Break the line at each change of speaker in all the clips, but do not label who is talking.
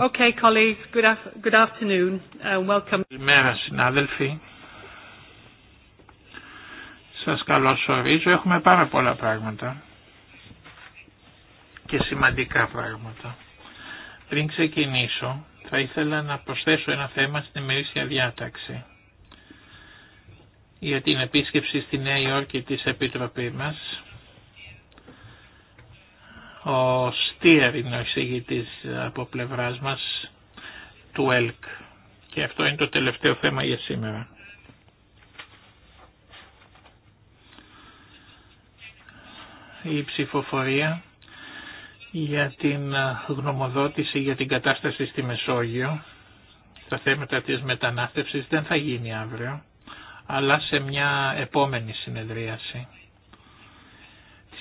Okay, colleagues, good, good afternoon and uh, welcome. Καλημέρα
συνάδελφοι. Σας καλωσορίζω. Έχουμε πάρα πολλά πράγματα και σημαντικά πράγματα. Πριν ξεκινήσω, θα ήθελα να προσθέσω ένα θέμα στην ημερήσια διάταξη για την επίσκεψη στη Νέα Υόρκη της Επιτροπή μας. Ο τι είναι ο από πλευράς μας του ΕΛΚ. Και αυτό είναι το τελευταίο θέμα για σήμερα. Η ψηφοφορία για την γνωμοδότηση για την κατάσταση στη Μεσόγειο τα θέματα της μετανάστευσης δεν θα γίνει αύριο, αλλά σε μια επόμενη συνεδρίαση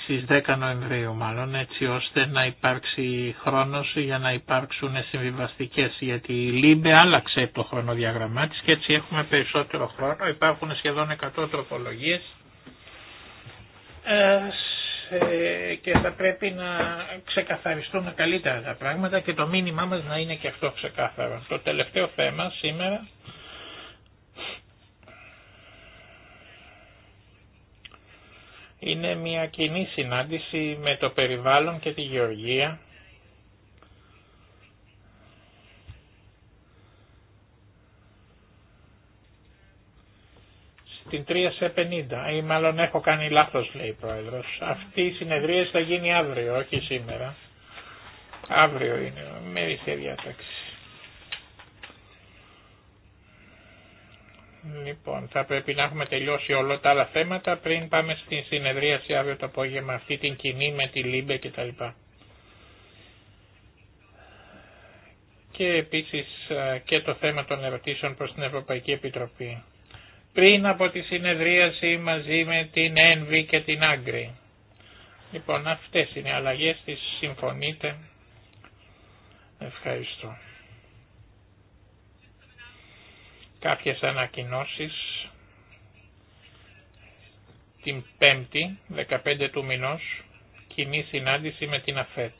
στις 10 Νοεμβρίου μάλλον έτσι ώστε να υπάρξει χρόνος για να υπάρξουν συμβιβαστικές γιατί η ΛΥΜΠΕ άλλαξε το χρονοδιαγραμμά της και έτσι έχουμε περισσότερο χρόνο, υπάρχουν σχεδόν 100 τροπολογίες ε, και θα πρέπει να ξεκαθαριστούν καλύτερα τα πράγματα και το μήνυμά μας να είναι και αυτό ξεκάθαρο. Το τελευταίο θέμα σήμερα είναι μια κοινή συνάντηση με το περιβάλλον και τη γεωργία στην 3 σε 50 ή μάλλον έχω κάνει λάθος λέει η πρόεδρος αυτή η συνεδρίαση θα γίνει αύριο όχι σήμερα αύριο είναι μερική διάταξη Λοιπόν, θα πρέπει να έχουμε τελειώσει όλα τα άλλα θέματα πριν πάμε στην συνεδρίαση αύριο το απόγευμα, αυτή την κοινή με τη Λίμπε κτλ. Και επίσης και το θέμα των ερωτήσεων προς την Ευρωπαϊκή Επιτροπή. Πριν από τη συνεδρίαση μαζί με την ΕΝΒΗ και την Άγκρη. Λοιπόν, αυτές είναι οι αλλαγές, τις συμφωνείτε. Ευχαριστώ. Κάποιες ανακοινώσεις την 5η, 15 του μηνός, κοινή συνάντηση με την ΑΦΕΤ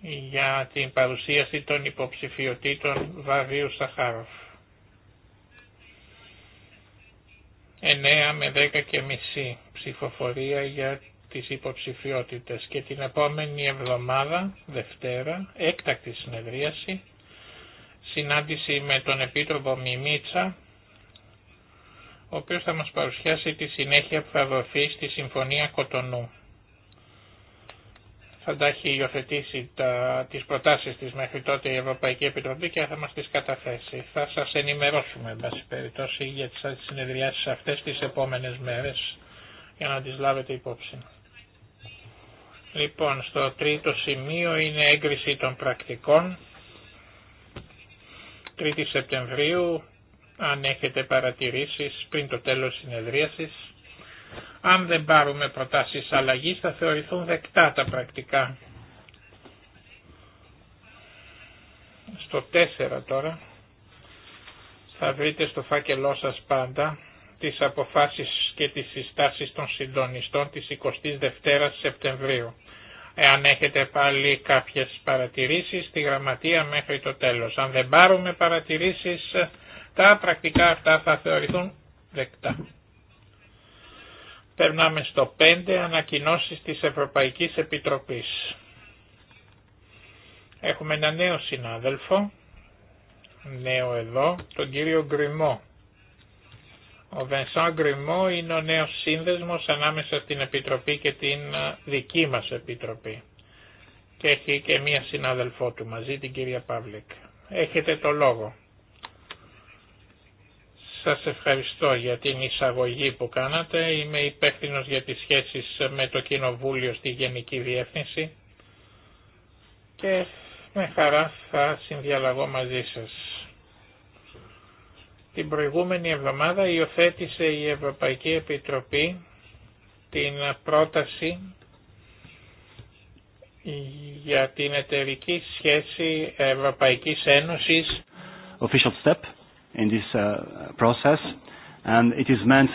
για την παρουσίαση των υποψηφιωτήτων Βαβίου Σαχάροφ. 9 με 10 και μισή ψηφοφορία για τις υποψηφιότητες και την επόμενη εβδομάδα, Δευτέρα, έκτακτη συνεδρίαση, συνάντηση με τον Επίτροπο Μιμίτσα, ο οποίος θα μας παρουσιάσει τη συνέχεια που θα δοθεί στη Συμφωνία Κοτονού. Θα τα έχει υιοθετήσει τα, τις προτάσεις της μέχρι τότε η Ευρωπαϊκή Επιτροπή και θα μας τις καταθέσει. Θα σας ενημερώσουμε, εν πάση περιπτώσει, για τις συνεδριάσεις αυτές τις επόμενες μέρες, για να τις λάβετε υπόψη. Λοιπόν, στο τρίτο σημείο είναι έγκριση των πρακτικών. 3η Σεπτεμβρίου, αν έχετε παρατηρήσεις πριν το τέλος συνεδρίασης. Αν δεν πάρουμε προτάσεις αλλαγής θα θεωρηθούν δεκτά τα πρακτικά. Στο 4 τώρα θα βρείτε στο φάκελό σας πάντα τις αποφάσεις και τις συστάσεις των συντονιστών της 22ης Σεπτεμβρίου. Εάν έχετε πάλι κάποιες παρατηρήσεις στη γραμματεία μέχρι το τέλος. Αν δεν πάρουμε παρατηρήσεις τα πρακτικά αυτά θα θεωρηθούν δεκτά. Περνάμε στο 5. Ανακοινώσεις της Ευρωπαϊκής Επιτροπής. Έχουμε ένα νέο συνάδελφο, νέο εδώ, τον κύριο Γκριμό. Ο Βενσάν Γκριμό είναι ο νέος σύνδεσμος ανάμεσα στην Επιτροπή και την ε, δική μας Επιτροπή. Και έχει και μία συνάδελφό του μαζί, την κυρία Παύλικ. Έχετε το λόγο. Σας ευχαριστώ για την εισαγωγή που κάνατε. Είμαι υπεύθυνο για τις σχέσεις με το Κοινοβούλιο στη Γενική Διεύθυνση και με χαρά θα συνδιαλαγώ μαζί σας. Την προηγούμενη εβδομάδα υιοθέτησε η Ευρωπαϊκή Επιτροπή την πρόταση για την εταιρική σχέση Ευρωπαϊκής Ένωσης
official step in this uh, process and it is meant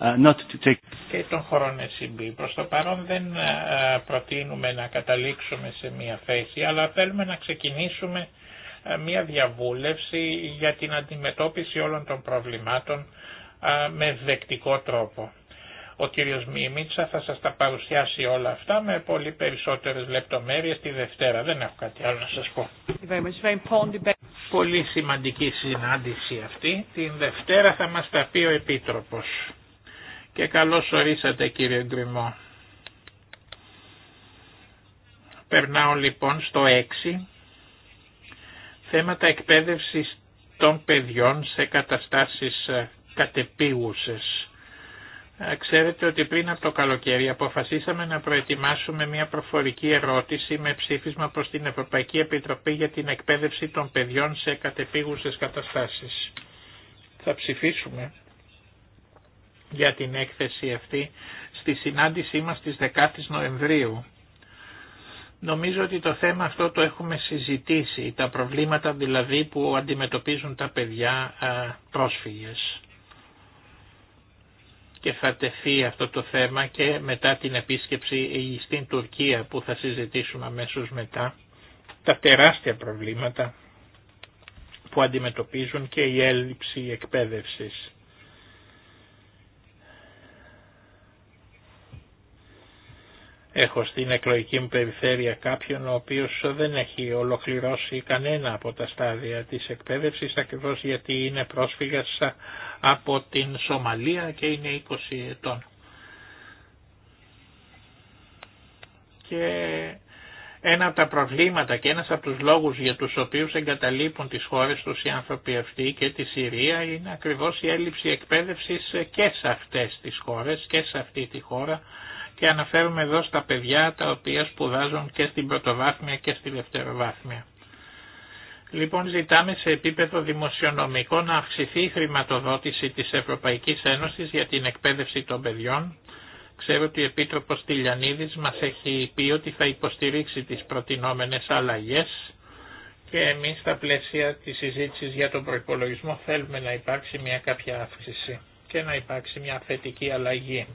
uh, not to take
και τον χρόνο SCB. Προς το παρόν δεν ε, προτείνουμε να καταλήξουμε σε μια θέση αλλά θέλουμε να ξεκινήσουμε ε, μια διαβούλευση για την αντιμετώπιση όλων των προβλημάτων ε, με δεκτικό τρόπο. Ο κύριος Μίμητσα θα σας τα παρουσιάσει όλα αυτά με πολύ περισσότερες λεπτομέρειες τη Δευτέρα. Δεν έχω κάτι άλλο να σας πω. Πολύ σημαντική συνάντηση αυτή. Την Δευτέρα θα μας τα πει ο Επίτροπος. Και καλώς ορίσατε κύριε Γκριμό. Περνάω λοιπόν στο 6 θέματα εκπαίδευσης των παιδιών σε καταστάσεις ε, κατεπίγουσες. Ε, ξέρετε ότι πριν από το καλοκαίρι αποφασίσαμε να προετοιμάσουμε μια προφορική ερώτηση με ψήφισμα προς την Ευρωπαϊκή Επιτροπή για την εκπαίδευση των παιδιών σε κατεπίγουσες καταστάσεις. Θα ψηφίσουμε για την έκθεση αυτή στη συνάντησή μας της 10 Νοεμβρίου Νομίζω ότι το θέμα αυτό το έχουμε συζητήσει, τα προβλήματα δηλαδή που αντιμετωπίζουν τα παιδιά πρόσφυγες. Και θα τεθεί αυτό το θέμα και μετά την επίσκεψη στην Τουρκία που θα συζητήσουμε αμέσως μετά. Τα τεράστια προβλήματα που αντιμετωπίζουν και η έλλειψη εκπαίδευσης. Έχω στην εκλογική μου περιφέρεια κάποιον ο οποίος δεν έχει ολοκληρώσει κανένα από τα στάδια της εκπαίδευσης ακριβώς γιατί είναι πρόσφυγας από την Σομαλία και είναι 20 ετών. Και ένα από τα προβλήματα και ένας από τους λόγους για τους οποίους εγκαταλείπουν τις χώρες τους οι άνθρωποι αυτοί και τη Συρία είναι ακριβώς η έλλειψη εκπαίδευσης και σε αυτές τις χώρες και σε αυτή τη χώρα και αναφέρομαι εδώ στα παιδιά τα οποία σπουδάζουν και στην πρωτοβάθμια και στη δευτεροβάθμια. Λοιπόν ζητάμε σε επίπεδο δημοσιονομικό να αυξηθεί η χρηματοδότηση της Ευρωπαϊκής Ένωσης για την εκπαίδευση των παιδιών. Ξέρω ότι ο Επίτροπος Τηλιανίδης μας έχει πει ότι θα υποστηρίξει τις προτινόμενες αλλαγές και εμείς στα πλαίσια της συζήτησης για τον προϋπολογισμό θέλουμε να υπάρξει μια κάποια αύξηση και να υπάρξει μια θετική αλλαγή.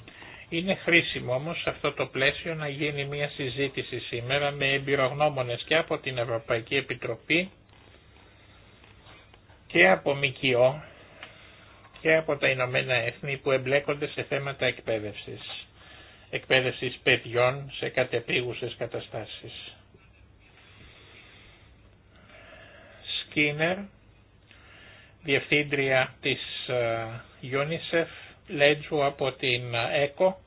Είναι χρήσιμο όμως σε αυτό το πλαίσιο να γίνει μια συζήτηση σήμερα με εμπειρογνώμονες και από την Ευρωπαϊκή Επιτροπή και από ΜΚΟ και από τα Ηνωμένα Έθνη που εμπλέκονται σε θέματα εκπαίδευσης, εκπαίδευσης παιδιών σε κατεπίγουσες καταστάσεις. Σκίνερ, διευθύντρια της ε, UNICEF, Λέτζου από την ΕΚΟ,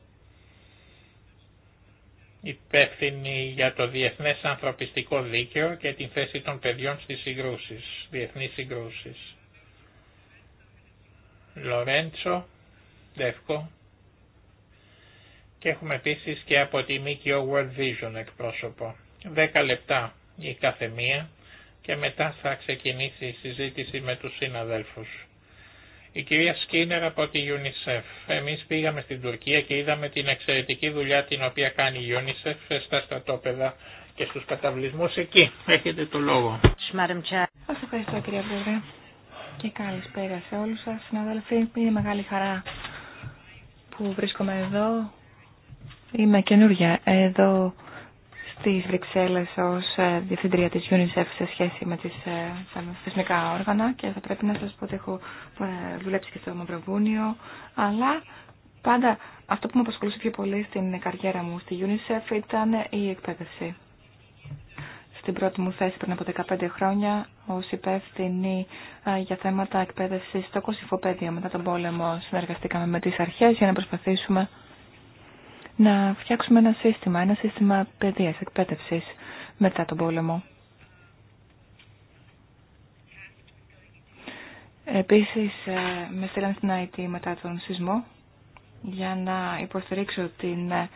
υπεύθυνη για το Διεθνές Ανθρωπιστικό Δίκαιο και την θέση των παιδιών στις συγκρούσεις, διεθνείς συγκρούσεις. Λορέντσο, Δεύκο. Και έχουμε επίσης και από τη ΜΚΟ World Vision εκπρόσωπο. Δέκα λεπτά η καθεμία και μετά θα ξεκινήσει η συζήτηση με τους συναδέλφους. Η κυρία Σκίνερ από τη UNICEF. Εμείς πήγαμε στην Τουρκία και είδαμε την εξαιρετική δουλειά την οποία κάνει η UNICEF στα στρατόπεδα και στους καταβλισμούς εκεί. Έχετε το λόγο.
Σας ευχαριστώ κυρία Πρόεδρε και καλησπέρα σε όλους σας συναδελφοί. Είναι μεγάλη χαρά που βρίσκομαι εδώ. Είμαι καινούργια εδώ στις Βρυξέλλες ως ε, διευθυντρία της UNICEF σε σχέση με τις, ε, τα θεσμικά όργανα και θα πρέπει να σας πω ότι έχω ε, δουλέψει και στο Μαυροβούνιο, αλλά πάντα αυτό που με απασχολούσε πιο πολύ στην καριέρα μου στη UNICEF ήταν η εκπαίδευση. Στην πρώτη μου θέση πριν από 15 χρόνια ως υπεύθυνη για θέματα εκπαίδευση στο Κωσυφοπέδιο μετά τον πόλεμο συνεργαστήκαμε με τις αρχές για να προσπαθήσουμε να φτιάξουμε ένα σύστημα, ένα σύστημα παιδείας, εκπαίδευσης μετά τον πόλεμο. Επίσης, ε, με στείλαν στην ΑΕΤ μετά τον σεισμό για να υποστηρίξω την ε,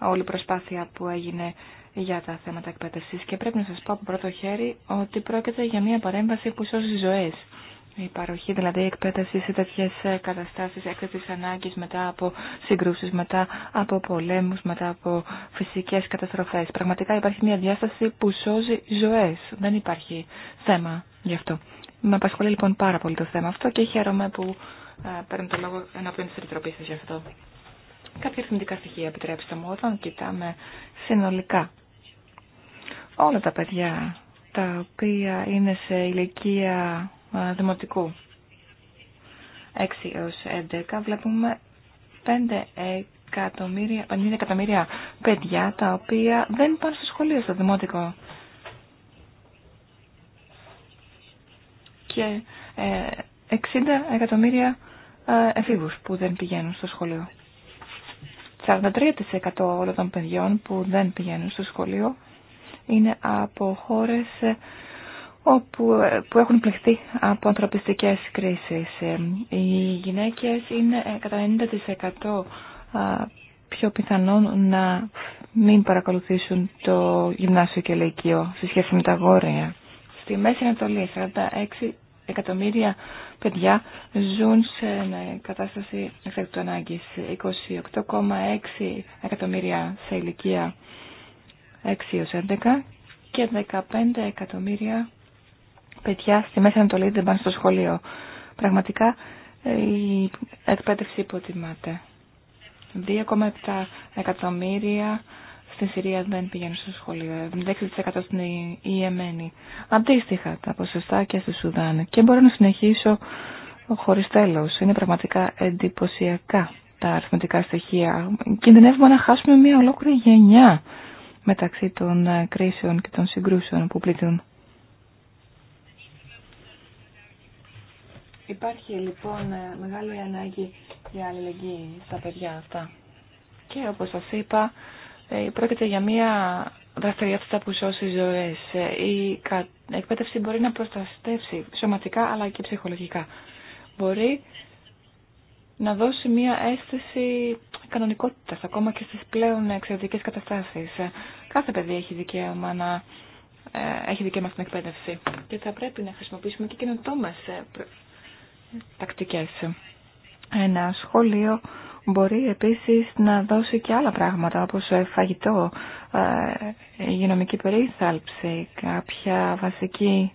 όλη προσπάθεια που έγινε για τα θέματα εκπαίδευσης και πρέπει να σας πω από πρώτο χέρι ότι πρόκειται για μια παρέμβαση που σώζει ζωές. Η παροχή δηλαδή η εκπαίδευση σε τέτοιε καταστάσει έκτακτη ανάγκη μετά από συγκρούσει, μετά από πολέμου, μετά από φυσικέ καταστροφέ. Πραγματικά υπάρχει μια διάσταση που σώζει ζωέ. Δεν υπάρχει θέμα γι' αυτό. Με απασχολεί λοιπόν πάρα πολύ το θέμα αυτό και χαίρομαι που ε, παίρνω το λόγο ενώπιον τη Επιτροπή σα γι' αυτό. Κάποια αρνητικά στοιχεία επιτρέψτε μου όταν κοιτάμε συνολικά. Όλα τα παιδιά τα οποία είναι σε ηλικία δημοτικού. 6 έως 11 βλέπουμε 5 εκατομμύρια, 50 ε, εκατομμύρια παιδιά τα οποία δεν πάνε στο σχολείο, στο δημοτικό. Και 60 ε, εκατομμύρια ε, εφήβους που δεν πηγαίνουν στο σχολείο. 43% όλων των παιδιών που δεν πηγαίνουν στο σχολείο είναι από χώρες όπου, ε, που έχουν πληχθεί από ανθρωπιστικές κρίσεις. Ε, οι γυναίκες είναι ε, κατά 90% πιο πιθανόν να μην παρακολουθήσουν το γυμνάσιο και λυκείο σε σχέση με τα γόρια. Στη Μέση Ανατολή 46 εκατομμύρια παιδιά ζουν σε κατάσταση εξαιρετικού ανάγκης. 28,6 εκατομμύρια σε ηλικία 6 έως 11 και 15 εκατομμύρια παιδιά στη Μέση Ανατολή δεν πάνε στο σχολείο. Πραγματικά ε, η εκπαίδευση υποτιμάται. 2,7 εκατομμύρια στη Συρία δεν πηγαίνουν στο σχολείο, 6% στην Ιεμένη. Αντίστοιχα τα ποσοστά και στη Σουδάν. Και μπορώ να συνεχίσω χωρίς τέλος. Είναι πραγματικά εντυπωσιακά τα αριθμητικά στοιχεία. Κινδυνεύουμε να χάσουμε μια ολόκληρη γενιά μεταξύ των ε, κρίσεων και των συγκρούσεων που πλήττουν Υπάρχει λοιπόν ε, μεγάλη ανάγκη για αλληλεγγύη στα παιδιά αυτά. Και όπως σας είπα, ε, πρόκειται για μια δραστηριότητα που σώσει ζωές. Ε, η εκπαίδευση μπορεί να προστατεύσει σωματικά αλλά και ψυχολογικά. Μπορεί να δώσει μια αίσθηση κανονικότητας ακόμα και στις πλέον εξαιρετικές καταστάσεις. Κάθε παιδί έχει δικαίωμα να έχει δικαίωμα στην εκπαίδευση. Και θα πρέπει να χρησιμοποιήσουμε και καινοτόμε τακτικές. Ένα σχολείο μπορεί επίσης να δώσει και άλλα πράγματα όπως ε, φαγητό, ε, υγειονομική περίθαλψη, κάποια βασική,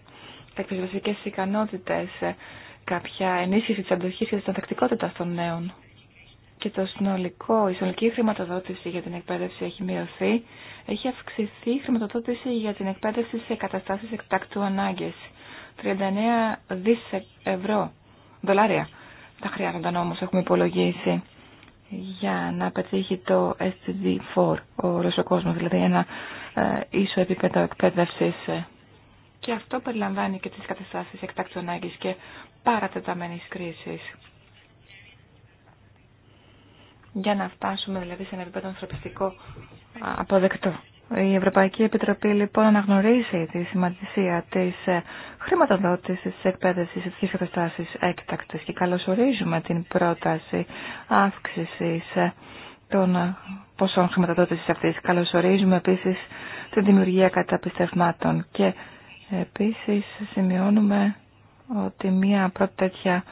κάποιες βασικές ικανότητες, ε, κάποια ενίσχυση της αντοχής και της ανθεκτικότητας των νέων. Και το συνολικό, η συνολική χρηματοδότηση για την εκπαίδευση έχει μειωθεί. Έχει αυξηθεί η χρηματοδότηση για την εκπαίδευση σε καταστάσεις εκτάκτου ανάγκες. 39 δις ευρώ δολάρια. Τα χρειάζονταν όμως, έχουμε υπολογίσει, για να πετύχει το STD4, ο ρωσοκόσμος, δηλαδή ένα ε, ίσο επίπεδο εκπαίδευσης. Και αυτό περιλαμβάνει και τις καταστάσεις εκτάξεων ανάγκης και παρατεταμένης κρίσης. Για να φτάσουμε δηλαδή σε ένα επίπεδο ανθρωπιστικό αποδεκτό. Η Ευρωπαϊκή Επιτροπή λοιπόν αναγνωρίζει τη σημασία τη ε, χρηματοδότησης τη εκπαίδευση σε κατάσταση καταστάσεις και καλωσορίζουμε την πρόταση αύξηση ε, των ε, ποσών χρηματοδότηση αυτής. Καλωσορίζουμε επίσης τη δημιουργία καταπιστευμάτων και επίσης σημειώνουμε ότι μία πρώτη τέτοια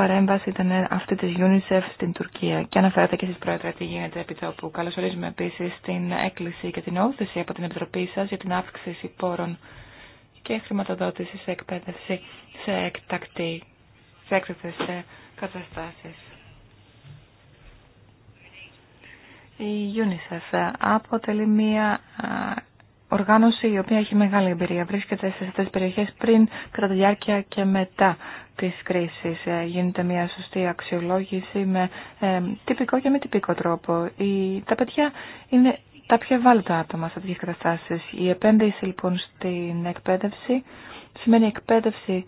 παρέμβαση ήταν αυτή τη UNICEF στην Τουρκία και αναφέρατε και εσεί πρόεδρε τι γίνεται επί τόπου. Καλωσορίζουμε επίση την έκκληση και την όθηση από την Επιτροπή σα για την αύξηση πόρων και χρηματοδότηση σε εκπαίδευση σε εκτακτή, σε σε καταστάσει. Η UNICEF αποτελεί μία οργάνωση η οποία έχει μεγάλη εμπειρία. Βρίσκεται σε αυτές τις περιοχές πριν, κατά τη διάρκεια και μετά της κρίσης. Ε, γίνεται μια σωστή αξιολόγηση με ε, τυπικό και μη τυπικό τρόπο. Η, τα παιδιά είναι τα πιο ευάλωτα άτομα σε τέτοιες καταστάσεις. Η επένδυση λοιπόν στην εκπαίδευση σημαίνει εκπαίδευση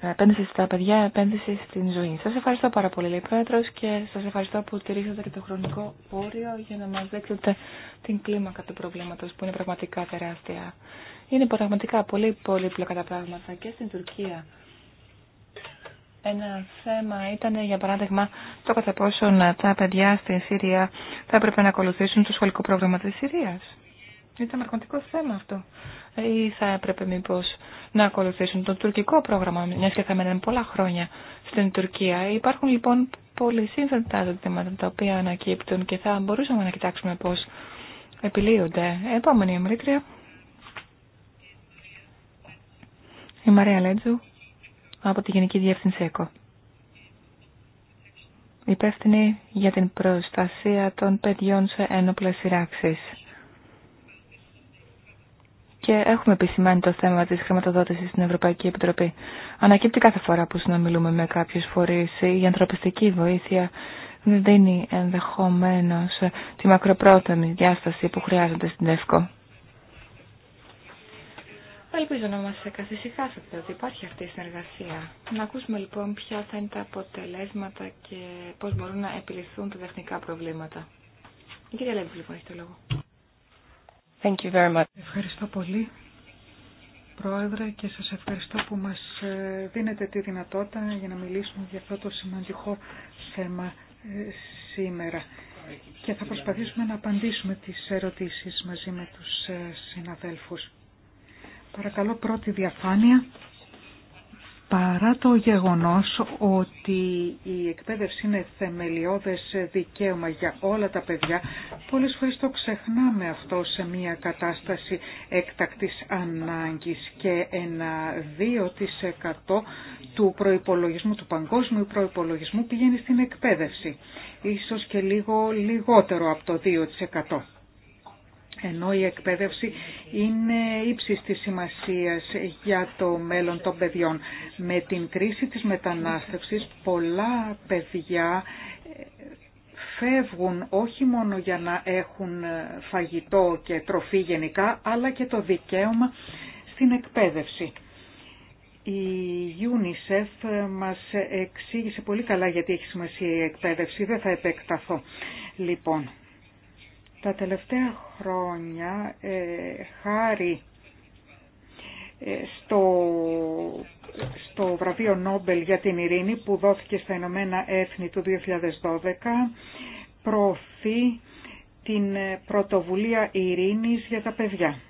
επένδυση στα παιδιά, επένδυση στην ζωή. Σας ευχαριστώ πάρα πολύ, λέει Πέτρος, και σας ευχαριστώ που τηρήσατε και το χρονικό όριο για να μας δείξετε την κλίμακα του προβλήματος που είναι πραγματικά τεράστια. Είναι πραγματικά πολύ πολύ τα πράγματα και στην Τουρκία. Ένα θέμα ήταν, για παράδειγμα, το κατά πόσο τα παιδιά στην Συρία θα έπρεπε να ακολουθήσουν το σχολικό πρόγραμμα της Συρίας. Ήταν πραγματικό θέμα αυτό. Ή θα έπρεπε μήπω να ακολουθήσουν το τουρκικό πρόγραμμα, μια και θα μένουν πολλά χρόνια στην Τουρκία. Υπάρχουν λοιπόν πολύ σύνθετα ζητήματα τα οποία ανακύπτουν και θα μπορούσαμε να κοιτάξουμε πώ επιλύονται. Επόμενη ομιλήτρια. Η Μαρία Λέτζου από τη Γενική Διεύθυνση ΕΚΟ. Υπεύθυνη για την προστασία των παιδιών σε ένοπλες σειράξεις και έχουμε επισημάνει το θέμα της χρηματοδότησης στην Ευρωπαϊκή Επιτροπή. Ανακύπτει κάθε φορά που συνομιλούμε με κάποιους φορείς. Η ανθρωπιστική βοήθεια δίνει ενδεχομένως τη μακροπρόθεμη διάσταση που χρειάζονται στην ΕΦΚΟ. Ελπίζω να μας καθησυχάσετε ότι υπάρχει αυτή η συνεργασία. Να ακούσουμε λοιπόν ποια θα είναι τα αποτελέσματα και πώς μπορούν να επιληθούν τα τεχνικά προβλήματα. Η κυρία Λέβη λοιπόν έχει το λόγο. Thank you very Ευχαριστώ πολύ, Πρόεδρε, και σας ευχαριστώ που
μας ε, δίνετε τη δυνατότητα για να μιλήσουμε για αυτό το σημαντικό θέμα ε, σήμερα. Και θα προσπαθήσουμε να απαντήσουμε τις ερωτήσεις μαζί με τους ε, συναδέλφους. Παρακαλώ πρώτη διαφάνεια. Παρά το γεγονός ότι η εκπαίδευση είναι θεμελιώδες δικαίωμα για όλα τα παιδιά, πολλές φορές το ξεχνάμε αυτό σε μια κατάσταση έκτακτης ανάγκης και ένα 2% του προϋπολογισμού, του παγκόσμιου προϋπολογισμού πηγαίνει στην εκπαίδευση, ίσως και λίγο λιγότερο από το 2% ενώ η εκπαίδευση είναι ύψης της σημασίας για το μέλλον των παιδιών. Με την κρίση της μετανάστευσης πολλά παιδιά ε, φεύγουν όχι μόνο για να έχουν ε, φαγητό και τροφή γενικά, αλλά και το δικαίωμα στην εκπαίδευση. Η UNICEF ε, μας εξήγησε πολύ καλά γιατί έχει σημασία η εκπαίδευση, δεν θα επεκταθώ. Λοιπόν, τα τελευταία χρόνια, ε, χάρη ε, στο, στο βραβείο Νόμπελ για την ειρήνη που δόθηκε στα Ηνωμένα Έθνη του 2012, προωθεί την ε, πρωτοβουλία ειρήνης για τα παιδιά.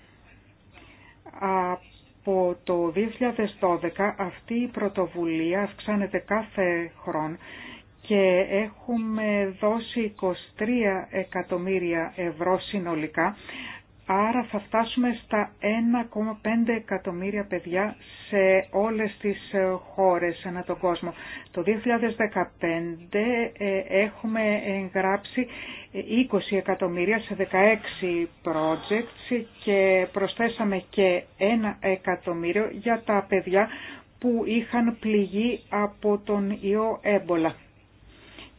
Από το 2012 αυτή η πρωτοβουλία αυξάνεται κάθε χρόνο και έχουμε δώσει 23 εκατομμύρια ευρώ συνολικά, άρα θα φτάσουμε στα 1,5 εκατομμύρια παιδιά σε όλες τις ε, χώρες ανά τον κόσμο. Το 2015 ε, έχουμε εγγράψει 20 εκατομμύρια σε 16 projects και προσθέσαμε και 1 εκατομμύριο για τα παιδιά που είχαν πληγεί από τον ιό έμπολα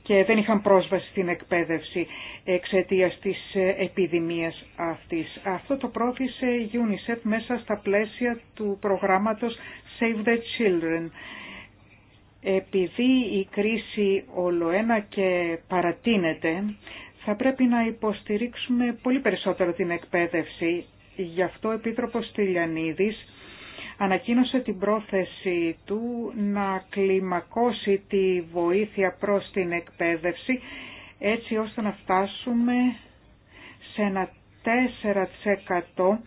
και δεν είχαν πρόσβαση στην εκπαίδευση εξαιτία της επιδημίας αυτή. Αυτό το πρόθεσε η UNICEF μέσα στα πλαίσια του προγράμματος Save the Children. Επειδή η κρίση ολοένα και παρατείνεται, θα πρέπει να υποστηρίξουμε πολύ περισσότερο την εκπαίδευση. Γι' αυτό ο Επίτροπος Τηλιανίδης ανακοίνωσε την πρόθεση του να κλιμακώσει τη βοήθεια προς την εκπαίδευση έτσι ώστε να φτάσουμε σε ένα 4%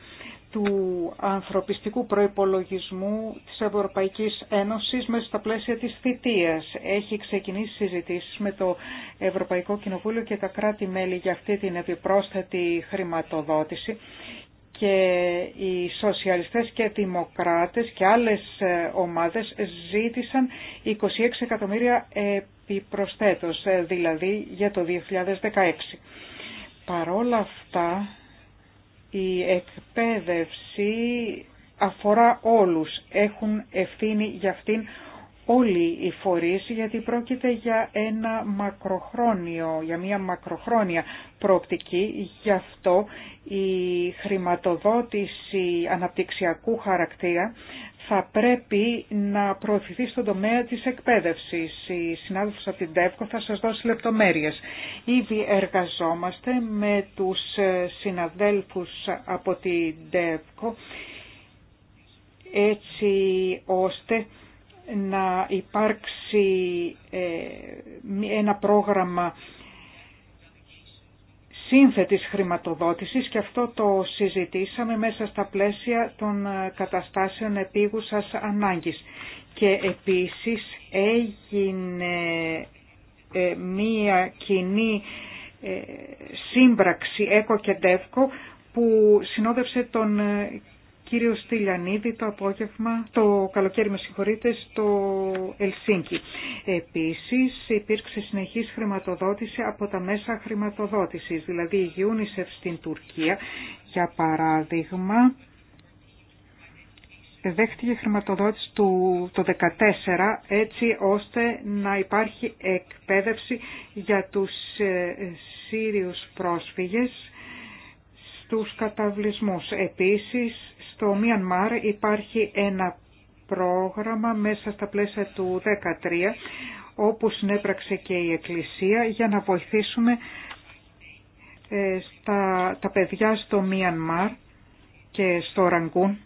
του ανθρωπιστικού προϋπολογισμού της Ευρωπαϊκής Ένωσης μέσα στα πλαίσια της θητείας. Έχει ξεκινήσει συζητήσεις με το Ευρωπαϊκό Κοινοβούλιο και τα κράτη-μέλη για αυτή την επιπρόσθετη χρηματοδότηση και οι σοσιαλιστές και δημοκράτες και άλλες ε, ομάδες ζήτησαν 26 εκατομμύρια επιπροσθέτως, ε, δηλαδή για το 2016. Παρόλα αυτά, η εκπαίδευση αφορά όλους. Έχουν ευθύνη για αυτήν όλοι οι φορείς γιατί πρόκειται για ένα μακροχρόνιο, για μια μακροχρόνια προοπτική. Γι' αυτό η χρηματοδότηση αναπτυξιακού χαρακτήρα θα πρέπει να προωθηθεί στον τομέα της εκπαίδευσης. Η συνάδελφος από την ΤΕΒΚΟ θα σας δώσει λεπτομέρειες. Ήδη εργαζόμαστε με τους συναδέλφους από την ΤΕΒΚΟ έτσι ώστε να υπάρξει ε, ένα πρόγραμμα σύνθετης χρηματοδότησης και αυτό το συζητήσαμε μέσα στα πλαίσια των ε, καταστάσεων επίγουσας ανάγκης. Και επίσης έγινε ε, μία κοινή σύμπραξη ΕΚΟ και που συνόδευσε τον κύριο Στυλιανίδη το απόγευμα, το καλοκαίρι με συγχωρείτε, στο Ελσίνκι. Επίσης υπήρξε συνεχής χρηματοδότηση από τα μέσα χρηματοδότησης, δηλαδή η UNICEF στην Τουρκία, για παράδειγμα, δέχτηκε χρηματοδότηση του, το 2014 έτσι ώστε να υπάρχει εκπαίδευση για τους ε, Σύριους πρόσφυγες στους καταβλισμούς. Επίσης, στο Μιανμάρ υπάρχει ένα πρόγραμμα μέσα στα πλαίσια του 13 όπου συνέπραξε και η Εκκλησία για να βοηθήσουμε ε, τα παιδιά στο Μιανμάρ και στο Ραγκούν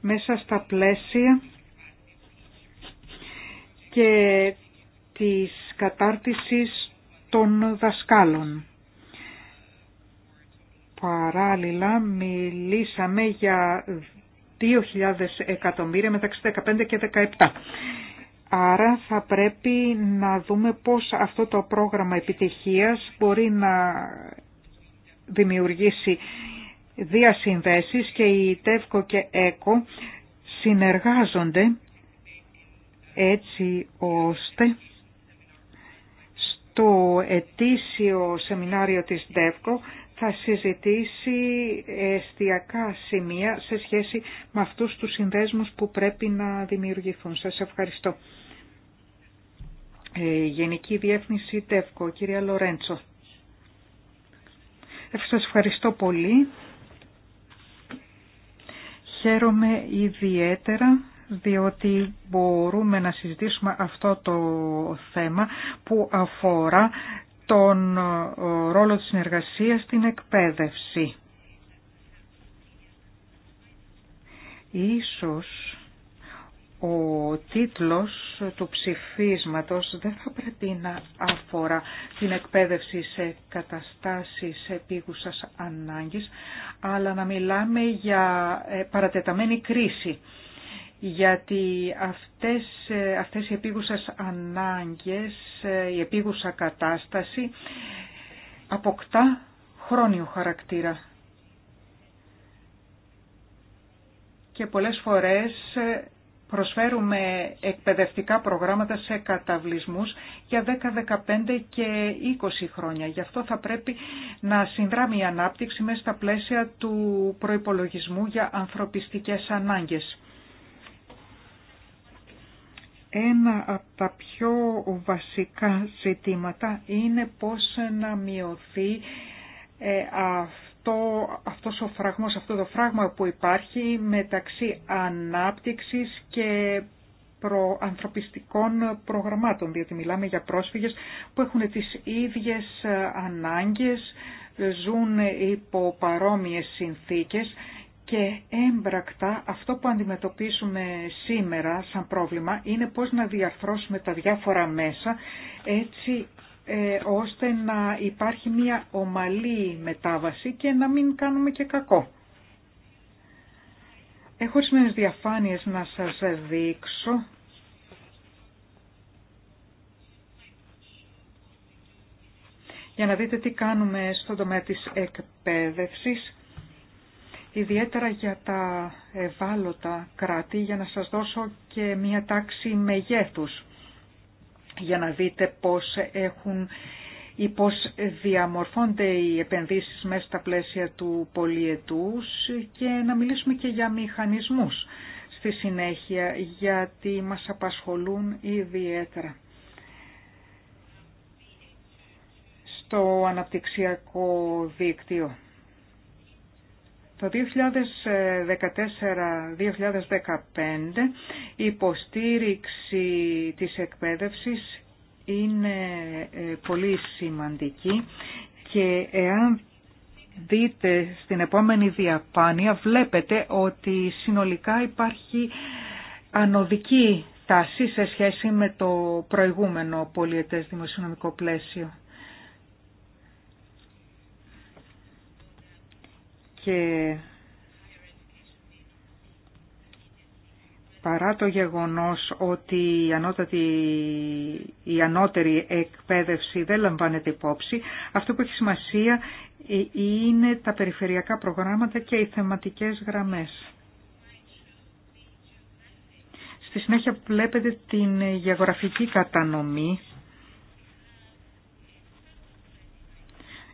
μέσα στα πλαίσια και της κατάρτισης των δασκάλων. Παράλληλα μιλήσαμε για 2.000 εκατομμύρια μεταξύ 15 και 17. Άρα θα πρέπει να δούμε πώς αυτό το πρόγραμμα επιτυχίας μπορεί να δημιουργήσει διασυνδέσεις και η ΤΕΦΚΟ και ΕΚΟ συνεργάζονται έτσι ώστε στο ετήσιο σεμινάριο της ΔΕΦΚΟ θα συζητήσει εστιακά σημεία σε σχέση με αυτούς τους συνδέσμους που πρέπει να δημιουργηθούν. Σας ευχαριστώ. Ε, Γενική Διεύθυνση ΤΕΦΚΟ, κυρία Λορέντσο. Ε, σας ευχαριστώ πολύ. Χαίρομαι ιδιαίτερα διότι μπορούμε να συζητήσουμε αυτό το θέμα που αφορά τον ε, ρόλο της συνεργασίας στην εκπαίδευση. Ίσως ο τίτλος του ψηφίσματος δεν θα πρέπει να αφορά την εκπαίδευση σε καταστάσεις επίγουσας ανάγκης, αλλά να μιλάμε για ε, παρατεταμένη κρίση γιατί αυτές, αυτές οι επίγουσες ανάγκες, η επίγουσα κατάσταση αποκτά χρόνιο χαρακτήρα. Και πολλές φορές προσφέρουμε εκπαιδευτικά προγράμματα σε καταβλισμούς για 10, 15 και 20 χρόνια. Γι' αυτό θα πρέπει να συνδράμει η ανάπτυξη μέσα στα πλαίσια του προϋπολογισμού για ανθρωπιστικές ανάγκες ένα από τα πιο βασικά ζητήματα είναι πώς να μειωθεί ε, αυτό, αυτός ο φραγμός, αυτό το φράγμα που υπάρχει μεταξύ ανάπτυξης και προανθρωπιστικών προγραμμάτων, διότι μιλάμε για πρόσφυγες που έχουν τις ίδιες ε, ανάγκες, ζουν υπό παρόμοιες συνθήκες και έμπρακτα αυτό που αντιμετωπίσουμε σήμερα σαν πρόβλημα είναι πώς να διαρθρώσουμε τα διάφορα μέσα έτσι ε, ώστε να υπάρχει μια ομαλή μετάβαση και να μην κάνουμε και κακό. Έχω ορισμένες διαφάνειες να σας δείξω. Για να δείτε τι κάνουμε στον τομέα της εκπαίδευσης ιδιαίτερα για τα ευάλωτα κράτη, για να σας δώσω και μία τάξη μεγέθους, για να δείτε πώς έχουν ή πώς διαμορφώνται οι επενδύσεις μέσα στα πλαίσια του πολιετούς και να μιλήσουμε και για μηχανισμούς στη συνέχεια, γιατί μας απασχολούν ιδιαίτερα. Στο αναπτυξιακό δίκτυο. Το 2014-2015 η υποστήριξη της εκπαίδευσης είναι ε, πολύ σημαντική και εάν δείτε στην επόμενη διαπάνεια βλέπετε ότι συνολικά υπάρχει ανωδική τάση σε σχέση με το προηγούμενο πολιετές δημοσιονομικό πλαίσιο. και παρά το γεγονός ότι η, ανώτατη, η ανώτερη εκπαίδευση δεν λαμβάνεται υπόψη, αυτό που έχει σημασία ε, είναι τα περιφερειακά προγράμματα και οι θεματικές γραμμές. Στη συνέχεια βλέπετε την γεωγραφική κατανομή.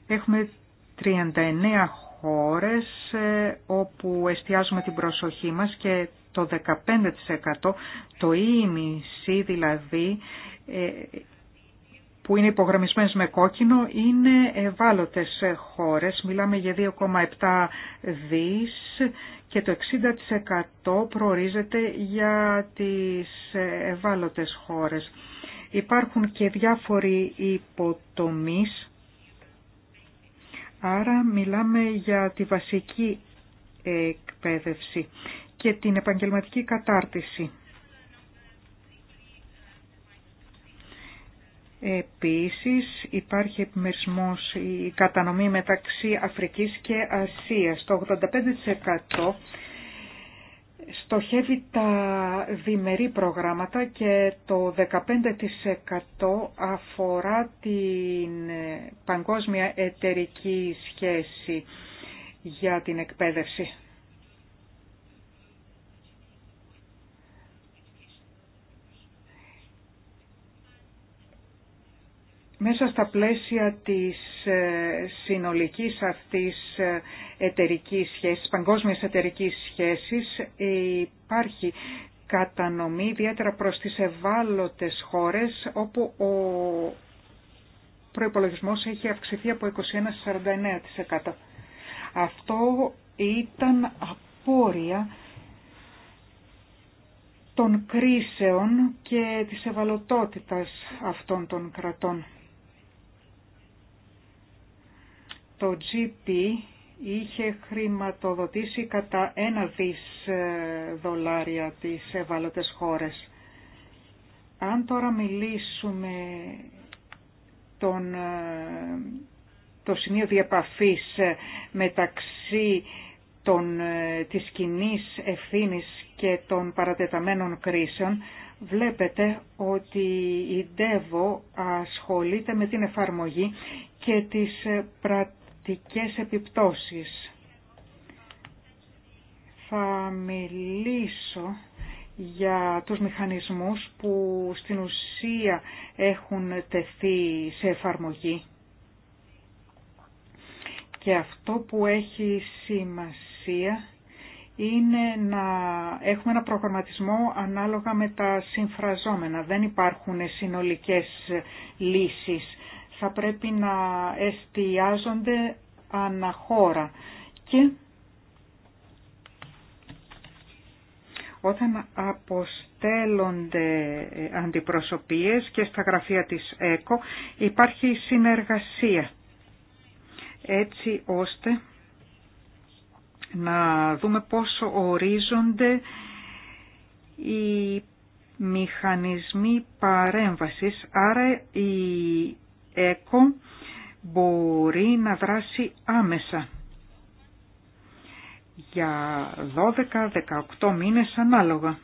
Έχουμε 39 χώρες ε, όπου εστιάζουμε την προσοχή μας και το 15% το ίμιση e δηλαδή ε, που είναι υπογραμμισμένες με κόκκινο είναι ευάλωτες χώρες. Μιλάμε για 2,7 δις και το 60% προορίζεται για τις ε, ευάλωτες χώρες. Υπάρχουν και διάφοροι υποτομείς Άρα μιλάμε για τη βασική εκπαίδευση και την επαγγελματική κατάρτιση. Επίσης υπάρχει επιμερισμός, η κατανομή μεταξύ Αφρικής και Ασίας. Το 85% στοχεύει τα διμερή προγράμματα και το 15% αφορά την ε, παγκόσμια εταιρική σχέση για την εκπαίδευση. Μέσα στα πλαίσια της ε, συνολικής αυτής ε, εταιρικής σχέσης, παγκόσμιας εταιρικής σχέσης, ε, υπάρχει κατανομή ιδιαίτερα προς τις ευάλωτες χώρες όπου ο προϋπολογισμός έχει αυξηθεί από 21-49%. Αυτό ήταν απόρρια των κρίσεων και της ευαλωτότητας αυτών των κρατών. το GP είχε χρηματοδοτήσει κατά ένα δις ε, δολάρια τις ευάλωτες χώρες. Αν τώρα μιλήσουμε τον, ε, το σημείο διαπαφής ε, μεταξύ των, της κοινή ευθύνης και των παρατεταμένων κρίσεων, βλέπετε ότι η ΔΕΒΟ ασχολείται με την εφαρμογή και τις πρακτικές επιπτώσεις. Θα μιλήσω για τους μηχανισμούς που στην ουσία έχουν τεθεί σε εφαρμογή. Και αυτό που έχει σημασία είναι να έχουμε ένα προγραμματισμό ανάλογα με τα συμφραζόμενα. Δεν υπάρχουν συνολικές λύσεις θα πρέπει να εστιάζονται αναχώρα και όταν αποστέλλονται ε, αντιπροσωπείες και στα γραφεία της ΕΚΟ υπάρχει συνεργασία έτσι ώστε να δούμε πόσο ορίζονται οι μηχανισμοί παρέμβασης, άρα οι ΕΚΟ μπορεί να δράσει άμεσα για 12-18 μήνες ανάλογα.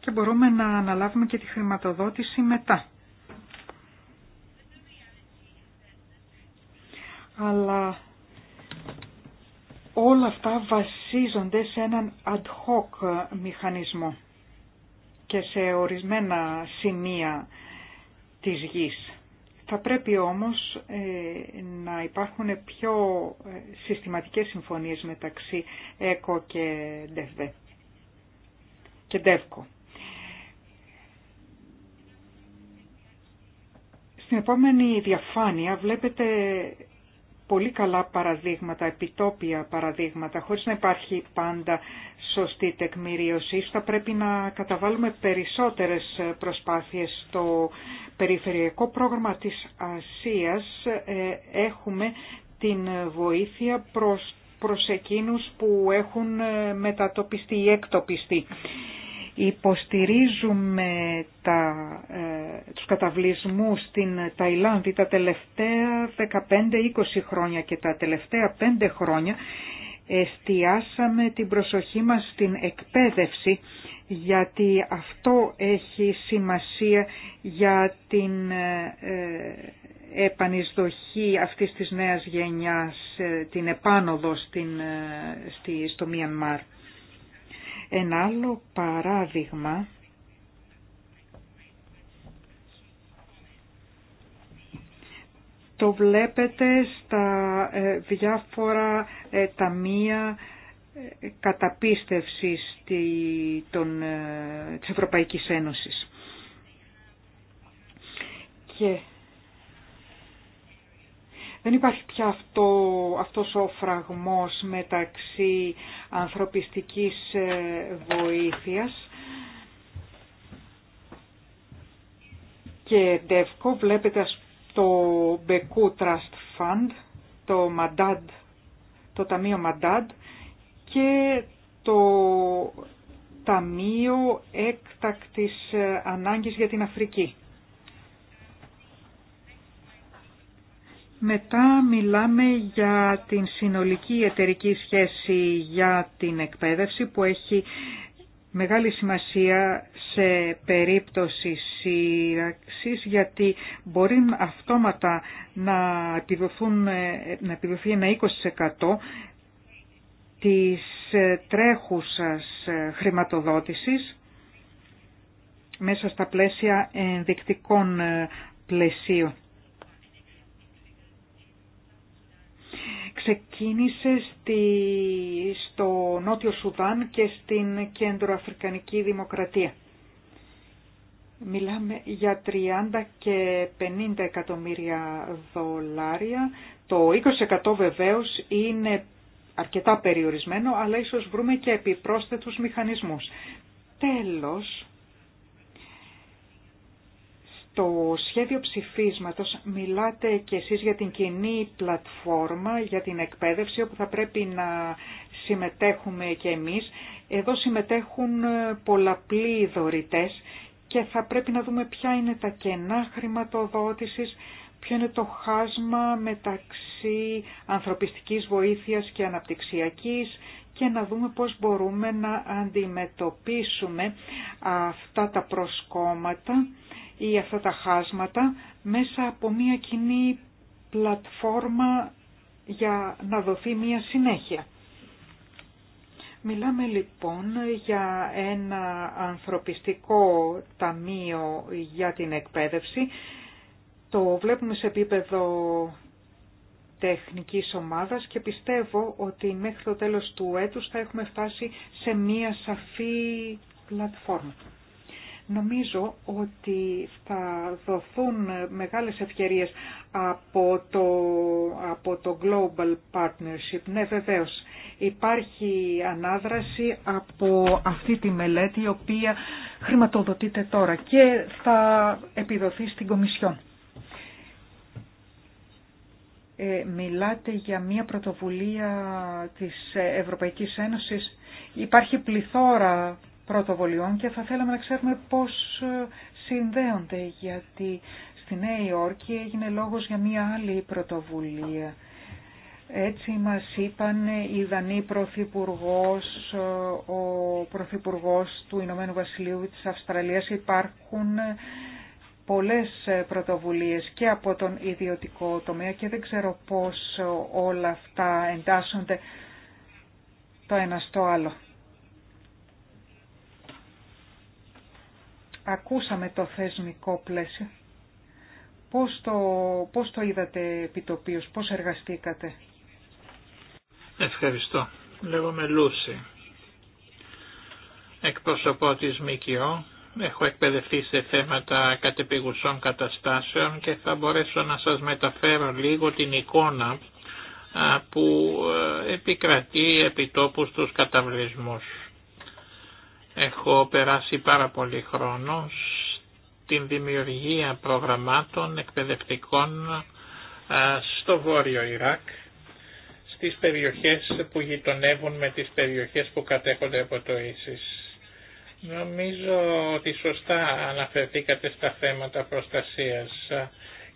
Και μπορούμε να αναλάβουμε και τη χρηματοδότηση μετά. Αλλά όλα αυτά βασίζονται σε έναν ad hoc μηχανισμό και σε ορισμένα σημεία της γης. Θα πρέπει όμως ε, να υπάρχουν πιο ε, συστηματικές συμφωνίες μεταξύ ΕΚΟ και ΔΕΒΕ και Στην επόμενη διαφάνεια βλέπετε πολύ καλά παραδείγματα, επιτόπια παραδείγματα, χωρίς να υπάρχει πάντα σωστή τεκμηρίωση. Θα πρέπει να καταβάλουμε περισσότερες προσπάθειες στο περιφερειακό πρόγραμμα της Ασίας. Ε, έχουμε την βοήθεια προς, προς που έχουν ε, μετατοπιστεί ή εκτοπιστεί. Υποστηρίζουμε τα, ε, τους καταβλισμούς στην Ταϊλάνδη τα τελευταία 15-20 χρόνια και τα τελευταία 5 χρόνια εστιάσαμε την προσοχή μας στην εκπαίδευση γιατί αυτό έχει σημασία για την ε, ε, επανεισδοχή αυτής της νέας γενιάς, ε, την επάνωδο στην, στη, στο Μιανμάρ. Ένα άλλο παράδειγμα το βλέπετε στα ε, διάφορα ε, ταμεία ε, καταπίστευσης της Ευρωπαϊκής Ένωσης. Και δεν υπάρχει πια αυτό, αυτός ο φραγμός μεταξύ ανθρωπιστικής ε, βοήθειας και Ντεύκο, Βλέπετε το Μπεκού Trust Fund, το, Μαντάντ, το Ταμείο Μαντάντ και το Ταμείο Έκτακτης ε, Ανάγκης για την Αφρική. Μετά μιλάμε για την συνολική εταιρική σχέση για την εκπαίδευση που έχει μεγάλη σημασία σε περίπτωση σύραξης γιατί μπορεί αυτόματα να, να επιδοθεί ένα 20% της τρέχουσας χρηματοδότησης μέσα στα πλαίσια ενδεικτικών πλαισίων. ξεκίνησε στη, στο Νότιο Σουδάν και στην Κεντροαφρικανική Δημοκρατία. Μιλάμε για 30 και 50 εκατομμύρια δολάρια. Το 20% βεβαίως είναι αρκετά περιορισμένο, αλλά ίσως βρούμε και επιπρόσθετους μηχανισμούς. Τέλος, το σχέδιο ψηφίσματος μιλάτε και εσείς για την κοινή πλατφόρμα για την εκπαίδευση όπου θα πρέπει να συμμετέχουμε και εμείς. Εδώ συμμετέχουν πολλαπλοί δωρητές και θα πρέπει να δούμε ποια είναι τα κενά χρηματοδότησης, ποιο είναι το χάσμα μεταξύ ανθρωπιστικής βοήθειας και αναπτυξιακής και να δούμε πώς μπορούμε να αντιμετωπίσουμε αυτά τα προσκόμματα ή αυτά τα χάσματα μέσα από μια κοινή πλατφόρμα για να δοθεί μια συνέχεια. Μιλάμε λοιπόν για ένα ανθρωπιστικό ταμείο για την εκπαίδευση. Το βλέπουμε σε επίπεδο τεχνικής ομάδας και πιστεύω ότι μέχρι το τέλος του έτους θα έχουμε φτάσει σε μία σαφή πλατφόρμα. Νομίζω ότι θα δοθούν μεγάλες ευκαιρίες από το, από το Global Partnership. Ναι, βεβαίως. Υπάρχει ανάδραση από αυτή τη μελέτη η οποία χρηματοδοτείται τώρα και θα επιδοθεί στην Κομισιόν. Ε, μιλάτε για μια πρωτοβουλία της Ευρωπαϊκής Ένωσης. Υπάρχει πληθώρα πρωτοβολιών και θα θέλαμε να ξέρουμε πώς ε, συνδέονται γιατί στη Νέα Υόρκη έγινε λόγος για μία άλλη πρωτοβουλία. Έτσι μας είπαν η Δανή Πρωθυπουργός, ε, ο Πρωθυπουργός του Ηνωμένου Βασιλείου της Αυστραλίας. Υπάρχουν ε, πολλές πρωτοβουλίες και από τον ιδιωτικό τομέα και δεν ξέρω πώς όλα αυτά εντάσσονται το ένα στο άλλο. Ακούσαμε το θεσμικό πλαίσιο. Πώς το, πώς το είδατε επιτοπίως, πώς εργαστήκατε.
Ευχαριστώ. Λέγομαι Λούση. Εκπροσωπώ της ΜΚΟ. Έχω εκπαιδευτεί σε θέματα κατεπηγουσών καταστάσεων και θα μπορέσω να σας μεταφέρω λίγο την εικόνα που ε, επικρατεί επιτόπου στους καταβλισμούς. Έχω περάσει πάρα πολύ χρόνο στην δημιουργία προγραμμάτων εκπαιδευτικών στο βόρειο Ιράκ, στις περιοχές που γειτονεύουν με τις περιοχές που κατέχονται από το ίσις. Νομίζω ότι σωστά αναφερθήκατε στα θέματα προστασίας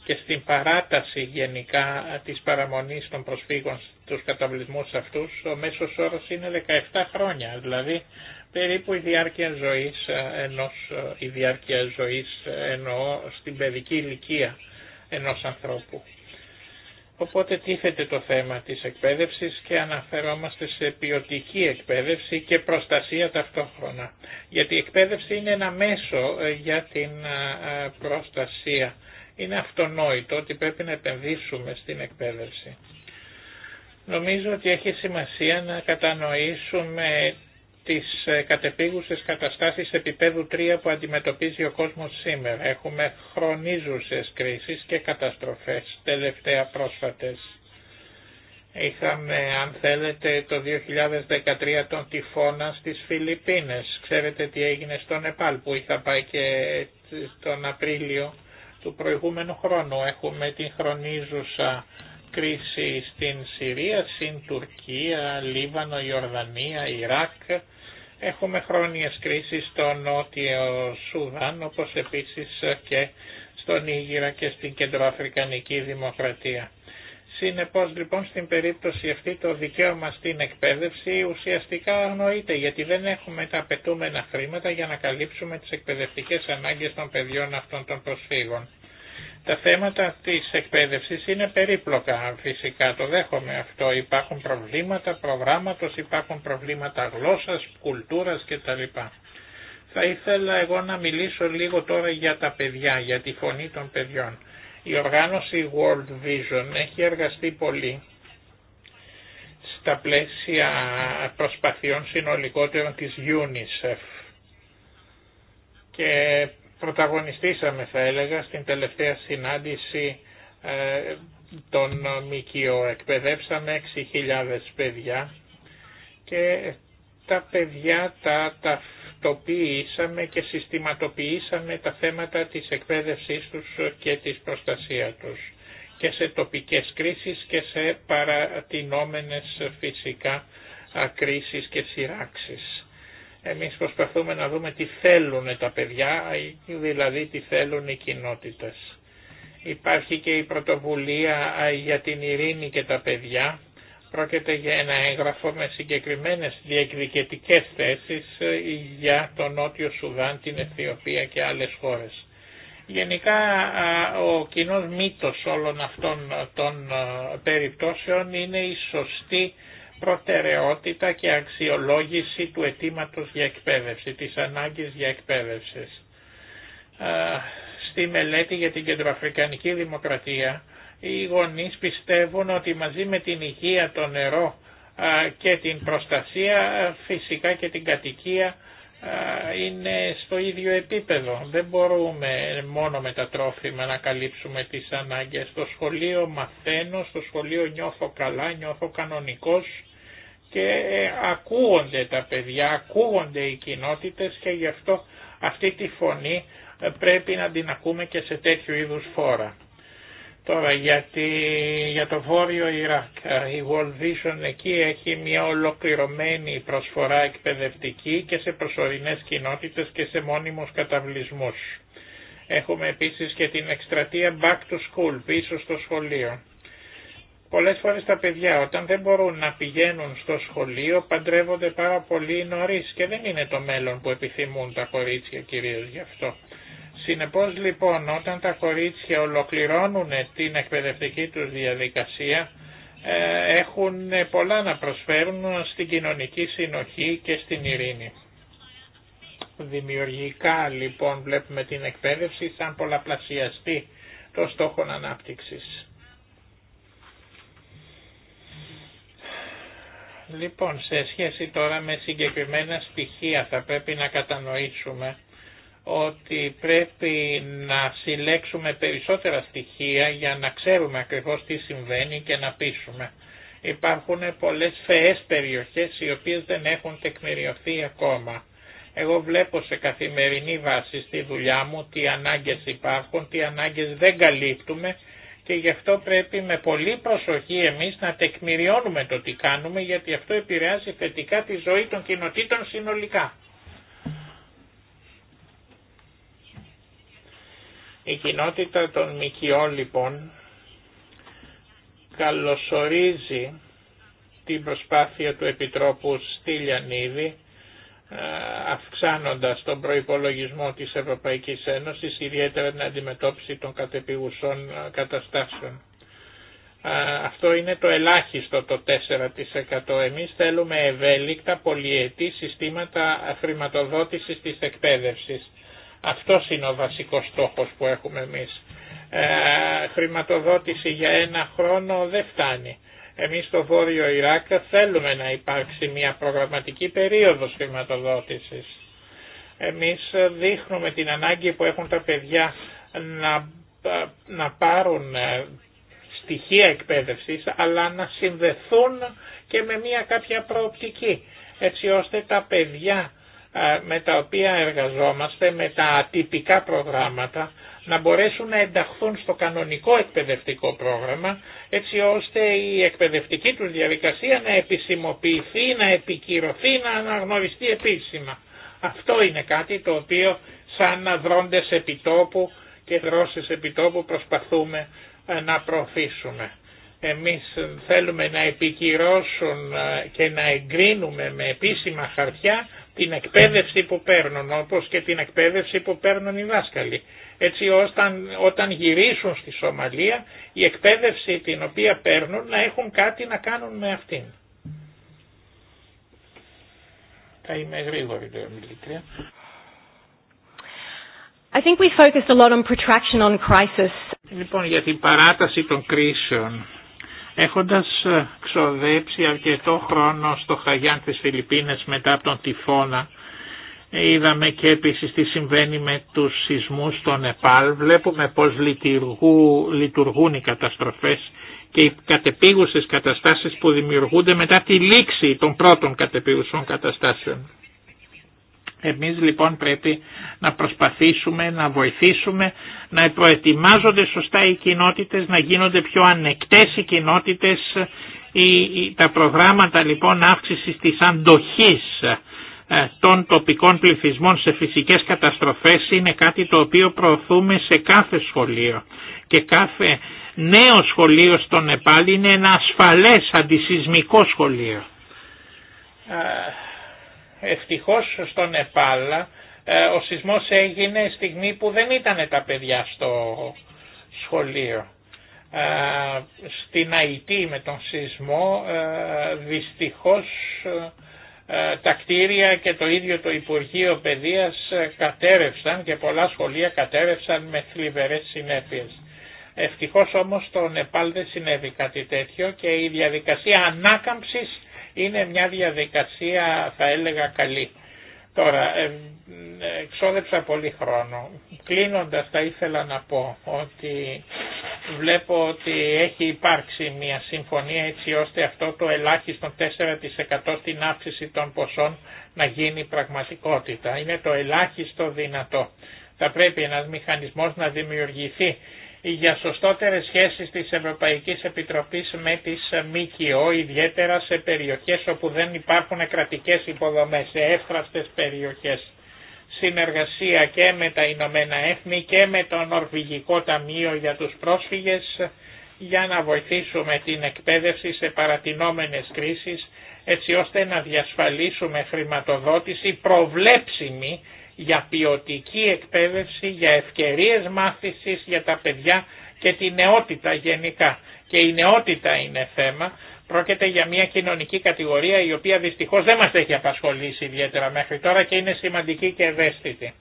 και στην παράταση γενικά της παραμονής των προσφύγων στους καταβλισμούς αυτούς ο μέσος όρος είναι 17 χρόνια, δηλαδή περίπου η διάρκεια ζωής ε, ενός, ε, η διάρκεια ζωής ε, εννοώ στην παιδική ηλικία ενός ανθρώπου. Οπότε τίθεται το θέμα της εκπαίδευσης και αναφερόμαστε σε ποιοτική εκπαίδευση και προστασία ταυτόχρονα. Γιατί η εκπαίδευση είναι ένα μέσο για την προστασία. Είναι αυτονόητο ότι πρέπει να επενδύσουμε στην εκπαίδευση. Νομίζω ότι έχει σημασία να κατανοήσουμε τις ε, κατεπίγουσες καταστάσεις επίπεδου 3 που αντιμετωπίζει ο κόσμος σήμερα. Έχουμε χρονίζουσες κρίσεις και καταστροφές τελευταία πρόσφατες. Είχαμε, αν θέλετε, το 2013 τον τυφώνα στις Φιλιππίνες. Ξέρετε τι έγινε στο Νεπάλ που είχα πάει και τον Απρίλιο του προηγούμενου χρόνου. Έχουμε την χρονίζουσα κρίση στην Συρία, στην Τουρκία, Λίβανο, Ιορδανία, Ιράκ. Έχουμε χρόνιες κρίσεις στο Νότιο Σουδάν, όπως επίσης και στον Ήγυρα και στην Κεντροαφρικανική Δημοκρατία. Συνεπώς λοιπόν στην περίπτωση αυτή το δικαίωμα στην εκπαίδευση ουσιαστικά αγνοείται γιατί δεν έχουμε τα απαιτούμενα χρήματα για να καλύψουμε τις εκπαιδευτικές ανάγκες των παιδιών αυτών των προσφύγων. Τα θέματα της εκπαίδευσης είναι περίπλοκα φυσικά, το δέχομαι αυτό. Υπάρχουν προβλήματα προγράμματος, υπάρχουν προβλήματα γλώσσας, κουλτούρας κτλ. Θα ήθελα εγώ να μιλήσω λίγο τώρα για τα παιδιά, για τη φωνή των παιδιών. Η οργάνωση World Vision έχει εργαστεί πολύ στα πλαίσια προσπαθειών συνολικότερων της UNICEF πρωταγωνιστήσαμε θα έλεγα στην τελευταία συνάντηση ε, των ε, ΜΚΙΟ. Εκπαιδεύσαμε 6.000 παιδιά και τα παιδιά τα ταυτοποιήσαμε και συστηματοποιήσαμε τα θέματα της εκπαίδευσής τους και της προστασία τους και σε τοπικές κρίσεις και σε παρατηνόμενες φυσικά ε, κρίσεις και σειράξεις. Εμείς προσπαθούμε να δούμε τι θέλουν τα παιδιά, δηλαδή τι θέλουν οι κοινότητες. Υπάρχει και η πρωτοβουλία για την ειρήνη και τα παιδιά. Πρόκειται για ένα έγγραφο με συγκεκριμένες διεκδικητικές θέσεις για το Νότιο Σουδάν, την Αιθιοπία και άλλες χώρες. Γενικά ο κοινός μύτος όλων αυτών των περιπτώσεων είναι η σωστή προτεραιότητα και αξιολόγηση του αιτήματο για εκπαίδευση, της ανάγκης για εκπαίδευση. Στη μελέτη για την κεντροαφρικανική δημοκρατία οι γονείς πιστεύουν ότι μαζί με την υγεία, το νερό και την προστασία φυσικά και την κατοικία είναι στο ίδιο επίπεδο. Δεν μπορούμε μόνο με τα τρόφιμα να καλύψουμε τις ανάγκες. Στο σχολείο μαθαίνω, στο σχολείο νιώθω καλά, νιώθω κανονικός, και ε, ακούγονται τα παιδιά, ακούγονται οι κοινότητες και γι' αυτό αυτή τη φωνή ε, πρέπει να την ακούμε και σε τέτοιου είδους φόρα. Τώρα για, για το Βόρειο Ιράκ, ε, η World Vision εκεί έχει μια ολοκληρωμένη προσφορά εκπαιδευτική και σε προσωρινές κοινότητες και σε μόνιμους καταβλισμούς. Έχουμε επίσης και την εκστρατεία Back to School, πίσω στο σχολείο. Πολλές φορές τα παιδιά όταν δεν μπορούν να πηγαίνουν στο σχολείο παντρεύονται πάρα πολύ νωρίς και δεν είναι το μέλλον που επιθυμούν τα κορίτσια κυρίως γι' αυτό. Συνεπώς λοιπόν όταν τα κορίτσια ολοκληρώνουν την εκπαιδευτική τους διαδικασία ε, έχουν πολλά να προσφέρουν στην κοινωνική συνοχή και στην ειρήνη. Δημιουργικά λοιπόν βλέπουμε την εκπαίδευση σαν πολλαπλασιαστή των στόχων ανάπτυξης. Λοιπόν, σε σχέση τώρα με συγκεκριμένα στοιχεία θα πρέπει να κατανοήσουμε ότι πρέπει να συλλέξουμε περισσότερα στοιχεία για να ξέρουμε ακριβώς τι συμβαίνει και να πείσουμε. Υπάρχουν πολλές φαιές περιοχές οι οποίες δεν έχουν τεκμηριωθεί ακόμα. Εγώ βλέπω σε καθημερινή βάση στη δουλειά μου τι ανάγκες υπάρχουν, τι ανάγκες δεν καλύπτουμε και γι' αυτό πρέπει με πολλή προσοχή εμείς να τεκμηριώνουμε το τι κάνουμε γιατί αυτό επηρεάζει θετικά τη ζωή των κοινοτήτων συνολικά. Η κοινότητα των ΜΚΟ λοιπόν καλωσορίζει την προσπάθεια του Επιτρόπου Στυλιανίδη ε, αυξάνοντας τον προϋπολογισμό της Ευρωπαϊκής Ένωσης, ιδιαίτερα την αντιμετώπιση των κατεπηγουσών ε, καταστάσεων. Ε, αυτό είναι το ελάχιστο το 4%. Εμείς θέλουμε ευέλικτα πολυετή συστήματα χρηματοδότησης της εκπαίδευσης. Αυτό είναι ο βασικός στόχος που έχουμε εμείς. χρηματοδότηση για ένα χρόνο δεν φτάνει. Εμείς στο Βόρειο Ιράκ θέλουμε να υπάρξει μια προγραμματική περίοδος χρηματοδότησης. Εμείς δείχνουμε την ανάγκη που έχουν τα παιδιά να, να πάρουν ε, στοιχεία εκπαίδευσης αλλά να συνδεθούν και με μια κάποια προοπτική έτσι ώστε τα παιδιά ε, με τα οποία εργαζόμαστε, με τα ατυπικά προγράμματα, να μπορέσουν να ενταχθούν στο κανονικό εκπαιδευτικό πρόγραμμα έτσι ώστε η εκπαιδευτική τους διαδικασία να επισημοποιηθεί, να επικυρωθεί, να αναγνωριστεί επίσημα. Αυτό είναι κάτι το οποίο σαν δρόντες επιτόπου και δρόσες επιτόπου προσπαθούμε ε, να προωθήσουμε. Εμείς θέλουμε να επικυρώσουν ε, και να εγκρίνουμε με επίσημα χαρτιά την εκπαίδευση που παίρνουν όπως και την εκπαίδευση που παίρνουν οι δάσκαλοι. Έτσι όταν, όταν γυρίσουν στη Σομαλία η εκπαίδευση την οποία παίρνουν να έχουν κάτι να κάνουν με αυτήν. Θα είμαι γρήγορη λέω μιλήτρια.
I think we focused a lot on protraction on crisis.
Λοιπόν για την παράταση των κρίσεων
Έχοντας
ε, ξοδέψει αρκετό χρόνο στο Χαγιάν της Φιλιππίνες μετά από τον τυφώνα, ε, είδαμε και επίσης τι συμβαίνει με τους σεισμούς στο Νεπάλ, βλέπουμε πώς λειτουργούν, οι καταστροφές και οι κατεπίγουσες καταστάσεις που δημιουργούνται μετά τη λήξη των πρώτων κατεπίγουσων καταστάσεων. Εμείς λοιπόν πρέπει να προσπαθήσουμε να βοηθήσουμε να προετοιμάζονται σωστά οι κοινότητες, να γίνονται πιο ανεκτές οι κοινότητες, τα προγράμματα λοιπόν αύξησης της αντοχής ε, των τοπικών πληθυσμών σε φυσικές καταστροφές είναι κάτι το οποίο προωθούμε σε κάθε σχολείο και κάθε νέο σχολείο στον Νεπάλ είναι ένα ασφαλές αντισυσμικό σχολείο ε, Ευτυχώς στο Νεπάλ ε, ο σεισμός έγινε στιγμή που δεν ήταν τα παιδιά στο σχολείο. Ε, στην Αϊτή με τον σεισμό ε, δυστυχώς τα κτίρια και το ίδιο το Υπουργείο Παιδείας κατέρευσαν και πολλά σχολεία κατέρευσαν με θλιβερές συνέπειες. Ευτυχώς όμως στο Νεπάλ δεν συνέβη κάτι τέτοιο και η διαδικασία ανάκαμψης είναι μια διαδικασία θα έλεγα καλή. Τώρα, ε, ε, εξόδεψα πολύ χρόνο. Κλείνοντας θα ήθελα να πω ότι βλέπω ότι έχει υπάρξει μια συμφωνία έτσι ώστε αυτό το ελάχιστο 4% στην αύξηση των ποσών να γίνει πραγματικότητα. Είναι το ελάχιστο δυνατό. Θα πρέπει ένας μηχανισμός να δημιουργηθεί για σωστότερες σχέσεις της Ευρωπαϊκής Επιτροπής με τις ΜΚΟ, ιδιαίτερα σε περιοχές όπου δεν υπάρχουν κρατικές υποδομές, σε εύθραστες περιοχές. Συνεργασία και με τα Ηνωμένα Έθνη και με το Νορβηγικό Ταμείο για τους Πρόσφυγες για να βοηθήσουμε την εκπαίδευση σε παρατηνόμενες κρίσεις έτσι ώστε να διασφαλίσουμε χρηματοδότηση προβλέψιμη για ποιοτική εκπαίδευση, για ευκαιρίες μάθησης για τα παιδιά και τη νεότητα γενικά. Και η νεότητα είναι θέμα. Πρόκειται για μια κοινωνική κατηγορία η οποία δυστυχώς δεν μας έχει απασχολήσει ιδιαίτερα μέχρι τώρα και είναι σημαντική και ευαίσθητη.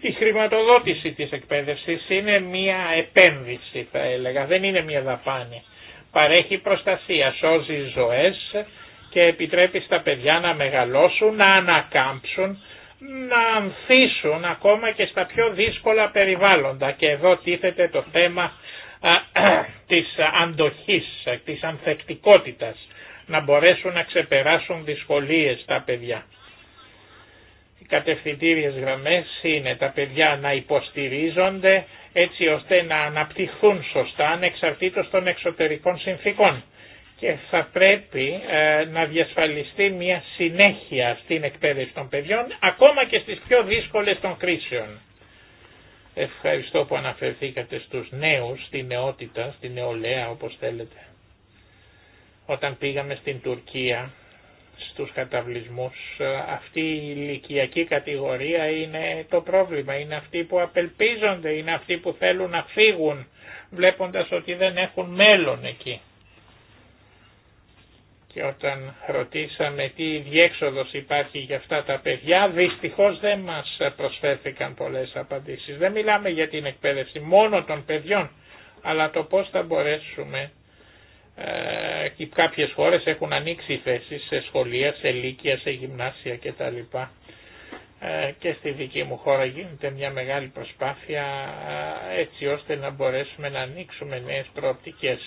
Η χρηματοδότηση της εκπαίδευσης είναι μια επένδυση θα έλεγα, δεν είναι μια δαπάνη. Παρέχει προστασία, σώζει ζωές και επιτρέπει στα παιδιά να μεγαλώσουν, να ανακάμψουν να ανθίσουν ακόμα και στα πιο δύσκολα περιβάλλοντα και εδώ τίθεται το θέμα της αντοχής, της ανθεκτικότητας, να μπορέσουν να ξεπεράσουν δυσκολίες τα παιδιά. Οι κατευθυντήριες γραμμές είναι τα παιδιά να υποστηρίζονται έτσι ώστε να αναπτυχθούν σωστά ανεξαρτήτως των εξωτερικών συνθήκων και θα πρέπει ε, να διασφαλιστεί μια συνέχεια στην εκπαίδευση των παιδιών ακόμα και στις πιο δύσκολες των κρίσεων. Ευχαριστώ που αναφερθήκατε στους νέους, στη νεότητα, στη νεολαία όπως θέλετε. Όταν πήγαμε στην Τουρκία, στους καταβλισμούς, ε, αυτή η ηλικιακή κατηγορία είναι το πρόβλημα. Είναι αυτοί που απελπίζονται, είναι αυτοί που θέλουν να φύγουν βλέποντας ότι δεν έχουν μέλλον εκεί και όταν ρωτήσαμε τι διέξοδος υπάρχει για αυτά τα παιδιά, δυστυχώς δεν μας προσφέρθηκαν πολλές απαντήσεις. Δεν μιλάμε για την εκπαίδευση μόνο των παιδιών, αλλά το πώς θα μπορέσουμε. Ε, και κάποιες χώρες έχουν ανοίξει θέσεις σε σχολεία, σε λύκεια, σε γυμνάσια κτλ. Ε, και στη δική μου χώρα γίνεται μια μεγάλη προσπάθεια ε, έτσι ώστε να μπορέσουμε να ανοίξουμε νέες προοπτικές.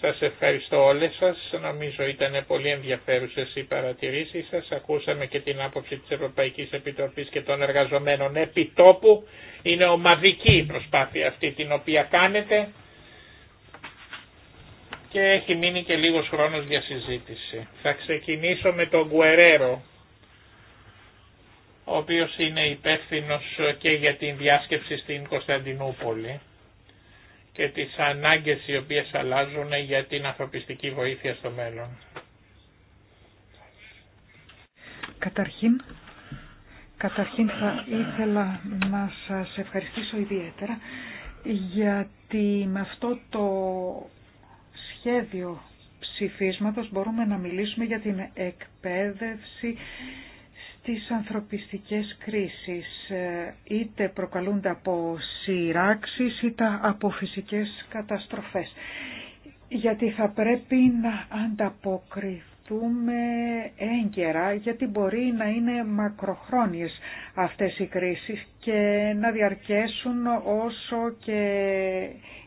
Σας ευχαριστώ όλες σας. Νομίζω ήταν πολύ ενδιαφέρουσες οι παρατηρήσεις σας. Ακούσαμε και την άποψη της Ευρωπαϊκής Επιτροπής και των εργαζομένων επιτόπου, Είναι ομαδική η προσπάθεια αυτή την οποία κάνετε και έχει μείνει και λίγος χρόνος για συζήτηση. Θα ξεκινήσω με τον Γκουερέρο, ο οποίος είναι υπεύθυνο και για την διάσκεψη στην Κωνσταντινούπολη και τις ανάγκες οι οποίες αλλάζουν για την ανθρωπιστική βοήθεια στο μέλλον.
Καταρχήν, καταρχήν θα ήθελα να σας ευχαριστήσω ιδιαίτερα γιατί με αυτό το σχέδιο ψηφίσματος μπορούμε να μιλήσουμε για την εκπαίδευση Τις ανθρωπιστικές κρίσεις, ε, είτε προκαλούνται από σειράξεις είτε από φυσικές καταστροφές. Γιατί θα πρέπει να ανταποκριθούμε έγκαιρα, γιατί μπορεί να είναι μακροχρόνιες αυτές οι κρίσεις και να διαρκέσουν όσο και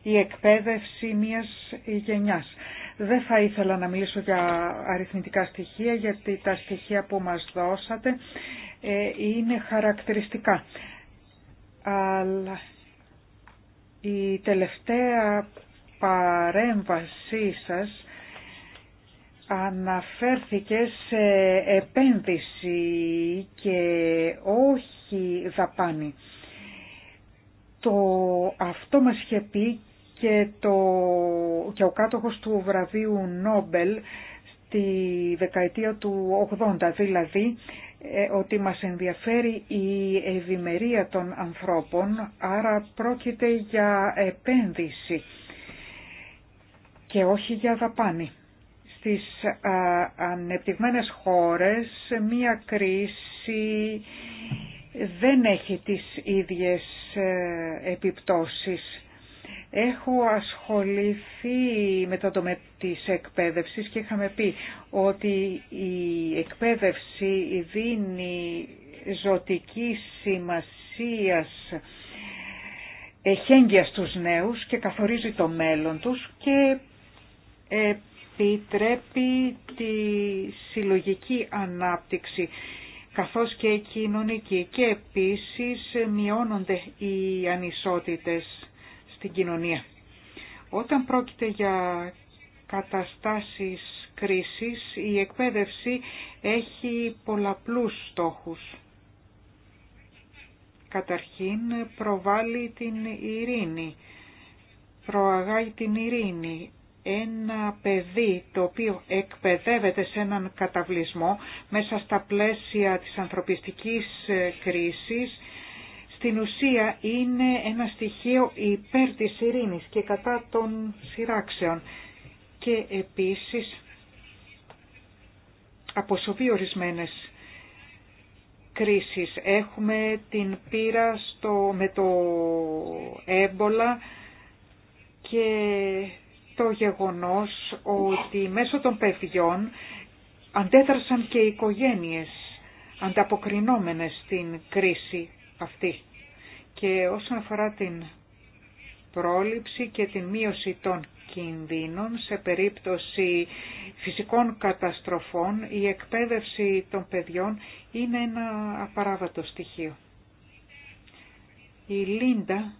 η εκπαίδευση μιας γενιάς. Δεν θα ήθελα να μιλήσω για αριθμητικά στοιχεία, γιατί τα στοιχεία που μας δώσατε ε, είναι χαρακτηριστικά. Αλλά η τελευταία παρέμβασή σας αναφέρθηκε σε επένδυση και όχι δαπάνη. Το αυτό μας είχε και, το, και ο κάτοχος του βραβείου Νόμπελ στη δεκαετία του 80, δηλαδή ε, ότι μας ενδιαφέρει η ευημερία των ανθρώπων, άρα πρόκειται για επένδυση και όχι για δαπάνη. Στις ανεπτυγμένες χώρες μία κρίση δεν έχει τις ίδιες ε, επιπτώσεις Έχω ασχοληθεί με το τομέα της εκπαίδευσης και είχαμε πει ότι η εκπαίδευση δίνει ζωτική σημασία εχέγγυα στους νέους και καθορίζει το μέλλον τους και επιτρέπει τη συλλογική ανάπτυξη καθώς και κοινωνική και επίσης μειώνονται οι ανισότητες στην κοινωνία. Όταν πρόκειται για καταστάσεις κρίσης, η εκπαίδευση έχει πολλαπλούς στόχους. Καταρχήν προβάλλει την ειρήνη, προαγάει την ειρήνη. Ένα παιδί το οποίο εκπαιδεύεται σε έναν καταβλισμό μέσα στα πλαίσια της ανθρωπιστικής κρίσης στην ουσία είναι ένα στοιχείο υπέρ της ειρήνης και κατά των σειράξεων και επίσης αποσοβεί ορισμένες κρίσεις. Έχουμε την πείρα στο, με το έμπολα και το γεγονός ότι μέσω των παιδιών αντέδρασαν και οι οικογένειες ανταποκρινόμενες στην κρίση αυτή και όσον αφορά την πρόληψη και την μείωση των κινδύνων σε περίπτωση φυσικών καταστροφών, η εκπαίδευση των παιδιών είναι ένα απαράβατο στοιχείο. Η Λίντα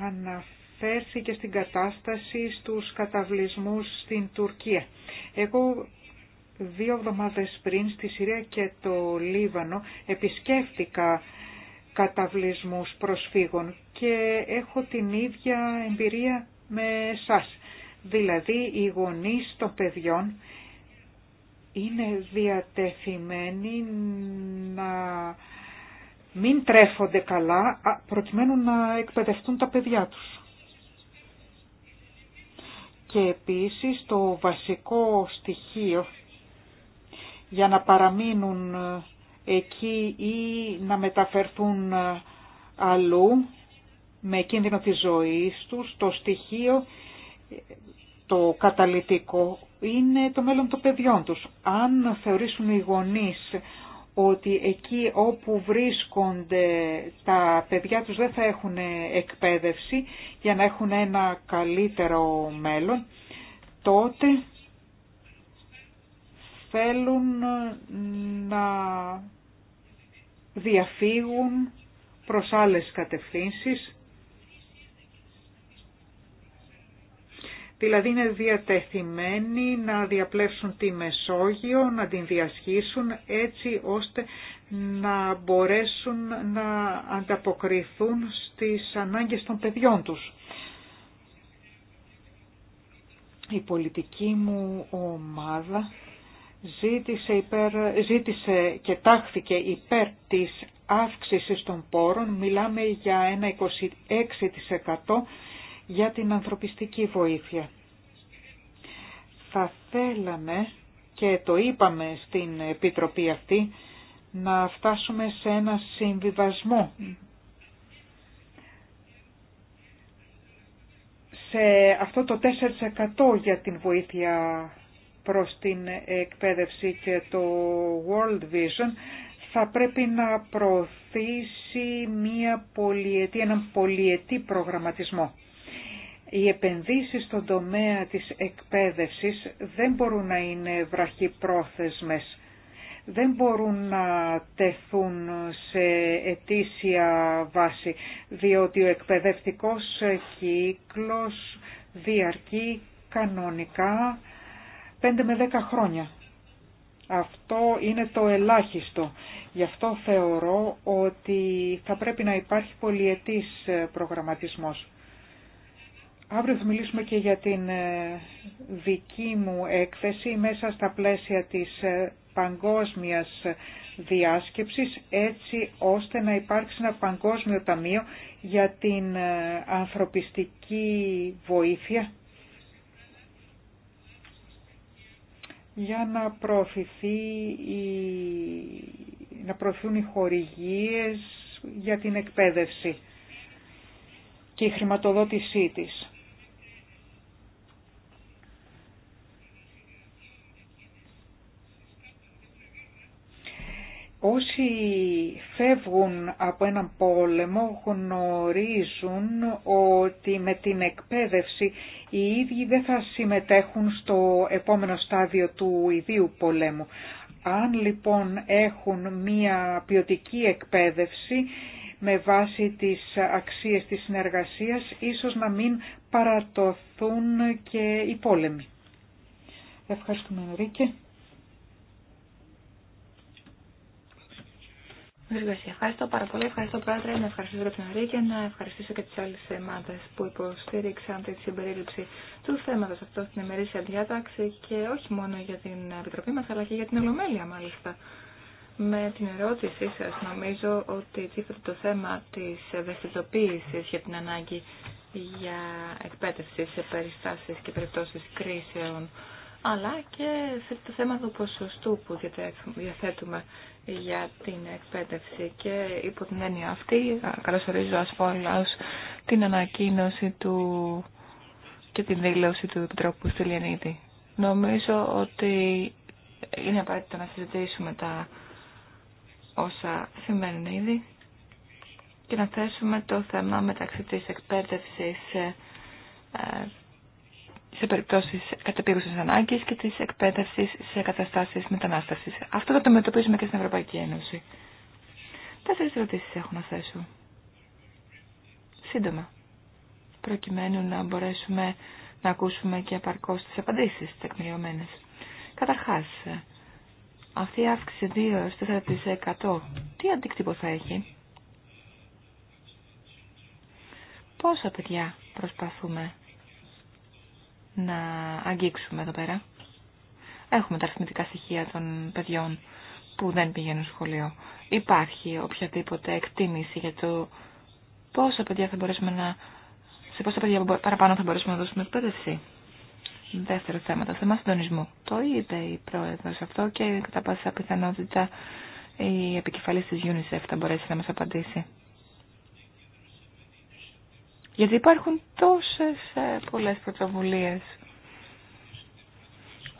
αναφέρθηκε στην κατάσταση στους καταβλισμούς στην Τουρκία. Εγώ δύο εβδομάδες πριν στη Συρία και το Λίβανο επισκέφτηκα καταβλισμούς προσφύγων και έχω την ίδια εμπειρία με σας. Δηλαδή οι γονείς των παιδιών είναι διατεθειμένοι να μην τρέφονται καλά προκειμένου να εκπαιδευτούν τα παιδιά τους. Και επίσης το βασικό στοιχείο για να παραμείνουν εκεί ή να μεταφερθούν ε, αλλού με κίνδυνο της ζωής τους. Το στοιχείο, το καταλητικό, είναι το μέλλον των παιδιών τους. Αν θεωρήσουν οι γονείς ότι εκεί όπου βρίσκονται τα παιδιά τους δεν θα έχουν εκπαίδευση για να έχουν ένα καλύτερο μέλλον, τότε θέλουν να διαφύγουν προς άλλες κατευθύνσεις. Δηλαδή είναι διατεθειμένοι να διαπλέψουν τη Μεσόγειο, να την διασχίσουν έτσι ώστε να μπορέσουν να ανταποκριθούν στις ανάγκες των παιδιών τους. Η πολιτική μου ομάδα ζήτησε, υπέρ, και τάχθηκε υπέρ της αύξησης των πόρων. Μιλάμε για ένα 26% για την ανθρωπιστική βοήθεια. Θα θέλαμε και το είπαμε στην Επιτροπή αυτή να φτάσουμε σε ένα συμβιβασμό σε αυτό το 4% για την βοήθεια προς την εκπαίδευση και το World Vision θα πρέπει να προωθήσει μια πολυετή, έναν πολυετή προγραμματισμό. Οι επενδύσεις στον τομέα της εκπαίδευσης δεν μπορούν να είναι βραχυπρόθεσμες. Δεν μπορούν να τεθούν σε ετήσια βάση, διότι ο εκπαιδευτικός κύκλος διαρκεί κανονικά 5 με 10 χρόνια. Αυτό είναι το ελάχιστο. Γι' αυτό θεωρώ ότι θα πρέπει να υπάρχει πολυετής ε, προγραμματισμός. Αύριο θα μιλήσουμε και για την ε, δική μου έκθεση μέσα στα πλαίσια της ε, παγκόσμιας διάσκεψης έτσι ώστε να υπάρξει ένα παγκόσμιο ταμείο για την ανθρωπιστική βοήθεια για να, προωθηθεί να προωθούν οι χορηγίες για την εκπαίδευση και η χρηματοδότησή της. Όσοι φεύγουν από έναν πόλεμο γνωρίζουν ότι με την εκπαίδευση οι ίδιοι δεν θα συμμετέχουν στο επόμενο στάδιο του ιδίου πολέμου. Αν λοιπόν έχουν μία ποιοτική εκπαίδευση με βάση τις αξίες της συνεργασίας, ίσως να μην παρατωθούν και οι πόλεμοι.
Ευχαριστούμε Ρίκε. Ευχαριστώ πάρα πολύ. Ευχαριστώ Πρόεδρε, να ευχαριστήσω για την Ρή και να ευχαριστήσω και τι άλλε ομάδες που υποστήριξαν τη συμπερίληψη του θέματο αυτό στην ημερήσια διάταξη και όχι μόνο για την Επιτροπή μα, αλλά και για την Ολομέλεια μάλιστα. Με την ερώτησή σα νομίζω ότι τίθεται το θέμα τη ευαισθητοποίηση για την ανάγκη για εκπαίδευση σε περιστάσει και περιπτώσει κρίσεων αλλά και σε το θέμα του ποσοστού που διαθέτουμε για την εκπαίδευση και υπό την έννοια αυτή καλωσορίζω ασφόλως την ανακοίνωση του και την δήλωση του Επιτρόπου Στυλιανίδη. Νομίζω ότι είναι απαραίτητο να συζητήσουμε τα όσα συμβαίνουν ήδη και να θέσουμε το θέμα μεταξύ της εκπαίδευσης ε, σε περιπτώσεις κατεπίγουσης ανάγκης και της εκπαίδευσης σε καταστάσεις μετανάστασης. Αυτό θα το μετωπίσουμε και στην Ευρωπαϊκή Ένωση. Τέσσερις ερωτήσεις έχω να θέσω. Σύντομα. Προκειμένου να μπορέσουμε να ακούσουμε και απαρκώς τις απαντήσεις τεκμηριωμένες. Καταρχάς, αυτή η αύξηση 2-4% τι αντίκτυπο θα έχει. Πόσα παιδιά προσπαθούμε να αγγίξουμε εδώ πέρα. Έχουμε τα αριθμητικά στοιχεία των παιδιών που δεν πηγαίνουν σχολείο. Υπάρχει οποιαδήποτε εκτίμηση για το πόσα παιδιά θα μπορέσουμε να... σε πόσα παιδιά παραπάνω θα μπορέσουμε να δώσουμε εκπαίδευση. Δεύτερο θέμα, το θέμα συντονισμού. Το είπε η πρόεδρος αυτό και κατά πάσα πιθανότητα η επικεφαλής της UNICEF θα μπορέσει να μας απαντήσει. Γιατί υπάρχουν τόσες ε, πολλές πρωτοβουλίες.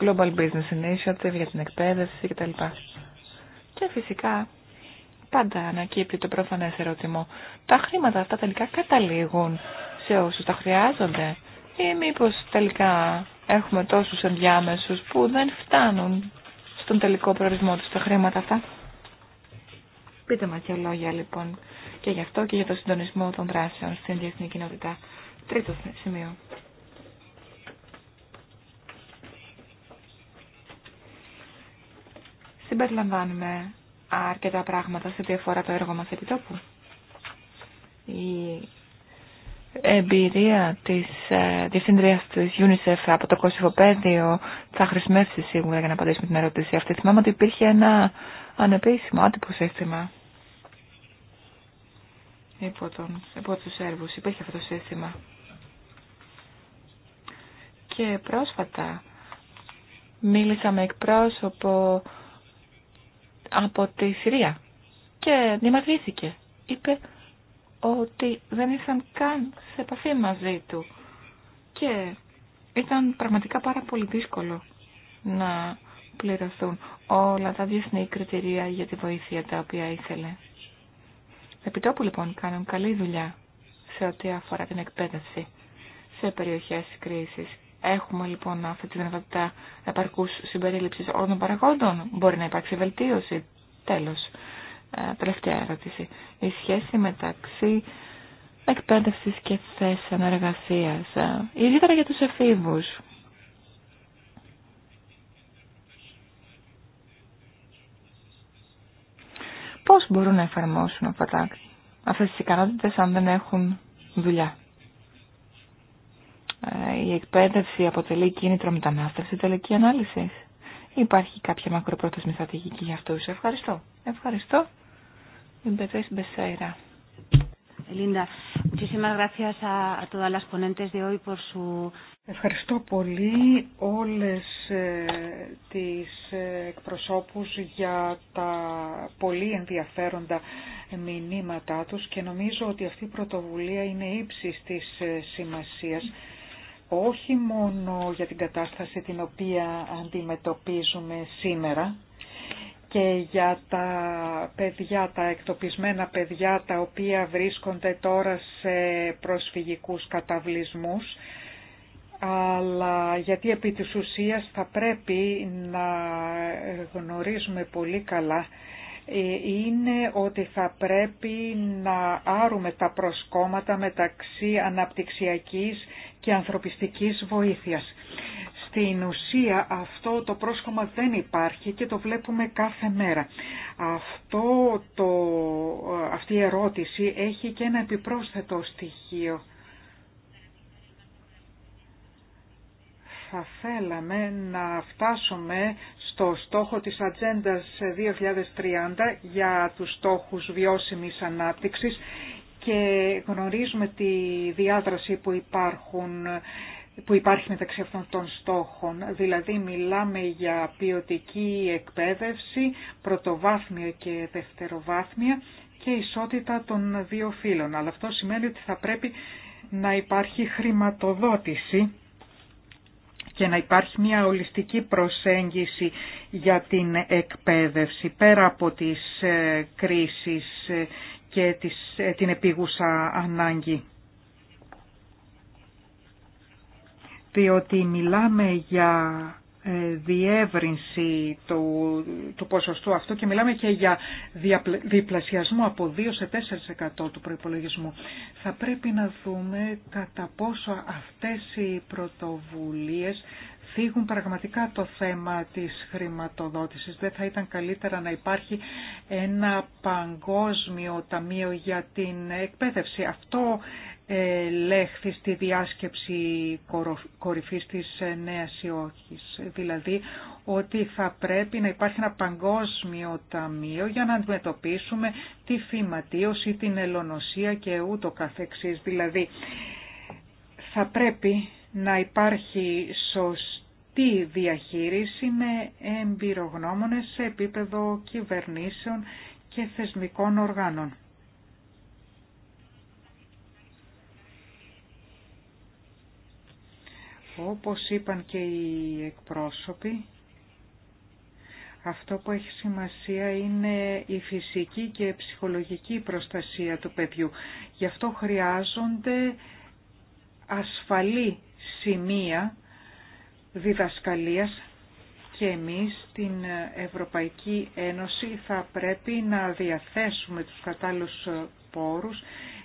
Global Business Initiative για την εκπαίδευση κτλ. Και φυσικά πάντα ανακύπτει το προφανές ερώτημα. Τα χρήματα αυτά τελικά καταλήγουν σε όσους τα χρειάζονται ή μήπως τελικά έχουμε τόσους ενδιάμεσους που δεν φτάνουν στον τελικό προορισμό τους τα χρήματα αυτά. Πείτε μας και λόγια λοιπόν και γι' αυτό και για το συντονισμό των δράσεων στην διεθνή κοινότητα. Τρίτο σημείο. Συμπεριλαμβάνουμε αρκετά πράγματα σε διαφορά αφορά το έργο μας τόπου. Η εμπειρία της ε, διευθύντριας της UNICEF από το Κωσυφοπέδιο θα χρησιμεύσει σίγουρα για να απαντήσουμε την ερώτηση αυτή. Θυμάμαι ότι υπήρχε ένα ανεπίσημο άτυπο σύστημα υπό, τον, υπό τους Σέρβους. Υπήρχε αυτό το σύστημα. Και πρόσφατα μίλησα με εκπρόσωπο από τη Συρία και νημαυρίστηκε. Είπε ότι δεν ήρθαν καν σε επαφή μαζί του και ήταν πραγματικά πάρα πολύ δύσκολο να πληρωθούν όλα τα διεθνή κριτηρία για τη βοήθεια τα οποία ήθελε. Επιτόπου λοιπόν κάνουν καλή δουλειά σε ό,τι αφορά την εκπαίδευση σε περιοχές κρίσης. Έχουμε λοιπόν αυτή τη δυνατότητα επαρκούς συμπερίληψης όλων των παραγόντων. Μπορεί να υπάρξει βελτίωση. Τέλος. Ε, τελευταία ερώτηση. Η σχέση μεταξύ εκπαίδευσης και θέσεων εργασίας. Ε, ιδιαίτερα για τους εφήβους. πώς μπορούν να εφαρμόσουν αυτά τα, αυτές τις ικανότητες αν δεν έχουν δουλειά. Ε, η εκπαίδευση αποτελεί κίνητρο μετανάστευση τελική ανάλυση. Υπάρχει κάποια μακροπρόθεσμη στρατηγική για αυτό. Ευχαριστώ. Ευχαριστώ. Ελίντα, muchísimas gracias a, a todas las ponentes de hoy por Ευχαριστώ πολύ
όλες ε, τις ε, εκπροσώπους για τα πολύ ενδιαφέροντα μηνύματά τους και νομίζω ότι αυτή η πρωτοβουλία είναι ύψης της ε, σημασίας όχι μόνο για την κατάσταση την οποία αντιμετωπίζουμε σήμερα και για τα παιδιά, τα εκτοπισμένα παιδιά τα οποία βρίσκονται τώρα σε προσφυγικούς καταβλισμούς αλλά γιατί επί της ουσίας θα πρέπει να γνωρίζουμε πολύ καλά ε, είναι ότι θα πρέπει να άρουμε τα προσκόμματα μεταξύ αναπτυξιακής και ανθρωπιστικής βοήθειας. Στην ουσία αυτό το πρόσκομα δεν υπάρχει και το βλέπουμε κάθε μέρα. Αυτό το, ε, αυτή η ερώτηση έχει και ένα επιπρόσθετο στοιχείο θα θέλαμε να φτάσουμε στο στόχο της Ατζέντα 2030 για τους στόχους βιώσιμης ανάπτυξης και γνωρίζουμε τη διάδραση που, υπάρχουν, που υπάρχει μεταξύ αυτών των στόχων. Δηλαδή μιλάμε για ποιοτική εκπαίδευση, πρωτοβάθμια και δευτεροβάθμια και ισότητα των δύο φύλων. Αλλά αυτό σημαίνει ότι θα πρέπει να υπάρχει χρηματοδότηση και να υπάρχει μια ολιστική προσέγγιση για την εκπαίδευση πέρα από τις ε, κρίσεις ε, και ε, την επίγουσα ανάγκη. Διότι μιλάμε για ε, διεύρυνση του, του ποσοστού αυτού και μιλάμε και για διπλασιασμό από 2 σε 4% του προϋπολογισμού. Θα πρέπει να δούμε κατά πόσο αυτές οι πρωτοβουλίες θίγουν πραγματικά το θέμα της χρηματοδότησης. Δεν θα ήταν καλύτερα να υπάρχει ένα παγκόσμιο ταμείο για την εκπαίδευση. Αυτό λέχθη στη διάσκεψη κορυφής της ε, Νέας Υόρκης. Δηλαδή ότι θα πρέπει να υπάρχει ένα παγκόσμιο ταμείο για να αντιμετωπίσουμε τη φυματίωση, την ελονοσία και ούτω καθεξής. Δηλαδή θα πρέπει να υπάρχει σωστή διαχείριση με εμπειρογνώμονες σε επίπεδο κυβερνήσεων και θεσμικών οργάνων. Όπως είπαν και οι εκπρόσωποι, αυτό που έχει σημασία είναι η φυσική και ψυχολογική προστασία του παιδιού. Γι' αυτό χρειάζονται ασφαλή σημεία διδασκαλίας και εμείς στην Ευρωπαϊκή Ένωση θα πρέπει να διαθέσουμε τους κατάλληλους πόρους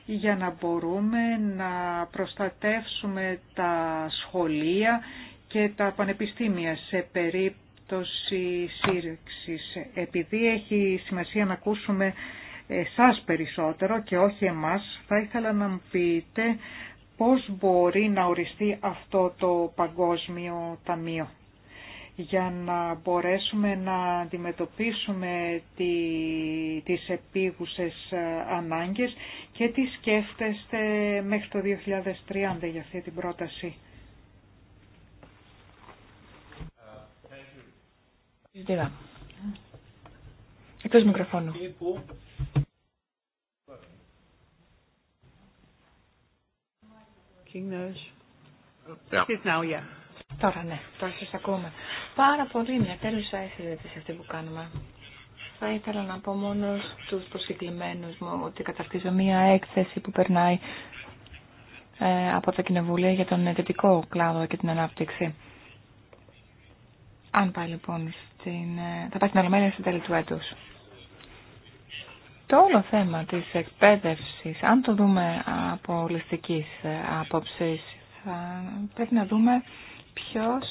για να μπορούμε να προστατεύσουμε τα σχολεία και τα πανεπιστήμια σε περίπτωση σύρξης. Επειδή έχει σημασία να ακούσουμε εσάς περισσότερο και όχι εμάς, θα ήθελα να μου πείτε πώς μπορεί να οριστεί αυτό το Παγκόσμιο Ταμείο για να μπορέσουμε να αντιμετωπίσουμε τι τις επίγουσες ε, ανάγκες και τι σκέφτεστε μέχρι το 2030 για αυτή την πρόταση.
Εκτός Τώρα ναι, τώρα σας ακούμε πάρα πολύ μια τέλουσα συζήτηση αυτή που κάνουμε. Θα ήθελα να πω μόνο στους προσκεκλημένους μου ότι καταρτίζω μια έκθεση που περνάει ε, από τα κοινοβούλια για τον ιδιωτικό κλάδο και την ανάπτυξη. Αν πάει λοιπόν στην... Ε, θα πάει στην Ολομέλεια στην τέλη του έτους. Το όλο θέμα της εκπαίδευση, αν το δούμε από ολιστικής ε, άποψης, θα πρέπει να δούμε ποιος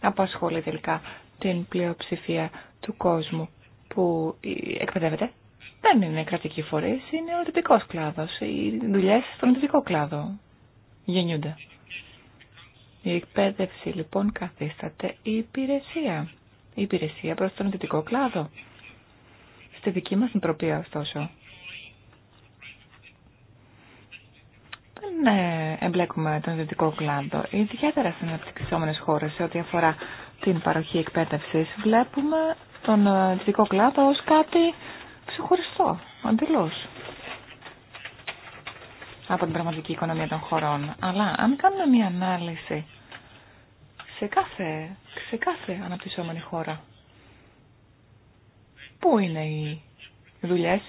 απασχολεί τελικά την πλειοψηφία του κόσμου που εκπαιδεύεται. Δεν είναι κρατική φορή, είναι ο δυτικό κλάδο. Οι δουλειέ στον δυτικό κλάδο γεννιούνται. Η εκπαίδευση λοιπόν καθίσταται η υπηρεσία. Η υπηρεσία προ τον δυτικό κλάδο. Στη δική μα νοοτροπία ωστόσο. Ε, εμπλέκουμε τον δυτικό κλάδο, ιδιαίτερα στι αναπτυξιόμενε χώρε σε ό,τι αφορά την παροχή εκπαίδευση, βλέπουμε τον ε, δυτικό κλάδο ω κάτι ξεχωριστό, αντιλώ από την πραγματική οικονομία των χωρών. Αλλά αν κάνουμε μια ανάλυση σε κάθε, σε κάθε αναπτυσσόμενη χώρα, πού είναι οι δουλειές,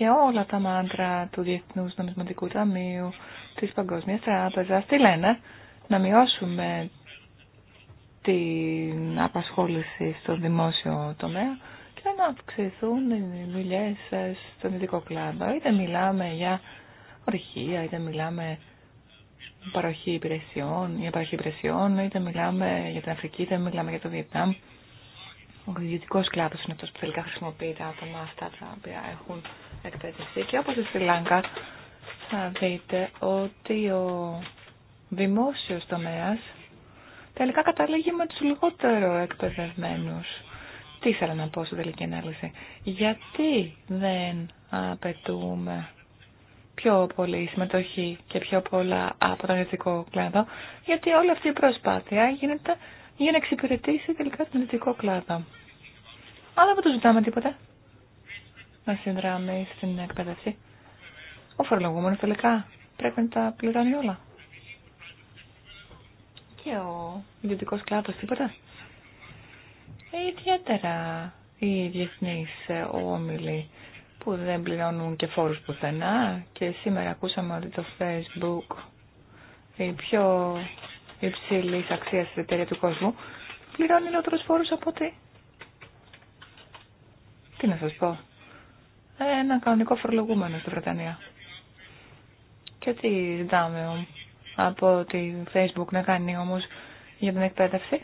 και όλα τα μάντρα του Διεθνού Νομισματικού Ταμείου, τη παγκοσμία, τράπεζα, τι λένε, να μειώσουμε την απασχόληση στο δημόσιο τομέα και να αυξηθούν οι δουλειέ στον ειδικό κλάδο. Είτε μιλάμε για ορυχεία, είτε μιλάμε παροχή υπηρεσιών, για παροχή υπηρεσιών, είτε μιλάμε για την Αφρική, είτε μιλάμε για το Βιετνάμ. Ο ιδιωτικό κλάδο είναι αυτό που τελικά χρησιμοποιεί τα άτομα αυτά τα οποία έχουν εκπαίδευση και όπως στη Σιλάνκα θα δείτε ότι ο δημόσιος τομέας τελικά καταλήγει με τους λιγότερο εκπαιδευμένους. Τι ήθελα να πω στην τελική ανάλυση. Γιατί δεν απαιτούμε πιο πολύ συμμετοχή και πιο πολλά από τον ιδιωτικό κλάδο, γιατί όλη αυτή η προσπάθεια γίνεται για να εξυπηρετήσει τελικά τον ιδιωτικό κλάδο. Αλλά δεν του ζητάμε τίποτα να συνδράμει στην εκπαίδευση. Ο φορολογούμενο τελικά πρέπει να τα πληρώνει όλα. Και ο ιδιωτικό κλάδο τίποτα. Ε, ιδιαίτερα οι διεθνεί ε, όμιλοι που δεν πληρώνουν και φόρους πουθενά και σήμερα ακούσαμε ότι το Facebook η πιο υψηλή αξία στην εταιρεία του κόσμου πληρώνει λιγότερου φόρου από ότι... Τι να σας πω ένα κανονικό φορολογούμενο στη Βρετανία. Και τι ζητάμε από τη Facebook να κάνει όμω για την εκπαίδευση.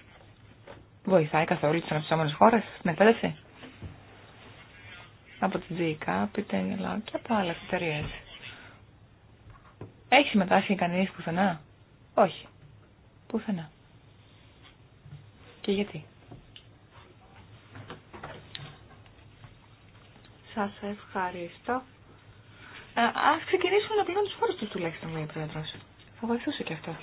Βοηθάει καθόλου τι αναπτυσσόμενε χώρε στην εκπαίδευση. Από την GK, η Tengelog και από άλλε εταιρείε. Έχει συμμετάσχει κανεί πουθενά. Όχι. Πουθενά. Και γιατί. Σας ευχαριστώ. Ε, ας ξεκινήσουμε να πληρώνουν τους φόρους τους τουλάχιστον, λέει η Πρόεδρος. Θα βοηθούσε και αυτό.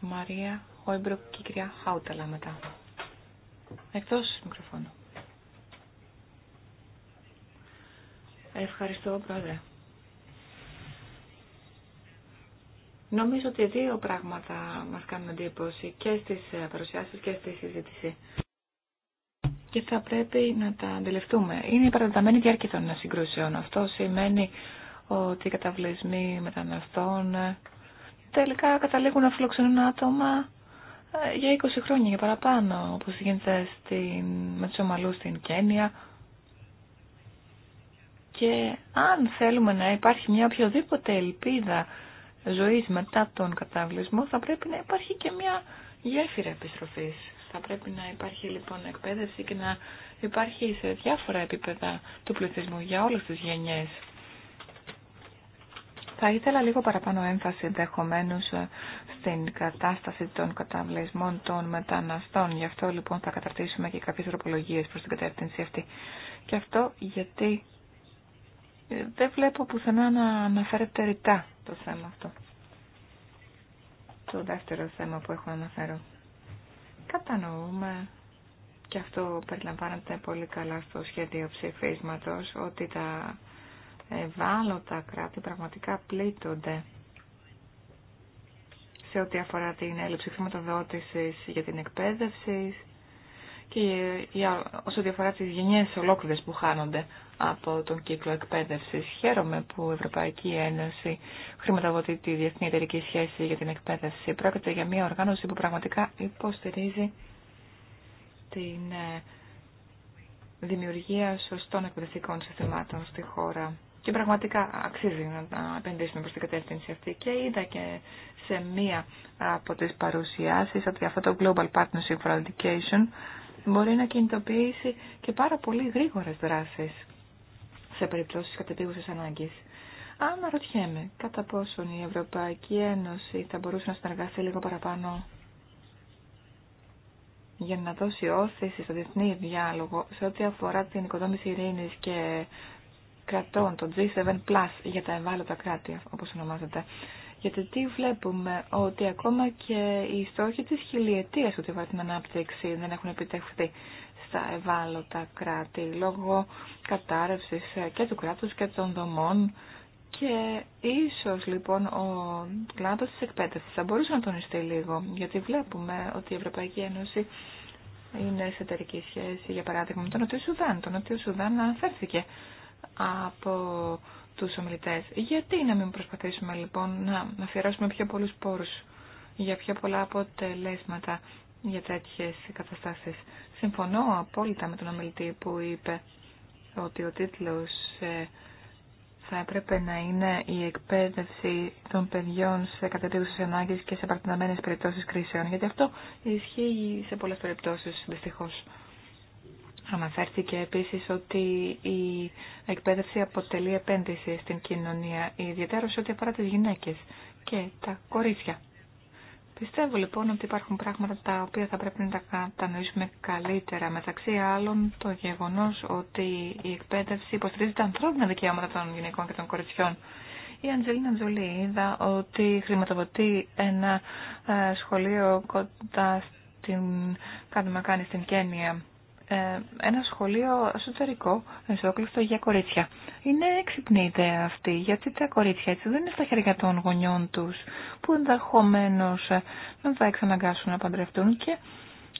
Μαρία Χόιμπροκ και η κυρία Χάουταλα μετά. Εκτός μικροφώνου. Ευχαριστώ, Πρόεδρε. Νομίζω ότι δύο πράγματα μας κάνουν εντύπωση και στις παρουσιάσεις και στη συζήτηση και θα πρέπει να τα αντιληφθούμε. Είναι η παρατεταμένη διάρκεια των συγκρούσεων. Αυτό σημαίνει ότι οι καταβλισμοί μεταναστών ε, τελικά καταλήγουν να φιλοξενούν άτομα ε, για 20 χρόνια και παραπάνω, όπως γίνεται με του Ομαλούς στην Κένια. Και αν θέλουμε να υπάρχει μια οποιοδήποτε ελπίδα ζωής μετά τον καταβλισμό, θα πρέπει να υπάρχει και μια γέφυρα επιστροφής θα πρέπει να υπάρχει λοιπόν εκπαίδευση και να υπάρχει σε διάφορα επίπεδα του πληθυσμού για όλες τις γενιές. Θα ήθελα λίγο παραπάνω έμφαση ενδεχομένω στην κατάσταση των καταβλισμών των μεταναστών. Γι' αυτό λοιπόν θα καταρτήσουμε και κάποιες τροπολογίες προς την κατεύθυνση αυτή. Και αυτό γιατί ε, δεν βλέπω πουθενά να αναφέρεται ρητά το θέμα αυτό. Το δεύτερο θέμα που έχω αναφέρω κατανοούμε και αυτό περιλαμβάνεται πολύ καλά στο σχέδιο ψηφίσματος ότι τα ευάλωτα κράτη πραγματικά πλήττονται σε ό,τι αφορά την έλλειψη χρηματοδότησης για την εκπαίδευση, και για όσο διαφορά τις γενιές ολόκληρες που χάνονται από τον κύκλο εκπαίδευσης. Χαίρομαι που η Ευρωπαϊκή Ένωση χρηματοδοτεί τη Διεθνή Εταιρική Σχέση για την Εκπαίδευση. Πρόκειται για μια οργάνωση που πραγματικά υποστηρίζει την ε, δημιουργία σωστών εκπαιδευτικών συστημάτων στη χώρα. Και πραγματικά αξίζει να επενδύσουμε προς την κατεύθυνση αυτή. Και είδα και σε μία από τις παρουσιάσεις ότι αυτό το Global Partnership for Education μπορεί να κινητοποιήσει και πάρα πολύ γρήγορες δράσεις σε περιπτώσεις κατεπίγουσες ανάγκης. Αν ρωτιέμαι κατά πόσον η Ευρωπαϊκή Ένωση θα μπορούσε να συνεργαστεί λίγο παραπάνω για να δώσει όθηση στο διεθνή διάλογο σε ό,τι αφορά την οικοδόμηση ειρήνης και κρατών, το G7+, για τα ευάλωτα κράτη, όπως ονομάζεται. Γιατί τι βλέπουμε, ότι ακόμα και οι στόχοι της χιλιετίας ότι βάζει την ανάπτυξη δεν έχουν επιτευχθεί στα ευάλωτα κράτη λόγω κατάρρευσης και του κράτους και των δομών και ίσως λοιπόν ο κλάδος της εκπαίδευσης θα μπορούσε να τονιστεί λίγο γιατί βλέπουμε ότι η Ευρωπαϊκή Ένωση είναι σε εταιρική σχέση για παράδειγμα με τον Νότιο Σουδάν. Το Νότιο Σουδάν αναφέρθηκε από τους ομιλητές. Γιατί να μην προσπαθήσουμε λοιπόν να αφιερώσουμε πιο πολλούς πόρους για πιο πολλά αποτελέσματα για τέτοιες καταστάσεις. Συμφωνώ απόλυτα με τον ομιλητή που είπε ότι ο τίτλος ε, θα έπρεπε να είναι η εκπαίδευση των παιδιών σε κατατήρους ανάγκες και σε παρτιναμένες περιπτώσεις κρίσεων, γιατί αυτό ισχύει σε πολλές περιπτώσεις δυστυχώς. Αναφέρθηκε επίσης ότι η εκπαίδευση αποτελεί επένδυση στην κοινωνία, ιδιαίτερα σε ό,τι αφορά τις γυναίκες και τα κορίτσια. Πιστεύω λοιπόν ότι υπάρχουν πράγματα τα οποία θα πρέπει να τα κατανοήσουμε καλύτερα. Μεταξύ άλλων το γεγονός ότι η εκπαίδευση υποστηρίζει τα ανθρώπινα δικαιώματα των γυναικών και των κοριτσιών. Η Αντζελίνα Τζολί είδα ότι χρηματοδοτεί ένα ε, σχολείο κοντά στην Μακάνη στην Κένια ε, ένα σχολείο εσωτερικό, στο για κορίτσια. Είναι έξυπνη ιδέα αυτή, γιατί τα κορίτσια έτσι δεν είναι στα χέρια των γονιών τους, που ενδεχομένω ε, δεν θα εξαναγκάσουν να παντρευτούν και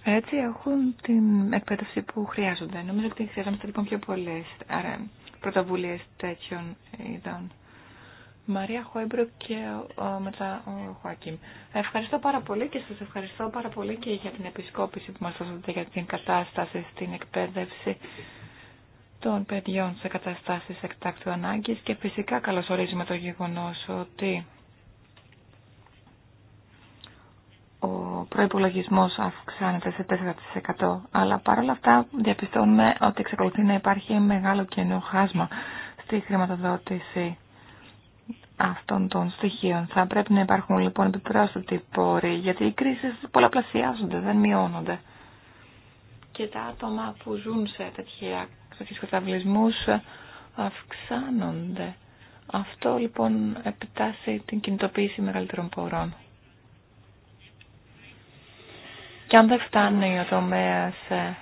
έτσι έχουν την εκπαίδευση που χρειάζονται. Νομίζω ότι χρειάζονται λοιπόν πιο πολλές ε, πρωτοβουλίε τέτοιων ειδών. Μαρία Χόιμπρουκ και ο, ε, μετά ο Χουάκιμ. Ευχαριστώ πάρα πολύ και σας ευχαριστώ πάρα πολύ και για την επισκόπηση που μας δώσατε για την κατάσταση στην εκπαίδευση των παιδιών σε καταστάσεις εκτάκτου ανάγκης και φυσικά καλωσορίζουμε το γεγονός ότι ο προϋπολογισμός αυξάνεται σε 4% αλλά παρόλα αυτά διαπιστώνουμε ότι εξακολουθεί να υπάρχει μεγάλο κενό χάσμα στη χρηματοδότηση αυτών των στοιχείων. Θα πρέπει να υπάρχουν λοιπόν επιπρόσθετοι πόροι, γιατί οι κρίσει πολλαπλασιάζονται, δεν μειώνονται. Και τα άτομα που ζουν σε τέτοιους καταβλισμού αυξάνονται. Αυτό λοιπόν επιτάσσει την κινητοποίηση μεγαλύτερων πόρων. Και αν δεν φτάνει ο τομέα ε,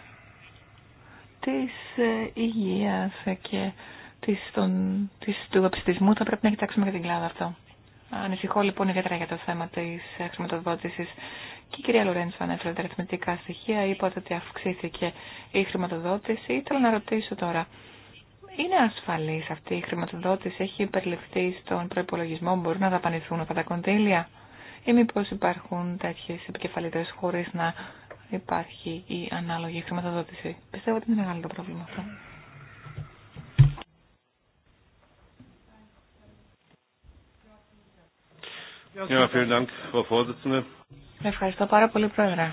της ε, υγείας ε, και της, της, του επιστησμού θα πρέπει να κοιτάξουμε για την κλάδα αυτό. Ανησυχώ λοιπόν ιδιαίτερα για το θέμα της χρηματοδότησης Και η κυρία Λορέντσο ανέφερε τα αριθμητικά στοιχεία. Είπατε ότι αυξήθηκε η χρηματοδότηση. Ήθελα να ρωτήσω τώρα, είναι ασφαλής αυτή η χρηματοδότηση, έχει περιληφθεί στον προπολογισμό, μπορούν να δαπανηθούν αυτά τα κονδύλια, ή μήπω υπάρχουν τέτοιε επικεφαλίδε χωρί να υπάρχει η μήπως υπαρχουν τετοιε επικεφαλίτε χωρι Πιστεύω ότι είναι μεγάλο το πρόβλημα αυτό. Ευχαριστώ πάρα πολύ, Πρόεδρε.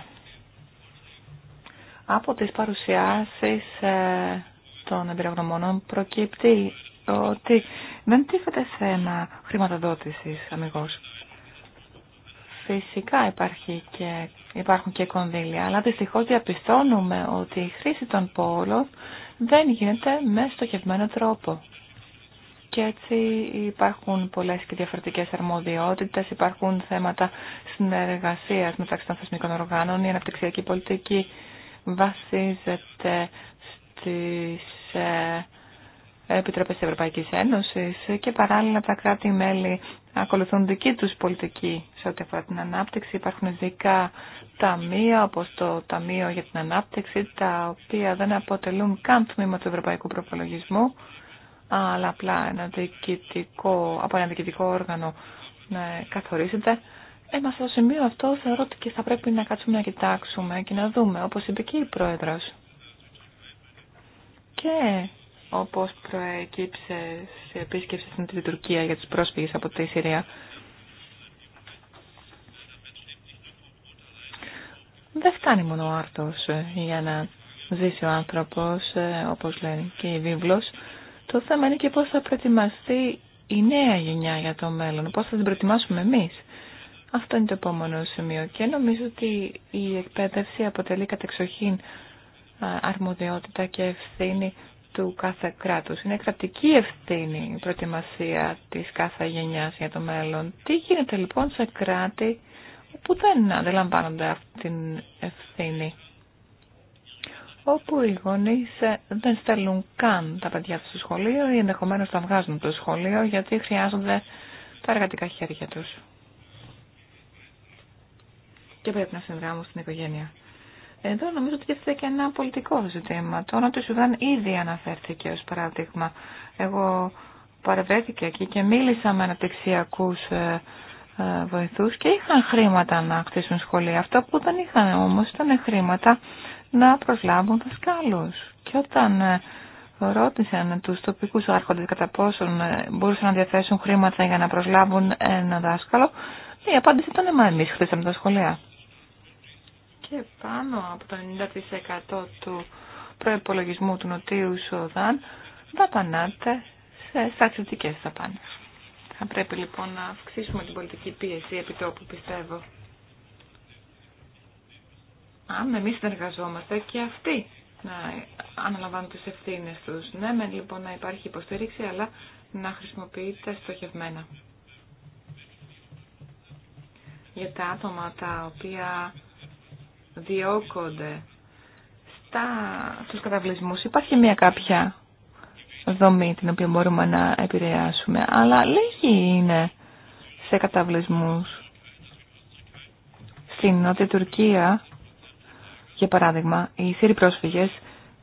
Από τις παρουσιάσεις ε, των εμπειρογνωμόνων προκύπτει ότι δεν τίθεται θέμα χρηματοδότησης αμυγός. Φυσικά υπάρχει και, υπάρχουν και κονδύλια, αλλά δυστυχώς διαπιστώνουμε ότι η χρήση των πόλων δεν γίνεται με στοχευμένο τρόπο και έτσι υπάρχουν πολλές και διαφορετικές αρμοδιότητες, υπάρχουν θέματα συνεργασίας μεταξύ των θεσμικών οργάνων, η αναπτυξιακή πολιτική βασίζεται στις ε, Επιτροπές της Ευρωπαϊκής Ένωσης και παράλληλα τα κράτη-μέλη ακολουθούν δική τους πολιτική σε ό,τι αφορά την ανάπτυξη. Υπάρχουν ειδικά ταμεία όπως το Ταμείο για την Ανάπτυξη, τα οποία δεν αποτελούν καν τμήμα του Ευρωπαϊκού Προπολογισμού αλλά απλά ένα από ένα διοικητικό όργανο να καθορίζεται. Ε, στο σημείο αυτό θεωρώ ότι και θα πρέπει να κάτσουμε να κοιτάξουμε και να δούμε, όπως είπε και η Πρόεδρος. Και όπως προεκύψε σε επίσκεψη στην Τουρκία για τους πρόσφυγες από τη Συρία, δεν φτάνει μόνο ο άρτος ε, για να ζήσει ο άνθρωπος, ε, όπως λέει και η βίβλος. Το θέμα είναι και πώς θα προετοιμαστεί η νέα γενιά για το μέλλον, πώς θα την προετοιμάσουμε εμείς. Αυτό είναι το επόμενο σημείο και νομίζω ότι η εκπαίδευση αποτελεί κατεξοχήν αρμοδιότητα και ευθύνη του κάθε κράτους. Είναι κρατική ευθύνη η προετοιμασία της κάθε γενιάς για το μέλλον. Τι γίνεται λοιπόν σε κράτη που δεν αντιλαμβάνονται αυτή την ευθύνη όπου οι γονεί ε, δεν στέλνουν καν τα παιδιά του στο σχολείο ή ενδεχομένω τα βγάζουν από το σχολείο γιατί χρειάζονται τα εργατικά χέρια του. Και πρέπει να συνδράμουν στην οικογένεια. Εδώ νομίζω ότι τίθεται και ένα πολιτικό ζήτημα. Το όνομα του Σουδάν ήδη αναφέρθηκε ως παράδειγμα. Εγώ παρευρέθηκα εκεί και μίλησα με αναπτυξιακούς ε, ε, βοηθούς και είχαν χρήματα να χτίσουν σχολεία. Αυτό που δεν είχαν όμως ήταν χρήματα να προσλάβουν δασκάλους. Και όταν ε, ρώτησαν τους τοπικούς άρχοντες κατά πόσον ε, μπορούσαν να διαθέσουν χρήματα για να προσλάβουν ένα δάσκαλο, η απάντηση ήταν «Μα εμείς χτίσαμε τα σχολεία». Και πάνω από το 90% του προϋπολογισμού του Νοτίου Σοδάν δαπανάται σε στρατιωτικές δαπάνες. Θα πρέπει λοιπόν να αυξήσουμε την πολιτική πίεση επί που πιστεύω αν εμείς συνεργαζόμαστε και αυτοί να αναλαμβάνουν τις ευθύνες τους. Ναι, με, λοιπόν να υπάρχει υποστήριξη, αλλά να χρησιμοποιείται στοχευμένα. Για τα άτομα τα οποία διώκονται στα, στους καταβλισμούς υπάρχει μια κάποια δομή την οποία μπορούμε να επηρεάσουμε, αλλά λίγοι είναι σε καταβλισμούς. Στην Νότια Τουρκία για παράδειγμα, οι Σύριοι πρόσφυγες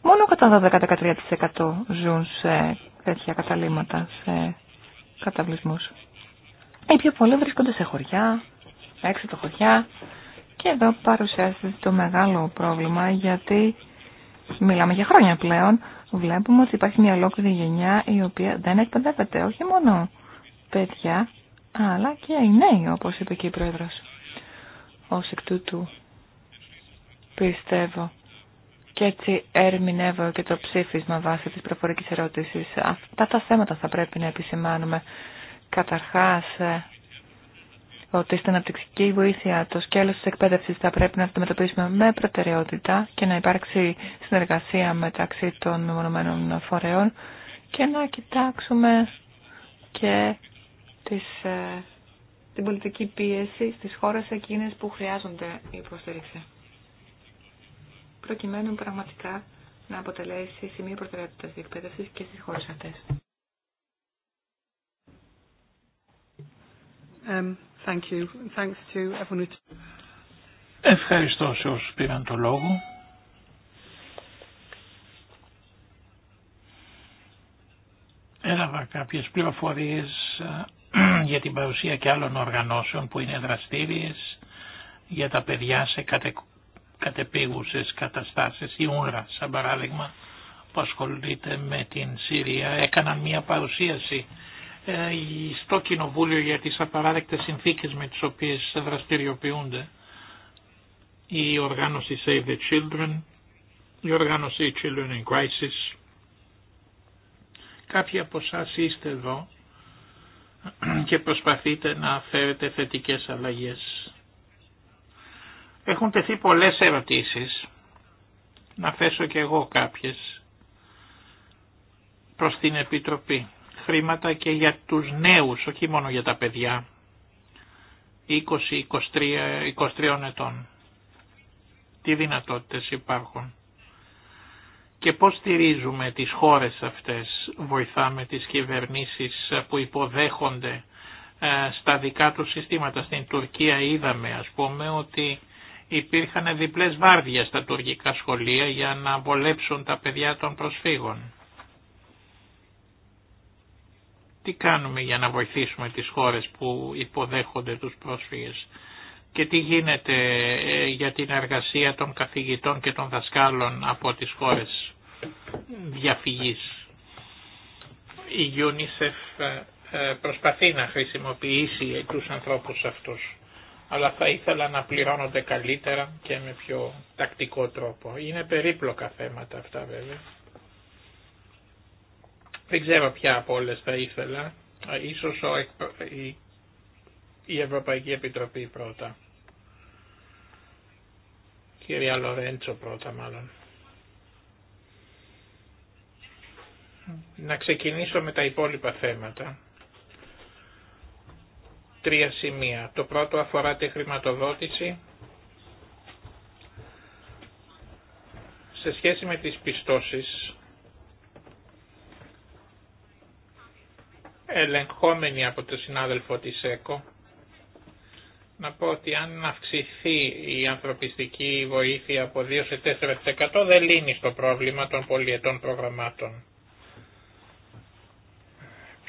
μόνο κατά 12-13% ζουν σε τέτοια καταλήμματα, σε καταβλισμού. Οι πιο πολλοί βρίσκονται σε χωριά, έξω τα χωριά και εδώ παρουσιάζεται το μεγάλο πρόβλημα γιατί μιλάμε για χρόνια πλέον βλέπουμε ότι υπάρχει μια ολόκληρη γενιά η οποία δεν εκπαιδεύεται όχι μόνο παιδιά αλλά και οι νέοι όπως είπε και η Πρόεδρος. Ως εκ τούτου πιστεύω. Και έτσι ερμηνεύω και το ψήφισμα βάσει της προφορικής ερώτησης. Αυτά τα θέματα θα πρέπει να επισημάνουμε. Καταρχάς, ε, ότι στην αναπτυξική βοήθεια το σκέλος της εκπαίδευσης θα πρέπει να αντιμετωπίσουμε με προτεραιότητα και να υπάρξει συνεργασία μεταξύ των μεμονωμένων φορέων και να κοιτάξουμε και τις, ε, την πολιτική πίεση στις χώρες εκείνες που χρειάζονται υποστήριξη προκειμένου πραγματικά να αποτελέσει σημείο προτεραιότητας διεκπαίδευσης και στις χώρες αυτές.
Um,
Ευχαριστώ σε όσους πήραν το λόγο. Έλαβα κάποιες πληροφορίες ε, για την παρουσία και άλλων οργανώσεων που είναι δραστήριες για τα παιδιά σε κατεπίγουσες καταστάσεις. Η Ούρα, σαν παράδειγμα, που ασχολείται με την Συρία, έκαναν μια παρουσίαση ε, στο Κοινοβούλιο για τις απαράδεκτες συνθήκες με τις οποίες δραστηριοποιούνται η οργάνωση Save the Children, η οργάνωση Children in Crisis. Κάποιοι από εσά είστε εδώ και προσπαθείτε να φέρετε θετικές αλλαγές έχουν τεθεί πολλές ερωτήσεις. Να θέσω και εγώ κάποιες προς την Επιτροπή. Χρήματα και για τους νέους, όχι μόνο για τα παιδιά. 20-23 23 ετών. Τι δυνατότητες υπάρχουν. Και πώς στηρίζουμε τις χώρες αυτές. Βοηθάμε τις κυβερνήσεις που υποδέχονται ε, στα δικά του συστήματα. Στην Τουρκία είδαμε ας πούμε ότι υπήρχαν διπλές βάρδιες στα τουρκικά σχολεία για να βολέψουν τα παιδιά των προσφύγων. Τι κάνουμε για να βοηθήσουμε τις χώρες που υποδέχονται τους πρόσφυγες και τι γίνεται ε, για την εργασία των καθηγητών και των δασκάλων από τις χώρες διαφυγής. Η UNICEF ε, ε, προσπαθεί να χρησιμοποιήσει τους ανθρώπους αυτούς αλλά θα ήθελα να πληρώνονται καλύτερα και με πιο τακτικό τρόπο. Είναι περίπλοκα θέματα αυτά βέβαια. Δεν ξέρω ποια από όλες θα ήθελα. Ίσως ο, η, η Ευρωπαϊκή Επιτροπή πρώτα. Κυρία Λορέντσο πρώτα μάλλον. Να ξεκινήσω με τα υπόλοιπα θέματα τρία σημεία. Το πρώτο αφορά τη χρηματοδότηση σε σχέση με τις πιστώσεις ελεγχόμενη από τον συνάδελφο της ΕΚΟ να πω ότι αν αυξηθεί η ανθρωπιστική βοήθεια από 2 σε 4% δεν λύνει στο πρόβλημα των πολιετών προγραμμάτων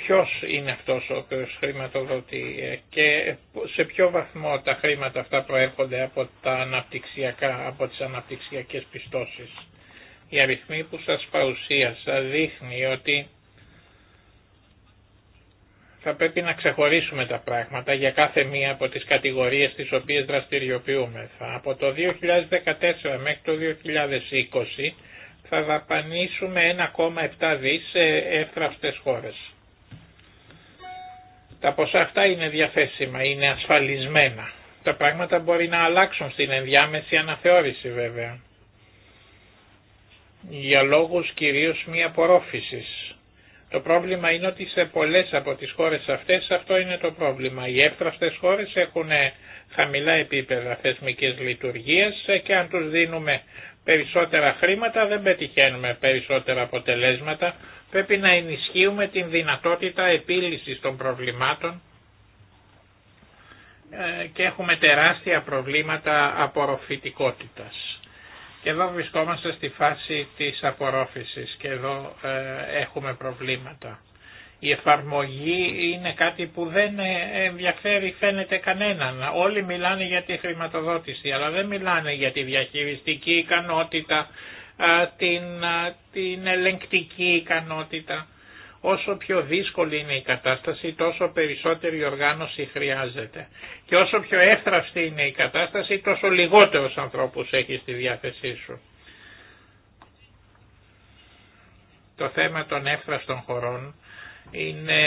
ποιος είναι αυτός ο οποίος χρηματοδοτεί ε, και σε ποιο βαθμό τα χρήματα αυτά προέρχονται από, τα αναπτυξιακά, από τις αναπτυξιακές πιστώσεις. Η αριθμή που σας παρουσίασα δείχνει ότι θα πρέπει να ξεχωρίσουμε τα πράγματα για κάθε μία από τις κατηγορίες τις οποίες δραστηριοποιούμε. Από το 2014 μέχρι το 2020 θα δαπανίσουμε 1,7 δις σε εύθραυστες χώρες. Τα ποσά αυτά είναι διαθέσιμα, είναι ασφαλισμένα. Τα πράγματα μπορεί να αλλάξουν στην ενδιάμεση αναθεώρηση βέβαια. Για λόγους κυρίως μη απορρόφησης. Το πρόβλημα είναι ότι σε πολλές από τις χώρες αυτές αυτό είναι το πρόβλημα. Οι εύθραυστες χώρες έχουν χαμηλά επίπεδα θεσμικής λειτουργίας και αν τους δίνουμε περισσότερα χρήματα δεν πετυχαίνουμε περισσότερα αποτελέσματα Πρέπει να ενισχύουμε την δυνατότητα επίλυσης των προβλημάτων ε, και έχουμε τεράστια προβλήματα απορροφητικότητας. Και εδώ βρισκόμαστε στη φάση της απορρόφησης και εδώ ε, έχουμε προβλήματα. Η εφαρμογή είναι κάτι που δεν ε, ενδιαφέρει φαίνεται κανέναν. Όλοι μιλάνε για τη χρηματοδότηση αλλά δεν μιλάνε για τη διαχειριστική ικανότητα, την, την ελεγκτική ικανότητα. Όσο πιο δύσκολη είναι η κατάσταση, τόσο περισσότερη οργάνωση χρειάζεται. Και όσο πιο εύθραυστη είναι η κατάσταση, τόσο λιγότερος ανθρώπους έχει στη διάθεσή σου. Το θέμα των εύθραστων χωρών είναι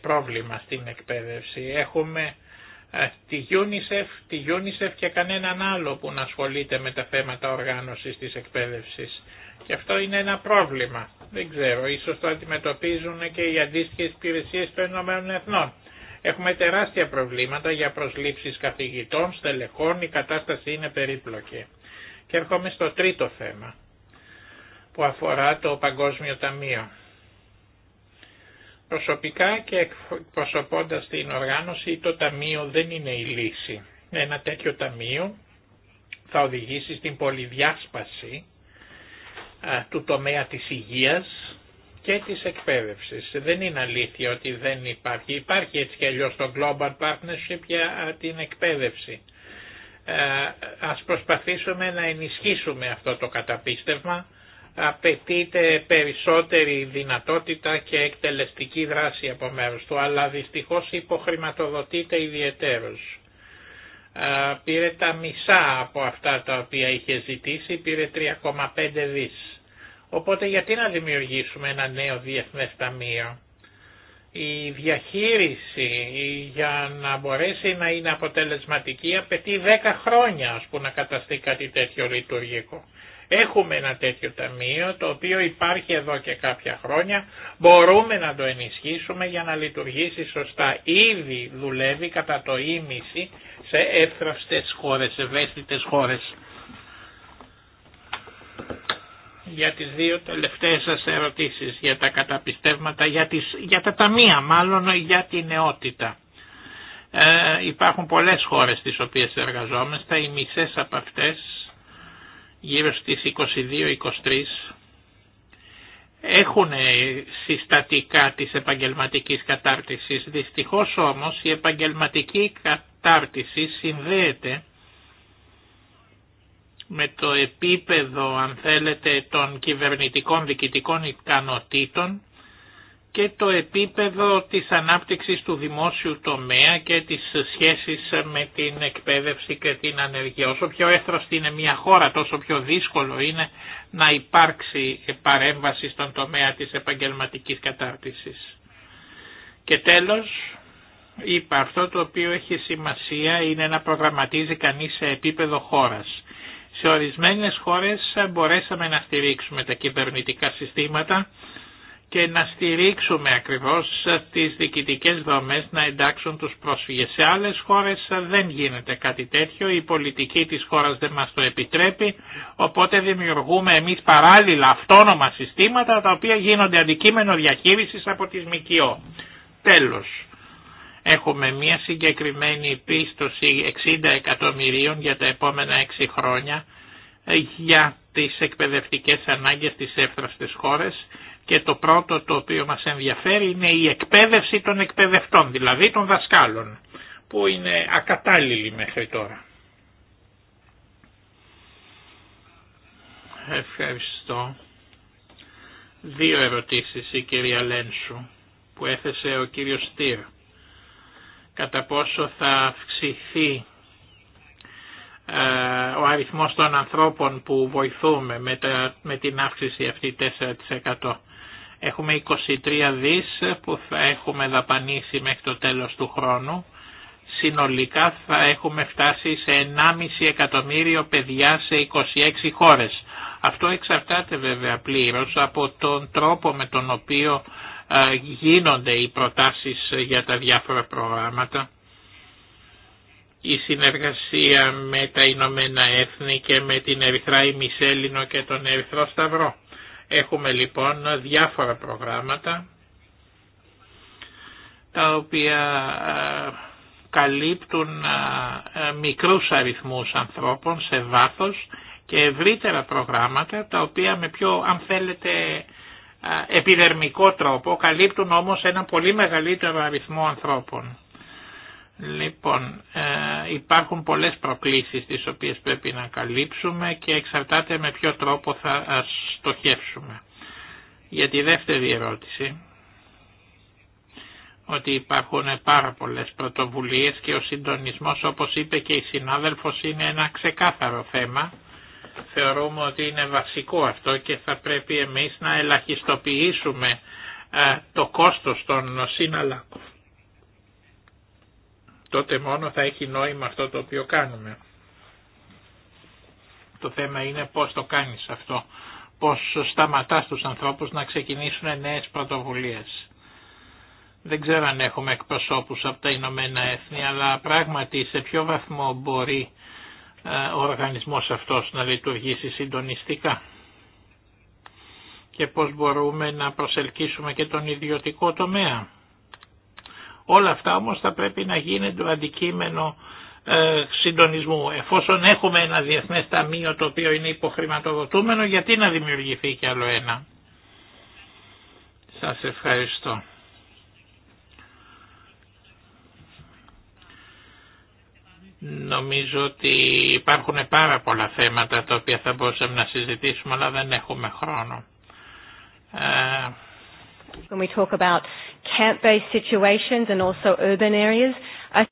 πρόβλημα στην εκπαίδευση. Έχουμε ε, τη UNICEF, τη UNICEF και κανέναν άλλο που να ασχολείται με τα θέματα οργάνωσης της εκπαίδευσης. Και αυτό είναι ένα πρόβλημα. Δεν ξέρω, ίσως το αντιμετωπίζουν και οι αντίστοιχε υπηρεσίε των Ηνωμένων Εθνών. Έχουμε τεράστια προβλήματα για προσλήψεις καθηγητών, στελεχών, η κατάσταση είναι περίπλοκη. Και έρχομαι στο τρίτο θέμα που αφορά το Παγκόσμιο Ταμείο. Προσωπικά και προσωπώντας την οργάνωση το ταμείο δεν είναι η λύση. Ένα τέτοιο ταμείο θα οδηγήσει στην πολυδιάσπαση του τομέα της υγείας και της εκπαίδευσης. Δεν είναι αλήθεια ότι δεν υπάρχει. Υπάρχει έτσι και αλλιώς το Global Partnership για την εκπαίδευση. Ας προσπαθήσουμε να ενισχύσουμε αυτό το καταπίστευμα απαιτείται περισσότερη δυνατότητα και εκτελεστική δράση από μέρους του, αλλά δυστυχώς υποχρηματοδοτείται ιδιαιτέρως. Πήρε τα μισά από αυτά τα οποία είχε ζητήσει, πήρε 3,5 δις. Οπότε γιατί να δημιουργήσουμε ένα νέο διεθνές ταμείο. Η διαχείριση για να μπορέσει να είναι αποτελεσματική απαιτεί 10 χρόνια, ας που να καταστεί κάτι τέτοιο λειτουργικό. Έχουμε ένα τέτοιο ταμείο το οποίο υπάρχει εδώ και κάποια χρόνια, μπορούμε να το ενισχύσουμε για να λειτουργήσει σωστά. Ήδη δουλεύει κατά το ίμιση σε εύθραυστες χώρες, ευαίσθητες χώρες. Για τις δύο τελευταίες σας ερωτήσεις, για τα καταπιστεύματα, για, τα ταμεία μάλλον, για την νεότητα. Ε, υπάρχουν πολλές χώρες τις οποίες εργαζόμαστε, οι μισές από αυτές γύρω στις 22-23 έχουν συστατικά της επαγγελματικής κατάρτισης. Δυστυχώς όμως η επαγγελματική κατάρτιση συνδέεται με το επίπεδο αν θέλετε των κυβερνητικών διοικητικών ικανοτήτων και το επίπεδο της ανάπτυξης του δημόσιου τομέα και της σχέσεις με την εκπαίδευση και την ανεργία. Όσο πιο έθραστη είναι μια χώρα τόσο πιο δύσκολο είναι να υπάρξει παρέμβαση στον τομέα της επαγγελματικής κατάρτισης. Και τέλος, είπα αυτό το οποίο έχει σημασία είναι να προγραμματίζει κανείς σε επίπεδο χώρας. Σε ορισμένες χώρες μπορέσαμε να στηρίξουμε τα κυβερνητικά συστήματα και να στηρίξουμε ακριβώς τις διοικητικές δομές να εντάξουν τους πρόσφυγες. Σε άλλες χώρες δεν γίνεται κάτι τέτοιο, η πολιτική της χώρας δεν μας το επιτρέπει, οπότε δημιουργούμε εμείς παράλληλα αυτόνομα συστήματα τα οποία γίνονται αντικείμενο διαχείρισης από τις ΜΚΟ. Τέλος. Έχουμε μία συγκεκριμένη πίστοση 60 εκατομμυρίων για τα επόμενα 6 χρόνια για τις εκπαιδευτικές ανάγκες της έφτραστης χώρες και το πρώτο το οποίο μας ενδιαφέρει είναι η εκπαίδευση των εκπαιδευτών, δηλαδή των δασκάλων, που είναι ακατάλληλοι μέχρι τώρα. Ευχαριστώ. Δύο ερωτήσεις η κυρία Λένσου που έθεσε ο κύριος Στήρ. Κατά πόσο θα αυξηθεί ε, ο αριθμός των ανθρώπων που βοηθούμε με, με την αύξηση αυτή 4%. Έχουμε 23 δις που θα έχουμε δαπανίσει μέχρι το τέλος του χρόνου. Συνολικά θα έχουμε φτάσει σε 1,5 εκατομμύριο παιδιά σε 26 χώρες. Αυτό εξαρτάται βέβαια πλήρως από τον τρόπο με τον οποίο γίνονται οι προτάσεις για τα διάφορα προγράμματα. Η συνεργασία με τα Ηνωμένα Έθνη και με την Ερυθρά Ημισέλινο και τον Ερυθρό Σταυρό. Έχουμε λοιπόν διάφορα προγράμματα τα οποία ε, καλύπτουν ε, ε, μικρούς αριθμούς ανθρώπων σε βάθος και ευρύτερα προγράμματα τα οποία με πιο αν θέλετε επιδερμικό τρόπο καλύπτουν όμως ένα πολύ μεγαλύτερο αριθμό ανθρώπων. Λοιπόν, ε, υπάρχουν πολλές προκλήσεις τις οποίες πρέπει να καλύψουμε και εξαρτάται με ποιο τρόπο θα ε, στοχεύσουμε. Για τη δεύτερη ερώτηση, ότι υπάρχουν πάρα πολλές πρωτοβουλίες και ο συντονισμός όπως είπε και η συνάδελφος είναι ένα ξεκάθαρο θέμα. Θεωρούμε ότι είναι βασικό αυτό και θα πρέπει εμείς να ελαχιστοποιήσουμε ε, το κόστος των συναλλάκων τότε μόνο θα έχει νόημα αυτό το οποίο κάνουμε. Το θέμα είναι πώς το κάνεις αυτό, πώς σταματάς τους ανθρώπους να ξεκινήσουν νέες πρωτοβουλίες. Δεν ξέρω αν έχουμε εκπροσώπους από τα Ηνωμένα Έθνη, αλλά πράγματι σε ποιο βαθμό μπορεί ε, ο οργανισμός αυτός να λειτουργήσει συντονιστικά και πώς μπορούμε να προσελκύσουμε και τον ιδιωτικό τομέα. Όλα αυτά όμως θα πρέπει να το αντικείμενο ε, συντονισμού. Εφόσον έχουμε ένα διεθνές ταμείο το οποίο είναι υποχρηματοδοτούμενο, γιατί να δημιουργηθεί κι άλλο ένα. Σας ευχαριστώ. Νομίζω ότι υπάρχουν πάρα πολλά θέματα τα οποία θα μπορούσαμε να συζητήσουμε, αλλά δεν έχουμε χρόνο. Ε,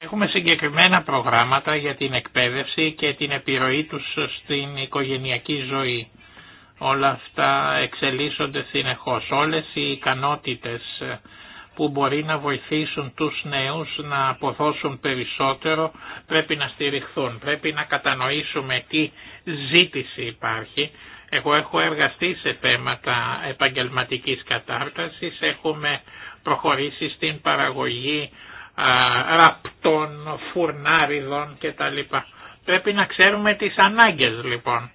Έχουμε συγκεκριμένα προγράμματα για την εκπαίδευση και την επιρροή τους στην οικογενειακή ζωή. Όλα αυτά εξελίσσονται συνεχώς. Όλες οι ικανότητες που μπορεί να βοηθήσουν τους νέους να αποδώσουν περισσότερο πρέπει να στηριχθούν. Πρέπει να κατανοήσουμε τι ζήτηση υπάρχει εγώ έχω εργαστεί σε θέματα επαγγελματικής κατάρτασης, έχουμε προχωρήσει στην παραγωγή ραπτών, φουρνάριδων κτλ. Πρέπει να ξέρουμε τις ανάγκες λοιπόν,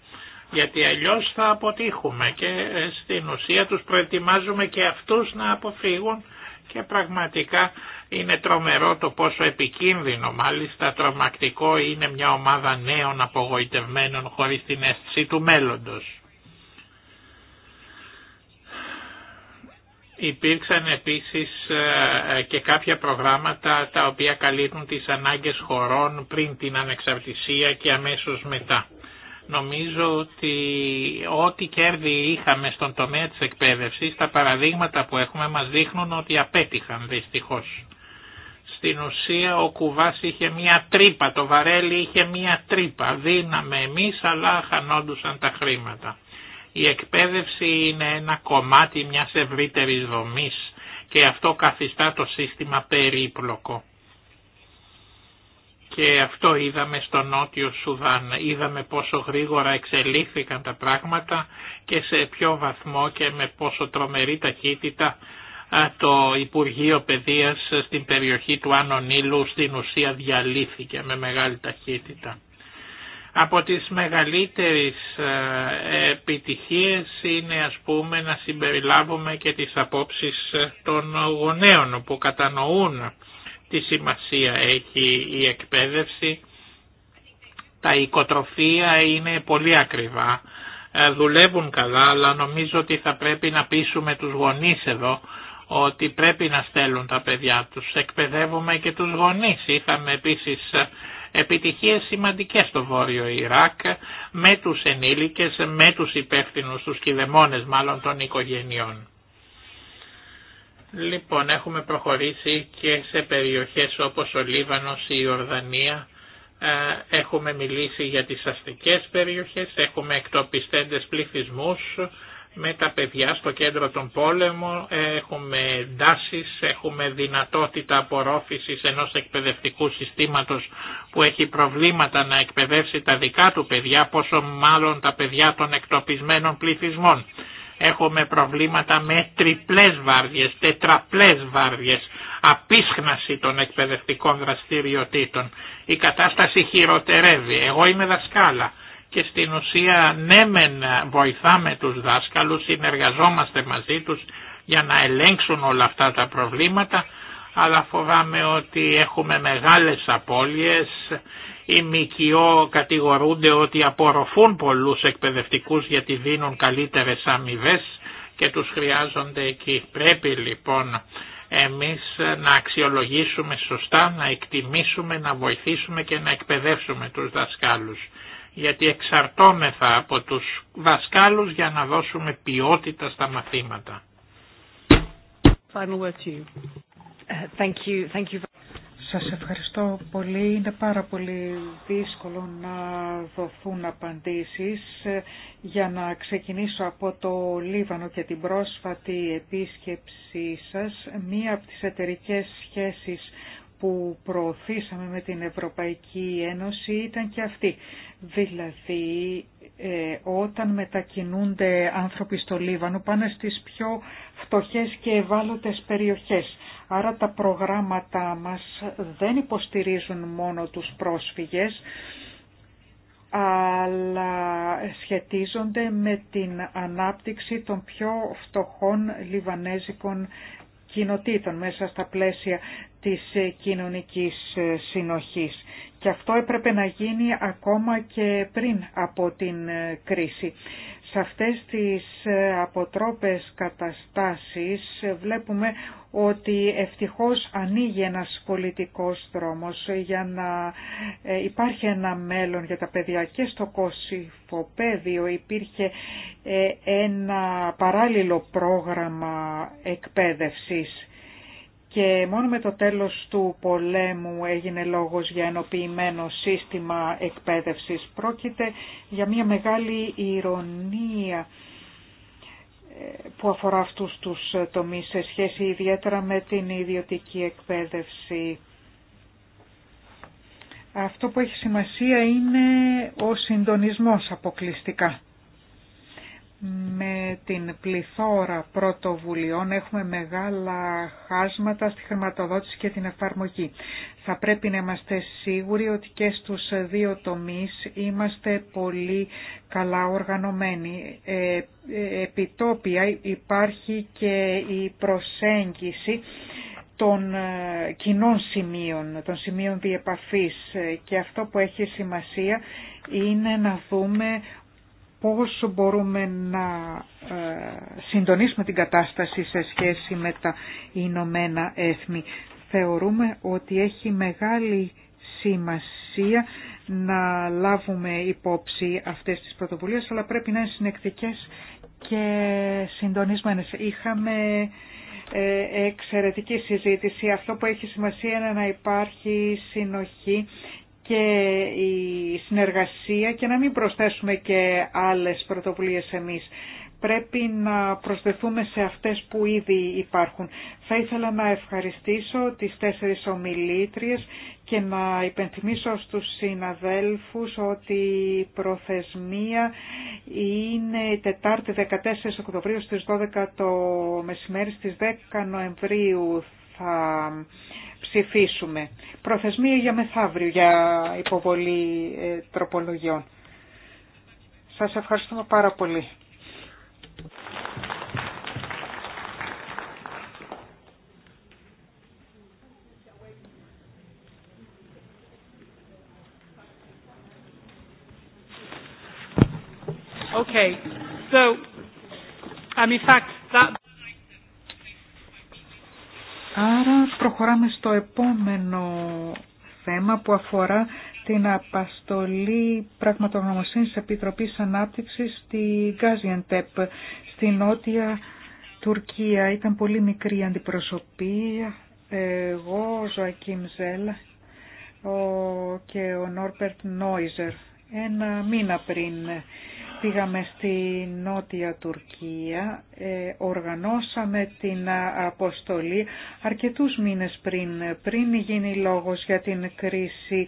γιατί αλλιώς θα αποτύχουμε και ε, στην ουσία τους προετοιμάζουμε και αυτούς να αποφύγουν και πραγματικά είναι τρομερό το πόσο επικίνδυνο μάλιστα τρομακτικό είναι μια ομάδα νέων απογοητευμένων χωρίς την αίσθηση του μέλλοντος. Υπήρξαν επίσης ε, ε, και κάποια προγράμματα τα οποία καλύπτουν τις ανάγκες χωρών πριν την ανεξαρτησία και αμέσως μετά. Νομίζω ότι ό,τι κέρδη είχαμε στον τομέα της εκπαίδευσης, τα παραδείγματα που έχουμε μας δείχνουν ότι απέτυχαν δυστυχώς. Στην ουσία ο κουβάς είχε μία τρύπα, το βαρέλι είχε μία τρύπα, δίναμε εμείς αλλά χανόντουσαν τα χρήματα. Η εκπαίδευση είναι ένα κομμάτι μιας ευρύτερης δομής και αυτό καθιστά το σύστημα περίπλοκο. Και αυτό είδαμε στο Νότιο Σουδάν. Είδαμε πόσο γρήγορα εξελίχθηκαν τα πράγματα και σε ποιο βαθμό και με πόσο τρομερή ταχύτητα το Υπουργείο Παιδείας στην περιοχή του Άνω Νείλου στην ουσία διαλύθηκε με μεγάλη ταχύτητα. Από τις μεγαλύτερες ε, επιτυχίες είναι ας πούμε να συμπεριλάβουμε και τις απόψεις ε, των γονέων που κατανοούν τι σημασία έχει η εκπαίδευση. Τα οικοτροφία είναι πολύ ακριβά, ε, δουλεύουν καλά αλλά νομίζω ότι θα πρέπει να πείσουμε τους γονείς εδώ ότι πρέπει να στέλνουν τα παιδιά τους. Εκπαιδεύουμε και τους γονείς. Είχαμε επίσης Επιτυχίες σημαντικές στο Βόρειο Ιράκ με τους ενήλικες, με τους υπεύθυνους, τους κηδεμόνες μάλλον των οικογενειών. Λοιπόν, έχουμε προχωρήσει και σε περιοχές όπως ο Λίβανος, η Ιορδανία. Ε, έχουμε μιλήσει για τις αστικές περιοχές, έχουμε εκτοπιστέντες πληθυσμούς, με τα παιδιά στο κέντρο των πόλεμων, έχουμε δάσεις, έχουμε δυνατότητα απορρόφησης ενός εκπαιδευτικού συστήματος που έχει προβλήματα να εκπαιδεύσει τα δικά του παιδιά, πόσο μάλλον τα παιδιά των εκτοπισμένων πληθυσμών. Έχουμε προβλήματα με τριπλές βάρδιες, τετραπλές βάρδιες, απίσχναση των εκπαιδευτικών δραστηριοτήτων. Η κατάσταση χειροτερεύει. Εγώ είμαι δασκάλα και στην ουσία ναι μεν βοηθάμε τους δάσκαλους, συνεργαζόμαστε μαζί τους για να ελέγξουν όλα αυτά τα προβλήματα, αλλά φοβάμαι ότι έχουμε μεγάλες απώλειες, οι ΜΚΟ κατηγορούνται ότι απορροφούν πολλούς εκπαιδευτικούς γιατί δίνουν καλύτερες αμοιβέ και τους χρειάζονται εκεί. Πρέπει λοιπόν εμείς να αξιολογήσουμε σωστά, να εκτιμήσουμε, να βοηθήσουμε και να εκπαιδεύσουμε τους δασκάλους γιατί εξαρτώμεθα από τους δασκάλους για να δώσουμε ποιότητα στα μαθήματα.
Uh, σας ευχαριστώ πολύ. Είναι πάρα πολύ δύσκολο να δοθούν απαντήσεις. Ε, για να ξεκινήσω από το Λίβανο και την πρόσφατη επίσκεψή σας, μία από τις εταιρικές σχέσεις που προωθήσαμε με την Ευρωπαϊκή Ένωση ήταν και αυτή. Δηλαδή ε, όταν μετακινούνται άνθρωποι στο Λίβανο πάνε στις πιο φτωχές και ευάλωτες περιοχές. Άρα τα προγράμματα μας δεν υποστηρίζουν μόνο τους πρόσφυγες αλλά σχετίζονται με την ανάπτυξη των πιο φτωχών λιβανέζικων κοινοτήτων μέσα στα πλαίσια της ε, κοινωνικής ε, συνοχής. Και αυτό έπρεπε να γίνει ακόμα και πριν από την ε, κρίση σε αυτές τις ε, αποτρόπες καταστάσεις ε, βλέπουμε ότι ευτυχώς ανοίγει ένας πολιτικός δρόμος για να ε, υπάρχει ένα μέλλον για τα παιδιά. Και στο Κωσυφοπέδιο υπήρχε ένα παράλληλο πρόγραμμα εκπαίδευσης και μόνο με το τέλος του πολέμου έγινε λόγος για ενοποιημένο σύστημα εκπαίδευσης. Πρόκειται για μια μεγάλη ηρωνία ε, που αφορά αυτούς τους τομείς σε σχέση ιδιαίτερα με την ιδιωτική εκπαίδευση. Αυτό που έχει σημασία είναι ο συντονισμός αποκλειστικά με την πληθώρα πρωτοβουλειών έχουμε μεγάλα χάσματα στη χρηματοδότηση και την εφαρμογή. Θα πρέπει να είμαστε σίγουροι ότι και στους δύο τομείς είμαστε πολύ καλά οργανωμένοι. Ε, επιτόπια υπάρχει και η προσέγγιση των ε, κοινών σημείων, των σημείων διεπαφής ε, και αυτό που έχει σημασία είναι να δούμε πώς μπορούμε να ε, συντονίσουμε την κατάσταση σε σχέση με τα Ηνωμένα Έθνη. Θεωρούμε ότι έχει μεγάλη σημασία να λάβουμε υπόψη αυτές τις πρωτοβουλίες, αλλά πρέπει να είναι συνεκτικές και συντονισμένες. Είχαμε ε, εξαιρετική συζήτηση. Αυτό που έχει σημασία είναι να υπάρχει συνοχή και η συνεργασία και να μην προσθέσουμε και άλλες πρωτοβουλίες εμείς. Πρέπει να προσθεθούμε σε αυτές που ήδη υπάρχουν. Θα ήθελα να ευχαριστήσω τις τέσσερις ομιλήτριες και να υπενθυμίσω στους συναδέλφους ότι η προθεσμία είναι Τετάρτη 14 Οκτωβρίου στις 12 το μεσημέρι, στις 10 Νοεμβρίου θα ψηφίσουμε. Προθεσμία για μεθαύριο για υποβολή ε, τροπολογιών. Σας ευχαριστούμε πάρα πολύ. Okay. So, um, in fact that Άρα προχωράμε στο επόμενο θέμα που αφορά την απαστολή πραγματογνωμοσύνης Επιτροπής Ανάπτυξης στη Γκάζιεντεπ, στη νότια Τουρκία. Ήταν πολύ μικρή αντιπροσωπεία. Εγώ, ο Ζωακίμ Ζέλ και ο Νόρπερτ Νόιζερ. Ένα μήνα πριν πήγαμε στη Νότια Τουρκία, ε, οργανώσαμε την αποστολή αρκετούς μήνες πριν, πριν γίνει λόγος για την κρίση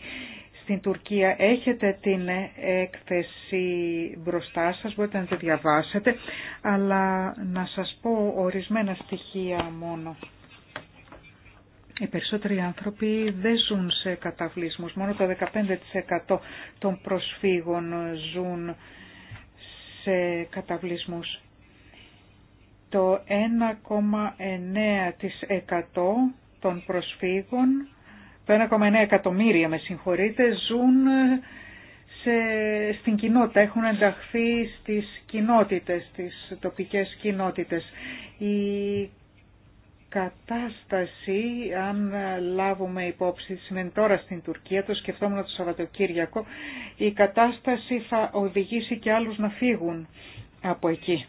στην Τουρκία. Έχετε την έκθεση μπροστά σας, μπορείτε να τη διαβάσετε, αλλά να σας πω ορισμένα στοιχεία μόνο. Οι περισσότεροι άνθρωποι δεν ζουν σε καταβλισμούς. Μόνο το 15% των προσφύγων ζουν σε καταβλισμούς. Το 1,9% των προσφύγων, το 1,9 εκατομμύρια με συγχωρείτε, ζουν ε, σε, στην κοινότητα, έχουν ενταχθεί στις κοινότητες, στις τοπικές κοινότητες. Η κατάσταση, αν ε, λάβουμε υπόψη, σημαίνει τώρα στην Τουρκία, το σκεφτόμουν το Σαββατοκύριακο, η κατάσταση θα οδηγήσει και άλλους να φύγουν από εκεί.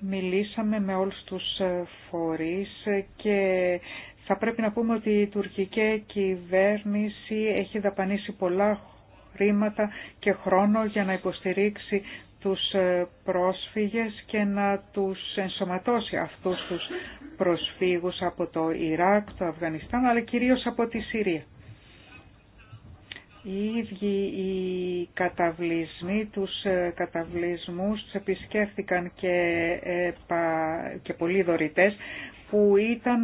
Μιλήσαμε με όλους τους ε, φορείς ε, και θα πρέπει να πούμε ότι η τουρκική κυβέρνηση έχει δαπανίσει πολλά χρήματα και χρόνο για να υποστηρίξει τους ε, πρόσφυγες και να τους ενσωματώσει αυτούς τους προσφύγους από το Ιράκ, το Αφγανιστάν, αλλά κυρίως από τη Συρία. Οι ίδιοι οι καταβλισμοί, τους ε, καταβλισμούς τους επισκέφθηκαν και, ε, και πολλοί δωρητές που ήταν,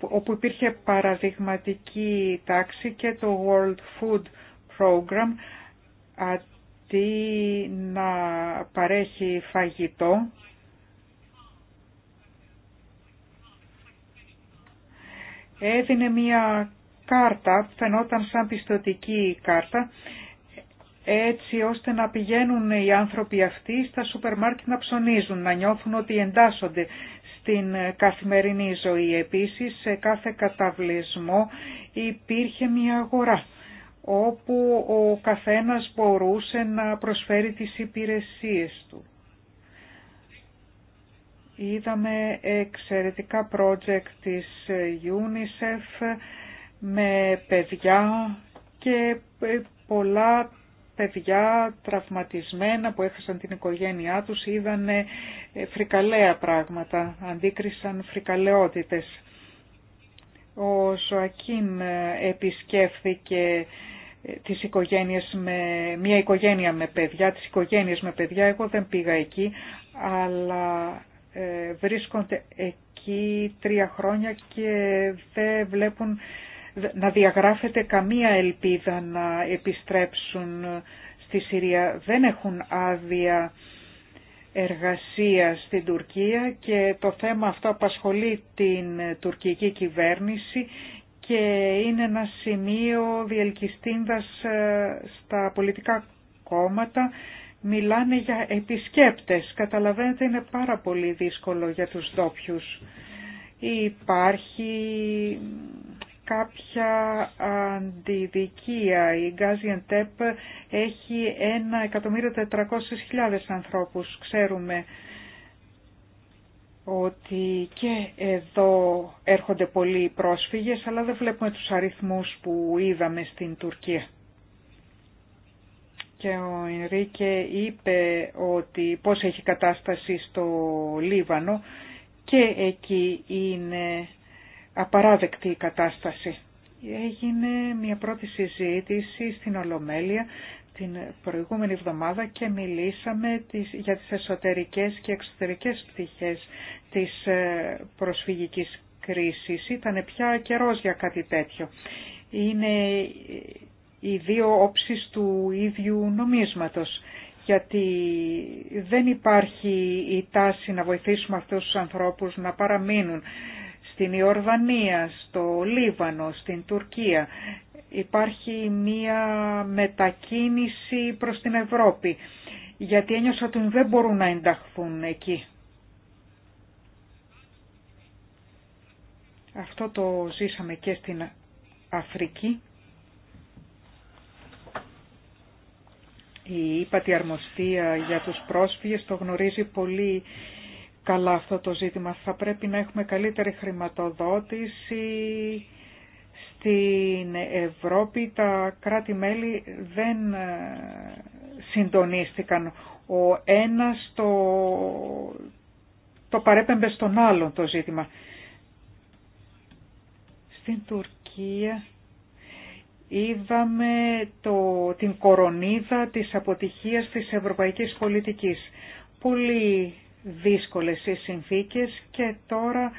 όπου υπήρχε παραδειγματική τάξη και το World Food Program τι να παρέχει φαγητό, έδινε μια κάρτα, φαινόταν σαν πιστοτική κάρτα, έτσι ώστε να πηγαίνουν οι άνθρωποι αυτοί στα σούπερ μάρκετ να ψωνίζουν, να νιώθουν ότι εντάσσονται στην καθημερινή ζωή. Επίσης, σε κάθε καταβλισμό υπήρχε μια αγορά όπου ο καθένας μπορούσε να προσφέρει τις υπηρεσίες του. Είδαμε εξαιρετικά project της UNICEF με παιδιά και ε, πολλά παιδιά τραυματισμένα που έχασαν την οικογένειά τους είδαν ε, φρικαλέα πράγματα, αντίκρισαν φρικαλαιότητες. Ο Σοακίν ε, επισκέφθηκε ε, τις οικογένειες με, μια οικογένεια με παιδιά, τις οικογένειες με παιδιά, εγώ δεν πήγα εκεί, αλλά ε, βρίσκονται εκεί τρία χρόνια και δεν βλέπουν να διαγράφεται καμία ελπίδα να επιστρέψουν στη Συρία. Δεν έχουν άδεια Εργασία στην Τουρκία και το θέμα αυτό απασχολεί την τουρκική κυβέρνηση και είναι ένα σημείο διελκυστίνδας ε, στα πολιτικά κόμματα. Μιλάνε για επισκέπτες. Καταλαβαίνετε είναι πάρα πολύ δύσκολο για τους ντόπιου. Υπάρχει κάποια αντιδικία. Η ΤΕΠ έχει ένα 1.400.000 ανθρώπους. Ξέρουμε ότι και εδώ έρχονται πολλοί πρόσφυγες, αλλά δεν βλέπουμε τους αριθμούς που είδαμε στην Τουρκία. Και ο Ενρίκε είπε ότι πώς έχει κατάσταση στο Λίβανο και εκεί είναι απαράδεκτη η κατάσταση. Έγινε μια πρώτη συζήτηση στην Ολομέλεια την προηγούμενη εβδομάδα και μιλήσαμε για τις εσωτερικές και εξωτερικές πτυχές της ε, προσφυγικής κρίσης. Ήταν πια καιρός για κάτι τέτοιο. Είναι ε, οι δύο όψεις του ίδιου νομίσματος γιατί δεν υπάρχει η τάση να βοηθήσουμε αυτούς τους ανθρώπους να παραμείνουν στην Ιορδανία, στο Λίβανο, στην Τουρκία. Υπάρχει μία μετακίνηση προς την Ευρώπη, γιατί ένιωσα ότι δεν μπορούν να ενταχθούν εκεί. Αυτό το ζήσαμε και στην Αφρική. Η ύπατη για τους πρόσφυγες το γνωρίζει πολύ καλά αυτό το ζήτημα. Θα πρέπει να έχουμε καλύτερη χρηματοδότηση. Στην Ευρώπη τα κράτη-μέλη δεν ε, συντονίστηκαν. Ο ένας το, το παρέπεμπε στον άλλον το ζήτημα. Στην Τουρκία είδαμε το, την κορονίδα της αποτυχίας της ευρωπαϊκής πολιτικής. Πολύ δύσκολες οι συνθήκες και τώρα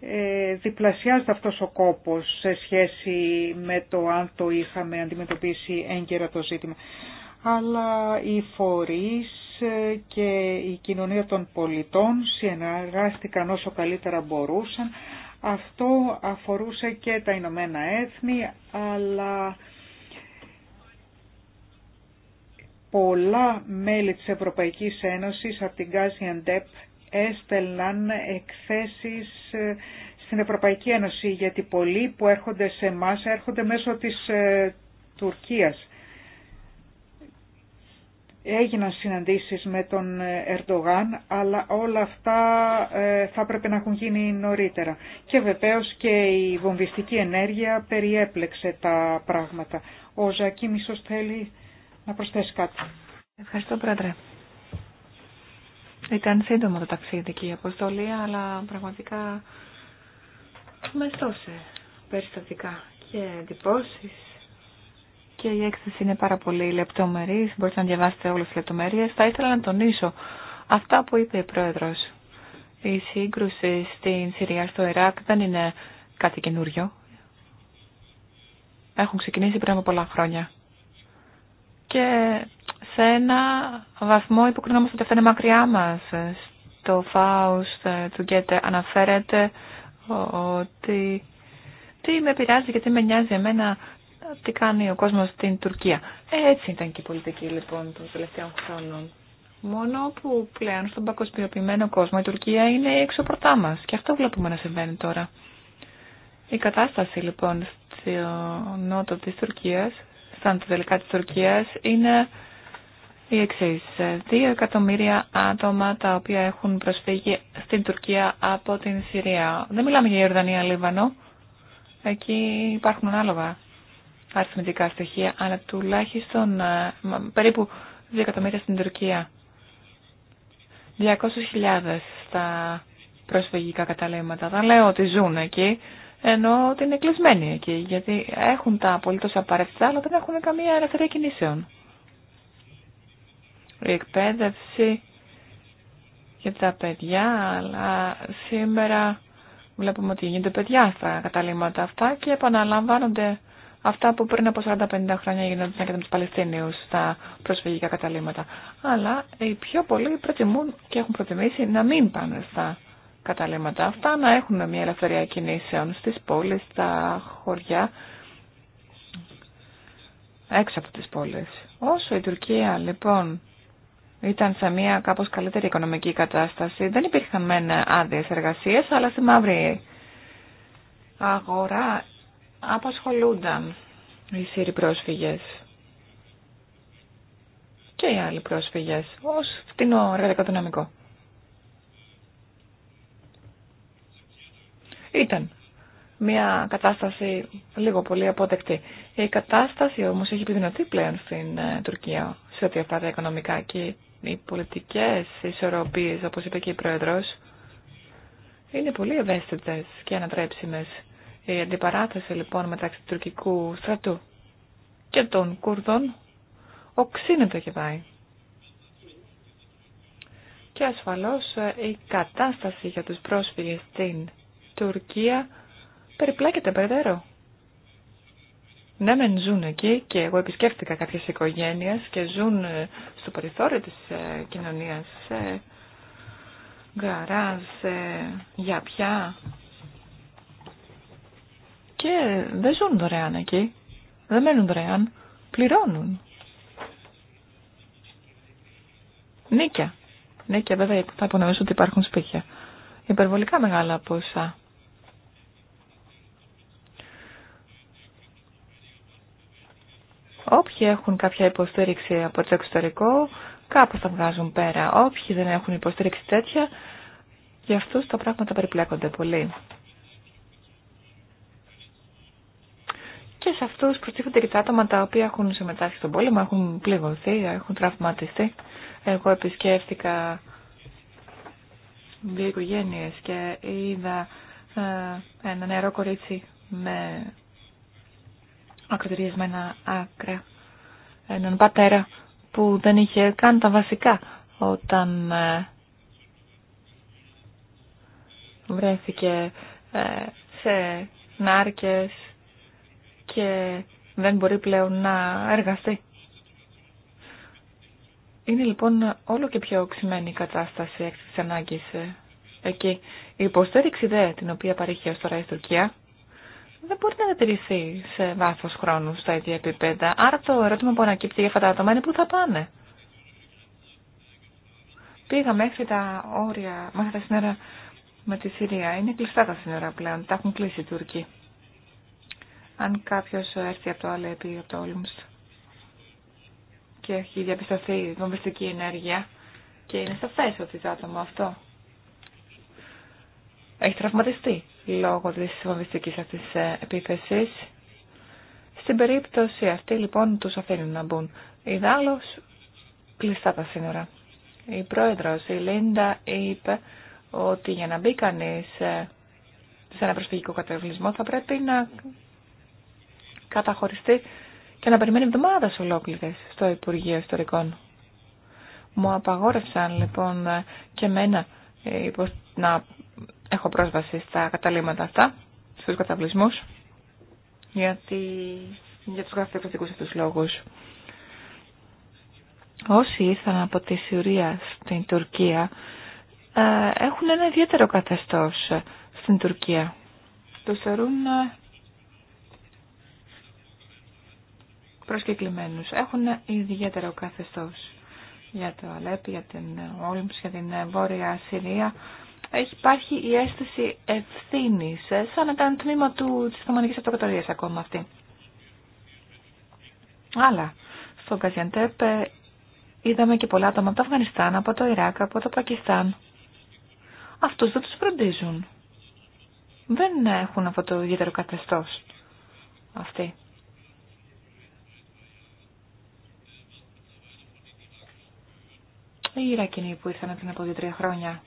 ε, διπλασιάζεται αυτός ο κόπος σε σχέση με το αν το είχαμε αντιμετωπίσει έγκαιρα το ζήτημα. Αλλά οι φορείς ε, και η κοινωνία των πολιτών συνεργάστηκαν όσο καλύτερα μπορούσαν. Αυτό αφορούσε και τα Ηνωμένα Έθνη, αλλά πολλά μέλη της Ευρωπαϊκής Ένωσης από την Gaziantep έστελναν εκθέσεις ε, στην Ευρωπαϊκή Ένωση γιατί πολλοί που έρχονται σε εμά έρχονται μέσω της ε, Τουρκίας. Έγιναν συναντήσεις με τον Ερντογάν, αλλά όλα αυτά ε, θα έπρεπε να έχουν γίνει νωρίτερα. Και βεβαίως και η βομβιστική ενέργεια περιέπλεξε τα πράγματα. Ο Ζακίμ
θέλει να προσθέσει κάτι. Ευχαριστώ, Πρόεδρε. Ήταν σύντομο το ταξίδι και η αποστολή, αλλά πραγματικά με περιστατικά και εντυπώσει. Και η έκθεση είναι πάρα πολύ λεπτομέρη. μπορείτε να διαβάσετε όλε τι λεπτομέρειε. Θα ήθελα να τονίσω αυτά που είπε η πρόεδρο. Η σύγκρουση στην Συρία, στο Ιράκ δεν είναι κάτι καινούριο. Έχουν ξεκινήσει πριν από πολλά χρόνια και σε ένα βαθμό υποκρινόμαστε ότι αυτό είναι μακριά μας. Στο Φάουστ του Γκέτε αναφέρεται ότι τι με πειράζει και τι με νοιάζει εμένα τι κάνει ο κόσμος στην Τουρκία. Έτσι ήταν και η πολιτική λοιπόν των τελευταίων χρόνων. Μόνο που πλέον στον παγκοσμιοποιημένο κόσμο η Τουρκία είναι έξω πρωτά μας. Και αυτό βλέπουμε να συμβαίνει τώρα. Η κατάσταση λοιπόν στο νότο της Τουρκίας σαν τα τελικά της Τουρκίας είναι οι εξή. Δύο εκατομμύρια άτομα τα οποία έχουν προσφύγει στην Τουρκία από την Συρία. Δεν μιλάμε για Ιορδανία, Λίβανο. Εκεί υπάρχουν ανάλογα αριθμητικά στοιχεία, αλλά τουλάχιστον ε, περίπου δύο εκατομμύρια στην Τουρκία. 200.000 στα προσφυγικά καταλήμματα. Δεν λέω ότι ζουν εκεί, ενώ ότι είναι κλεισμένοι εκεί, γιατί έχουν τα απολύτως απαραίτητα, αλλά δεν έχουν καμία ελευθερία κινήσεων. Η εκπαίδευση για τα παιδιά, αλλά σήμερα βλέπουμε ότι γίνονται παιδιά στα καταλήμματα αυτά και επαναλαμβάνονται αυτά που πριν από 40-50 χρόνια γίνονται και με τους Παλαιστίνιους στα προσφυγικά καταλήμματα. Αλλά οι πιο πολλοί προτιμούν και έχουν προτιμήσει να μην πάνε στα καταλήμματα αυτά να έχουν μια ελευθερία κινήσεων στις πόλεις, στα χωριά, έξω από τις πόλεις. Όσο η Τουρκία λοιπόν ήταν σε μια κάπως καλύτερη οικονομική κατάσταση, δεν υπήρχαν μεν άδειε εργασίες, αλλά στη μαύρη αγορά απασχολούνταν οι Σύριοι πρόσφυγες και οι άλλοι πρόσφυγες ως φτηνό εργατικό δυναμικό. ήταν μια κατάσταση λίγο πολύ αποδεκτή. Η κατάσταση όμως έχει επιδεινωθεί πλέον στην ε, Τουρκία σε ό,τι αφορά τα οικονομικά και οι πολιτικές ισορροπίες, όπως είπε και η Πρόεδρος, είναι πολύ ευαίσθητες και ανατρέψιμες. Η αντιπαράθεση λοιπόν μεταξύ του τουρκικού στρατού και των Κούρδων οξύνεται και πάει. Και ασφαλώς ε, η κατάσταση για τους πρόσφυγες στην Τουρκία περιπλάκεται περαιτέρω. Ναι, μεν ζουν εκεί και εγώ επισκέφτηκα κάποιες οικογένειες και ζουν ε, στο περιθώριο της ε, κοινωνίας, σε γκαράζ, σε γιαπιά και δεν ζουν δωρεάν εκεί, δεν μένουν δωρεάν, πληρώνουν. Νίκια. Νίκια βέβαια θα υπονοήσω ότι υπάρχουν σπίτια. Υπερβολικά μεγάλα ποσά Όποιοι έχουν κάποια υποστήριξη από το εξωτερικό, κάπως τα βγάζουν πέρα. Όποιοι δεν έχουν υποστήριξη τέτοια, για αυτούς τα πράγματα περιπλέκονται πολύ. Και σε αυτού προσθήκονται και τα άτομα τα οποία έχουν συμμετάσχει στον πόλεμο, έχουν πληγωθεί, έχουν τραυματιστεί. Εγώ επισκέφτηκα δύο οικογένειε και είδα ε, ένα νερό κορίτσι με ακροτηριασμένα άκρα έναν πατέρα που δεν είχε καν τα βασικά όταν ε, βρέθηκε ε, σε νάρκες και δεν μπορεί πλέον να εργαστεί. Είναι λοιπόν όλο και πιο οξυμένη η κατάσταση έκ της ανάγκης ε, εκεί. Η υποστήριξη δε την οποία παρήχε ως τώρα η Τουρκία δεν μπορεί να διατηρηθεί σε βάθος χρόνου στα ίδια επίπεδα. Άρα το ερώτημα που ανακύπτει για αυτά τα άτομα είναι πού θα πάνε. Πήγα μέχρι τα όρια, μέχρι τα σύνορα με τη Συρία. Είναι κλειστά τα σύνορα πλέον, τα έχουν κλείσει οι Τούρκοι. Αν κάποιος έρθει από το Αλέπι, από το Όλμς και έχει διαπιστωθεί βομβιστική ενέργεια και είναι σαφές ότι το άτομο αυτό έχει τραυματιστεί λόγω της βομβιστικής αυτής ε, επίθεσης. Στην περίπτωση αυτή λοιπόν τους αφήνουν να μπουν. Ιδάλλως κλειστά τα σύνορα. Η πρόεδρος, η Λίντα, είπε ότι για να μπει κανεί ε, σε ένα προσφυγικό κατευλισμό θα πρέπει να καταχωριστεί και να περιμένει εβδομάδες ολόκληρε στο Υπουργείο Ιστορικών. Μου απαγόρευσαν λοιπόν ε, και μένα να έχω πρόσβαση στα καταλήμματα αυτά, στους καταβλισμούς, γιατί, για τους γραφειοκρατικούς αυτούς λόγους. Όσοι ήρθαν από τη Συρία στην Τουρκία, ε, έχουν ένα ιδιαίτερο καθεστώς στην Τουρκία. Το θεωρούν ε, προσκεκλημένους. Έχουν ιδιαίτερο καθεστώς για το Αλέπι, για την Όλυμψη, για την Βόρεια Συρία υπάρχει η αίσθηση ευθύνη, ε, σαν να ήταν τμήμα του, της Οθωμανικής Αυτοκρατορίας ακόμα αυτή. Αλλά στο Καζιαντέπ ε, είδαμε και πολλά άτομα από το Αφγανιστάν, από το Ιράκ, από το Πακιστάν. Αυτούς δεν τους φροντίζουν. Δεν έχουν αυτό το ιδιαίτερο καθεστώ. αυτοί. Οι Ιρακινοί που ήρθαν πριν από δύο-τρία χρόνια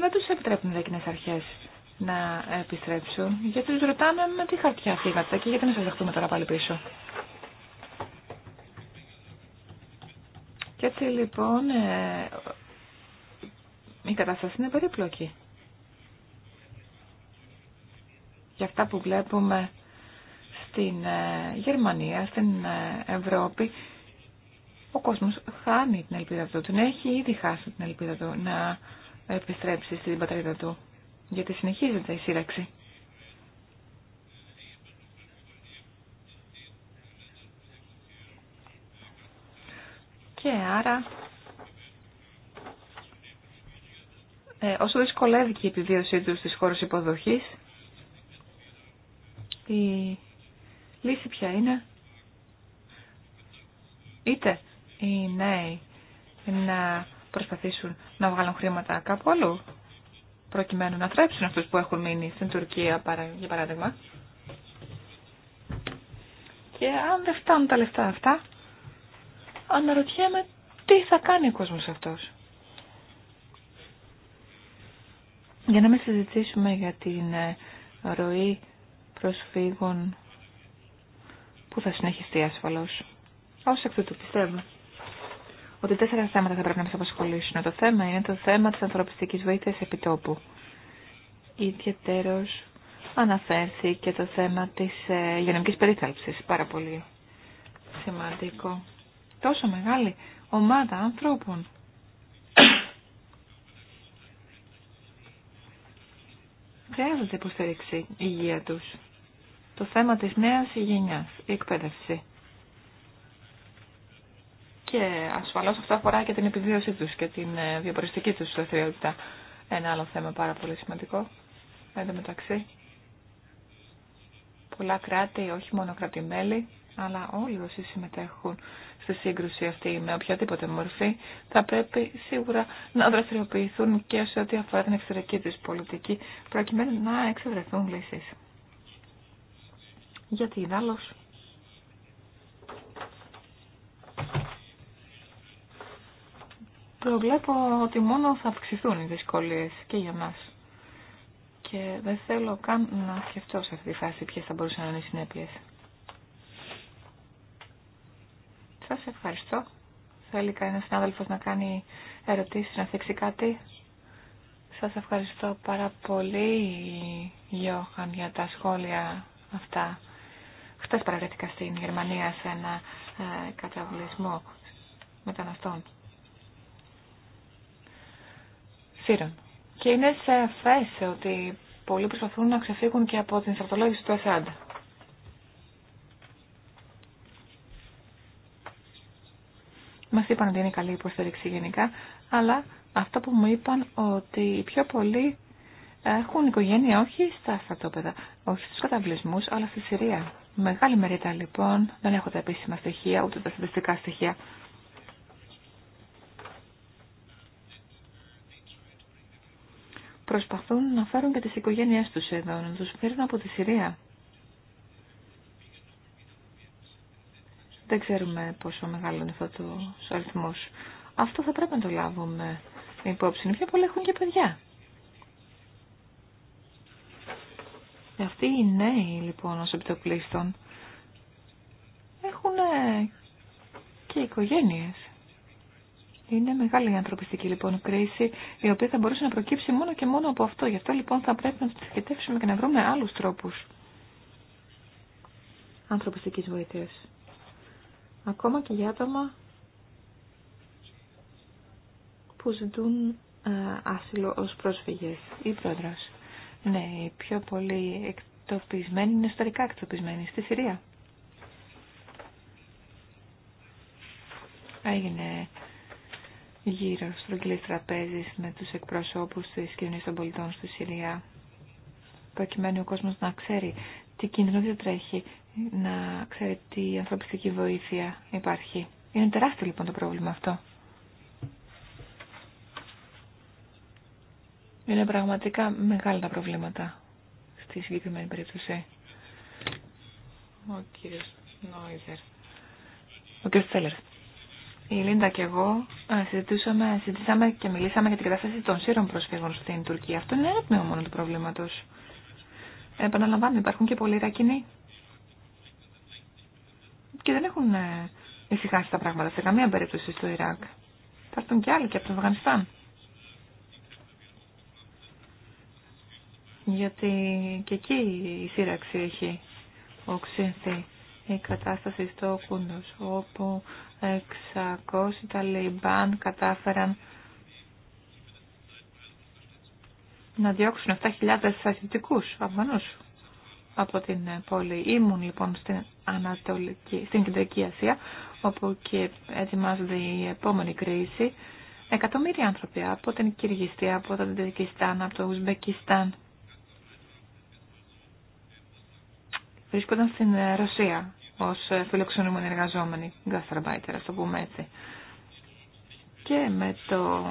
δεν τους επιτρέπουν οι δεκινές αρχές να επιστρέψουν, γιατί τους ρωτάνε με τι χαρτιά φύγατε και γιατί να σας δεχτούμε τώρα πάλι πίσω. Και έτσι λοιπόν ε, η κατάσταση είναι περίπλοκη. Για αυτά που βλέπουμε στην ε, Γερμανία, στην ε, Ευρώπη, ο κόσμος χάνει την ελπίδα του, την έχει ήδη χάσει την ελπίδα του να επιστρέψει στην πατρίδα του. Γιατί συνεχίζεται η σύραξη. Και άρα, ε, όσο δυσκολεύει και η επιβίωσή τους στις χώρες υποδοχής, η λύση ποια είναι. Είτε οι νέοι να προσπαθήσουν να βγάλουν χρήματα κάπου αλλού, προκειμένου να θρέψουν αυτούς που έχουν μείνει στην Τουρκία, για παράδειγμα. Και αν δεν φτάνουν τα λεφτά αυτά, αναρωτιέμαι τι θα κάνει ο κόσμος αυτός. Για να μην συζητήσουμε για την ε, ροή προσφύγων που θα συνεχιστεί ασφαλώς. Όσο εκ του πιστεύουμε ότι τέσσερα θέματα θα πρέπει να μας απασχολήσουν. Το θέμα είναι το θέμα της ανθρωπιστικής βοήθειας επιτόπου. Ιδιαίτερος αναφέρθηκε το θέμα της ε, υγειονομικής περίθαλψης. Πάρα πολύ σημαντικό. Τόσο μεγάλη ομάδα ανθρώπων. Χρειάζεται υποστήριξη υγεία τους. Το θέμα της νέας γενιάς, η εκπαίδευση. Και ασφαλώς αυτό αφορά και την επιβίωσή τους και την ε, διαποριστική τους δραστηριότητα. Ένα άλλο θέμα πάρα πολύ σημαντικό. Εν τω μεταξύ, πολλά κράτη, όχι μόνο κράτη-μέλη, αλλά όλοι όσοι συμμετέχουν στη σύγκρουση αυτή με οποιαδήποτε μορφή, θα πρέπει σίγουρα να δραστηριοποιηθούν και σε ό,τι αφορά την εξωτερική της πολιτική, προκειμένου να εξευρεθούν λύσεις. Γιατί είναι προβλέπω ότι μόνο θα αυξηθούν οι δυσκολίες και για μας. Και δεν θέλω καν να σκεφτώ σε αυτή τη φάση ποιες θα μπορούσαν να είναι οι συνέπειες. Σας ευχαριστώ. Θέλει κανένα συνάδελφο να κάνει ερωτήσεις, να θέξει κάτι. Σας ευχαριστώ πάρα πολύ, Γιώχαν, για τα σχόλια αυτά. Χτες παραβρέθηκα στην Γερμανία σε ένα ε, καταβλισμό μεταναστών. Και είναι σε σαφές ότι πολλοί προσπαθούν να ξεφύγουν και από την στρατολόγηση του Ασάντ. Μα είπαν ότι είναι καλή υποστήριξη γενικά, αλλά αυτό που μου είπαν ότι οι πιο πολλοί έχουν οικογένεια όχι στα στρατόπεδα, όχι στους καταβλισμούς, αλλά στη Συρία. Μεγάλη μερίδα λοιπόν, δεν έχω τα επίσημα στοιχεία, ούτε τα στατιστικά στοιχεία, προσπαθούν να φέρουν και τις οικογένειές τους εδώ, να τους φέρουν από τη Συρία. Δεν ξέρουμε πόσο μεγάλο είναι αυτό το αριθμό. Αυτό θα πρέπει να το λάβουμε υπόψη. Πιο πολλοί έχουν και παιδιά. Αυτοί οι νέοι λοιπόν ως επιτοπλίστων έχουν και οικογένειες. Είναι μεγάλη η ανθρωπιστική λοιπόν κρίση, η οποία θα μπορούσε να προκύψει μόνο και μόνο από αυτό. Γι' αυτό λοιπόν θα πρέπει να τη σχετεύσουμε και να βρούμε άλλους τρόπους ανθρωπιστικής βοήθειας. Ακόμα και για άτομα που ζητούν ε, άσυλο ως πρόσφυγες ή πρόεδρος. Ναι, οι πιο πολύ εκτοπισμένοι είναι ιστορικά εκτοπισμένοι στη Συρία. Έγινε γύρω στρογγυλής τραπέζης με τους εκπροσώπους της κοινωνίας των πολιτών στη Συρία προκειμένου ο κόσμος να ξέρει τι κίνδυνο τρέχει, να ξέρει τι ανθρωπιστική βοήθεια υπάρχει. Είναι τεράστιο λοιπόν το πρόβλημα αυτό. Είναι πραγματικά μεγάλα τα προβλήματα στη συγκεκριμένη περίπτωση. Ο κύριος Νόιζερ. Ο κύριος η Λίντα και εγώ ε, συζητούσαμε, συζητήσαμε και μιλήσαμε για την κατάσταση των σύρων προσφύγων στην Τουρκία. Αυτό είναι ένα τμήμα μόνο του προβλήματο. Επαναλαμβάνω, υπάρχουν και πολλοί Ιρακινοί. Και δεν έχουν ε, ησυχάσει τα πράγματα σε καμία περίπτωση στο Ιράκ. Θα έρθουν και άλλοι και από το Αφγανιστάν. Γιατί και εκεί η σύραξη έχει οξυνθεί. Η κατάσταση στο Κούντος, όπου 600 Ταλιμπάν κατάφεραν να διώξουν 7.000 στρατιωτικούς Αφγανούς από την πόλη. Ήμουν λοιπόν στην, Ανατολική, στην Κεντρική Ασία, όπου και ετοιμάζονται η επόμενη κρίση. Εκατομμύρια άνθρωποι από την Κυργιστία από τον Τεδικιστάν, από το Ουσμπεκιστάν βρίσκονταν στην Ρωσία ως ε, φιλοξενούμενοι εργαζόμενοι, γκαστραμπάιτερ, α το πούμε έτσι. Και με το,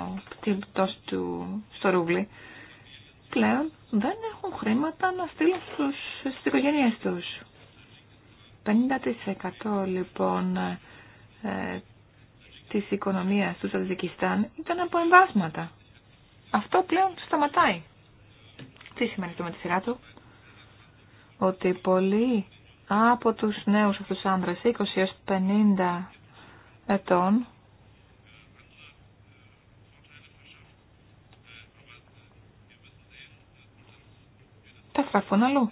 πτώση του στο ρούβλι, πλέον δεν έχουν χρήματα να στείλουν στους, στις οικογένειές τους. 50% λοιπόν ε, της οικονομίας του Σαντζικιστάν ήταν από εμβάσματα. Αυτό πλέον σταματάει. Τι σημαίνει αυτό με τη σειρά του? Ότι πολλοί από τους νέους αυτούς άνδρες 20 έως 50 ετών τα στραφούν αλλού.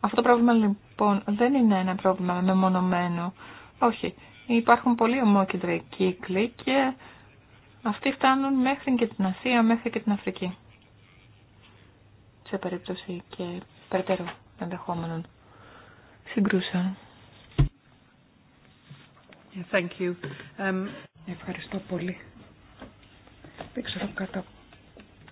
Αυτό το πρόβλημα λοιπόν δεν είναι ένα πρόβλημα μεμονωμένο. Όχι. Υπάρχουν πολλοί ομόκεντροι κύκλοι και αυτοί φτάνουν μέχρι και την Ασία, μέχρι και την Αφρική. Σε περίπτωση και περαιτέρω ενδεχόμενων συγκρούσεων. Yeah, thank you. Um... Ευχαριστώ πολύ.
Δεν ξέρω κατά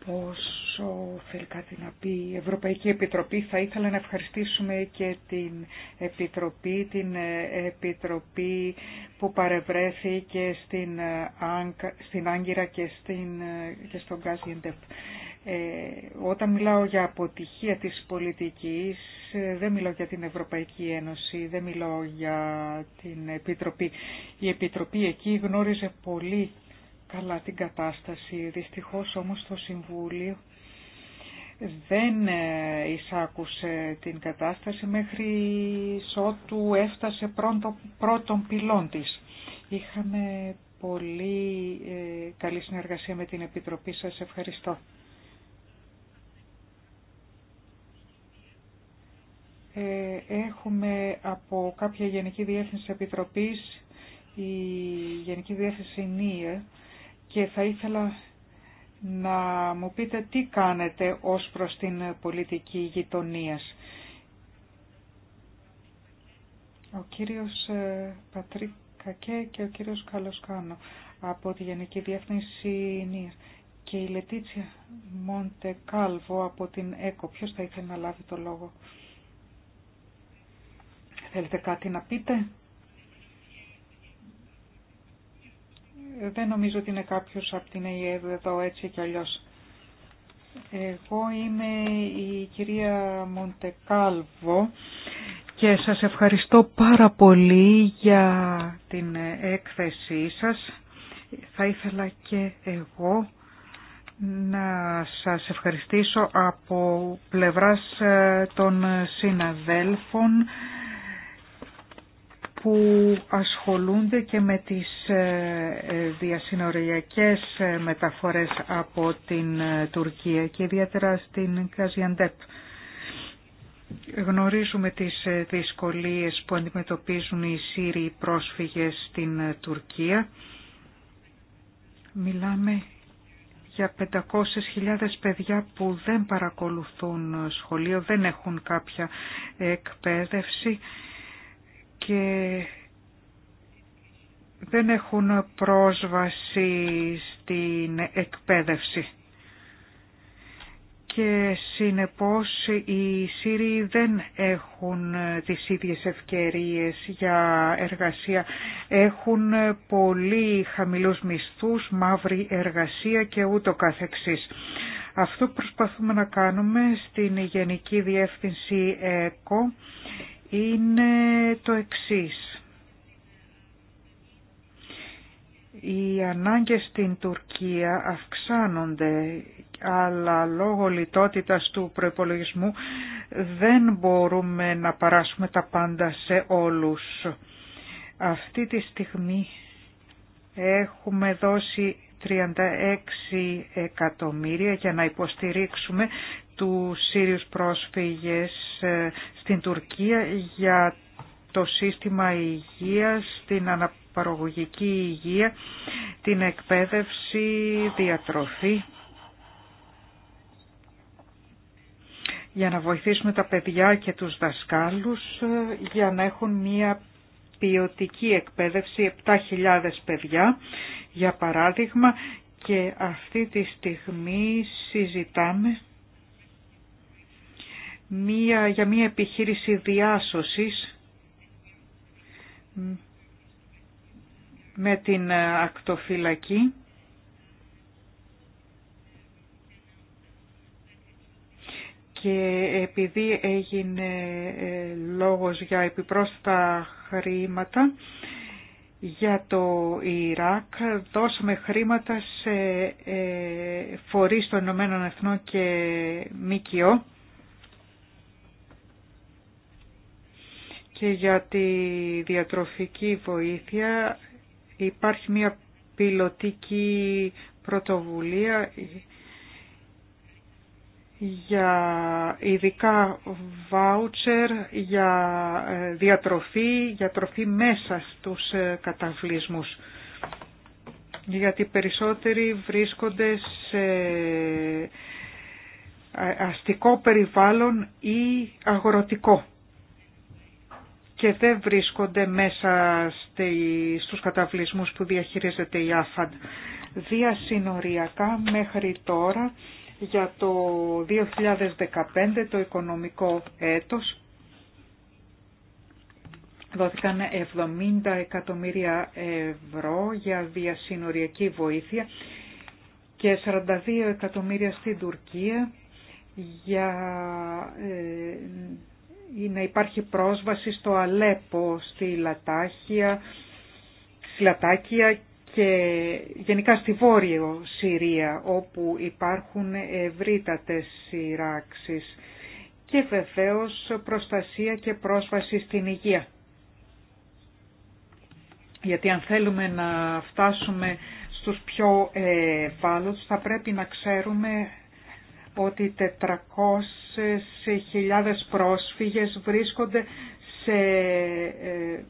πόσο θέλει κάτι να πει η Ευρωπαϊκή Επιτροπή. Θα ήθελα να ευχαριστήσουμε και την Επιτροπή, την ε, Επιτροπή που παρευρέθηκε στην, ε, Άγκυρα και, στην, ε, και στον Γκάζιεντεπ. Ε, όταν μιλάω για αποτυχία της πολιτικής, ε, δεν μιλάω για την Ευρωπαϊκή Ένωση, δεν μιλάω για την Επιτροπή. Η Επιτροπή εκεί γνώριζε πολύ καλά την κατάσταση. Δυστυχώς όμως το Συμβούλιο δεν ε, εισάκουσε την κατάσταση μέχρι ότου έφτασε πρώτον πυλών της. Είχαμε πολύ καλή συνεργασία με την Επιτροπή σας. Ευχαριστώ. Ε, έχουμε από κάποια Γενική Διεύθυνση Επιτροπής, η Γενική Διεύθυνση ΝΙΕ και θα ήθελα να μου πείτε τι κάνετε ως προς την πολιτική γειτονίας. Ο κύριος ε, Πατρίκ και ο κύριος Καλοσκάνο από τη Γενική Διεύθυνση ΝΙΕ και η Λετίτσια Μοντεκάλβο από την ΕΚΟ. Ποιος θα ήθελε να λάβει το λόγο. Θέλετε κάτι να πείτε. Δεν νομίζω ότι είναι κάποιος από την ΕΕΔ εδώ έτσι κι αλλιώς. Εγώ είμαι η κυρία Μοντεκάλβο και σας ευχαριστώ πάρα πολύ για την έκθεσή σας. Θα ήθελα και εγώ να σας ευχαριστήσω από πλευράς ε, των συναδέλφων που ασχολούνται και με τις ε, ε, διασυνοριακές ε, μεταφορές από την Τουρκία και ιδιαίτερα στην Καζιαντέπ. Γνωρίζουμε τις δυσκολίες που αντιμετωπίζουν οι Σύριοι πρόσφυγες στην Τουρκία. Μιλάμε για 500.000 παιδιά που δεν παρακολουθούν σχολείο, δεν έχουν κάποια εκπαίδευση και δεν έχουν πρόσβαση στην εκπαίδευση. Και συνεπώς οι Σύριοι δεν έχουν τις ίδιες ευκαιρίες για εργασία. Έχουν πολύ χαμηλούς μισθούς, μαύρη εργασία και ούτω καθεξής. Αυτό προσπαθούμε να κάνουμε στην Γενική Διεύθυνση ΕΚΟ είναι το εξής. Οι ανάγκες στην Τουρκία αυξάνονται, αλλά λόγω λιτότητας του προϋπολογισμού δεν μπορούμε να παράσουμε τα πάντα σε όλους. Αυτή τη στιγμή έχουμε δώσει 36 εκατομμύρια για να υποστηρίξουμε του Σύριους πρόσφυγες ε, στην Τουρκία για το σύστημα υγείας, την αναπαραγωγική υγεία, την εκπαίδευση, διατροφή. Για να βοηθήσουμε τα παιδιά και τους δασκάλους ε, για να έχουν μία ποιοτική εκπαίδευση 7.000 παιδιά, για παράδειγμα, και αυτή τη στιγμή συζητάμε μία, για μία επιχείρηση διάσωσης με την ακτοφυλακή. και επειδή έγινε ε, λόγος για επιπρόσθετα χρήματα για το Ιράκ, δώσαμε χρήματα σε ε, φορείς των Ηνωμένων Εθνών και ΜΚΟ Και για τη διατροφική βοήθεια υπάρχει μια πιλωτική πρωτοβουλία για ειδικά βάουτσερ, για ε, διατροφή, για τροφή μέσα στους ε, καταβλισμούς. Γιατί περισσότεροι βρίσκονται σε ε, αστικό περιβάλλον ή αγροτικό και δεν βρίσκονται μέσα στους καταβλισμούς που διαχειρίζεται η δια Διασυνοριακά μέχρι τώρα για το 2015 το οικονομικό έτος δόθηκαν 70 εκατομμύρια ευρώ για διασυνοριακή βοήθεια και 42 εκατομμύρια στην Τουρκία για ε, ή να υπάρχει πρόσβαση στο Αλέπο, στη Λατάχια, στη Λατάκια και γενικά στη Βόρειο Συρία όπου υπάρχουν ευρύτατες σειράξεις και βεβαίως προστασία και πρόσβαση στην υγεία. Γιατί αν θέλουμε να φτάσουμε στους πιο ε, ευάλωτους θα πρέπει να ξέρουμε ότι 400.000 πρόσφυγες βρίσκονται σε ε,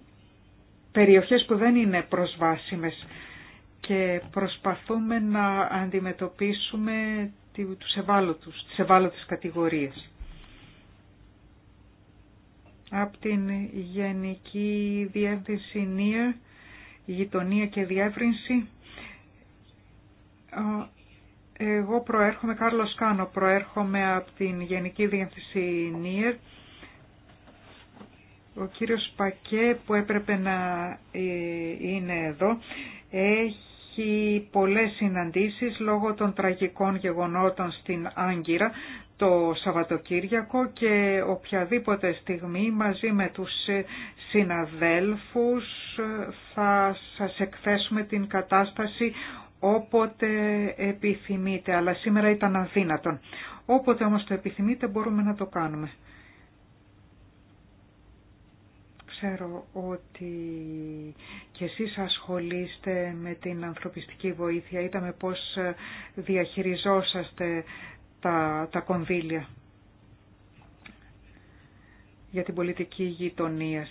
περιοχές που δεν είναι προσβάσιμες και προσπαθούμε να αντιμετωπίσουμε τους ευάλωτους, τις ευάλωτες κατηγορίες. Από την Γενική Διεύθυνση Νία, Γειτονία και Διεύρυνση, εγώ προέρχομαι, Κάρλος Κάνο, προέρχομαι από την Γενική Διεύθυνση ΝΙΕΡ. Ο κύριος Πακέ που έπρεπε να ε, είναι εδώ έχει πολλές συναντήσεις λόγω των τραγικών γεγονότων στην Άγκυρα το Σαββατοκύριακο και οποιαδήποτε στιγμή μαζί με τους ε, συναδέλφους ε, θα σας εκθέσουμε την κατάσταση όποτε επιθυμείτε, αλλά σήμερα ήταν αδύνατον. Όποτε όμως το επιθυμείτε μπορούμε να το κάνουμε. Ξέρω ότι και εσείς ασχολείστε με την ανθρωπιστική βοήθεια. Είδαμε πώς διαχειριζόσαστε τα, τα κονδύλια για την πολιτική γειτονίας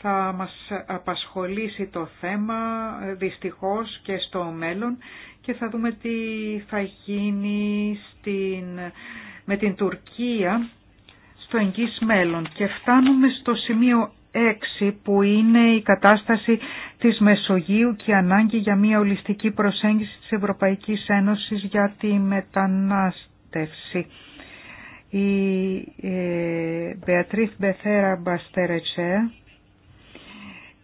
θα μας απασχολήσει το θέμα δυστυχώς και στο μέλλον και θα δούμε τι θα γίνει με την Τουρκία στο εγγύς μέλλον. Και φτάνουμε στο σημείο 6 που είναι η κατάσταση της Μεσογείου και η ανάγκη για μια ολιστική προσέγγιση της Ευρωπαϊκής Ένωσης για τη μετανάστευση. Η ε, Μπεθέρα Μπαστερετσέ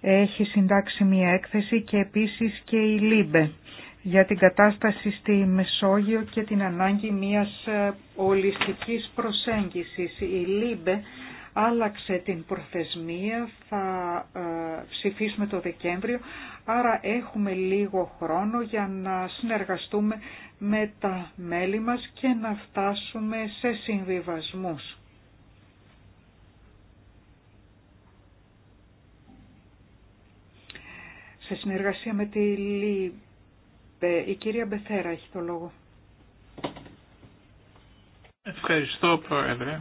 έχει συντάξει μία έκθεση και επίσης και η ΛΥΜΠΕ για την κατάσταση στη Μεσόγειο και την ανάγκη μιας ε, ολιστικής προσέγγισης. Η ΛΥΜΠΕ άλλαξε την προθεσμία, θα ε, ψηφίσουμε το Δεκέμβριο, άρα έχουμε λίγο χρόνο για να συνεργαστούμε με τα μέλη μας και να φτάσουμε σε συμβιβασμούς. σε συνεργασία με τη ΛΥΠΕ. Η κυρία Μπεθέρα έχει το λόγο.
Ευχαριστώ Πρόεδρε.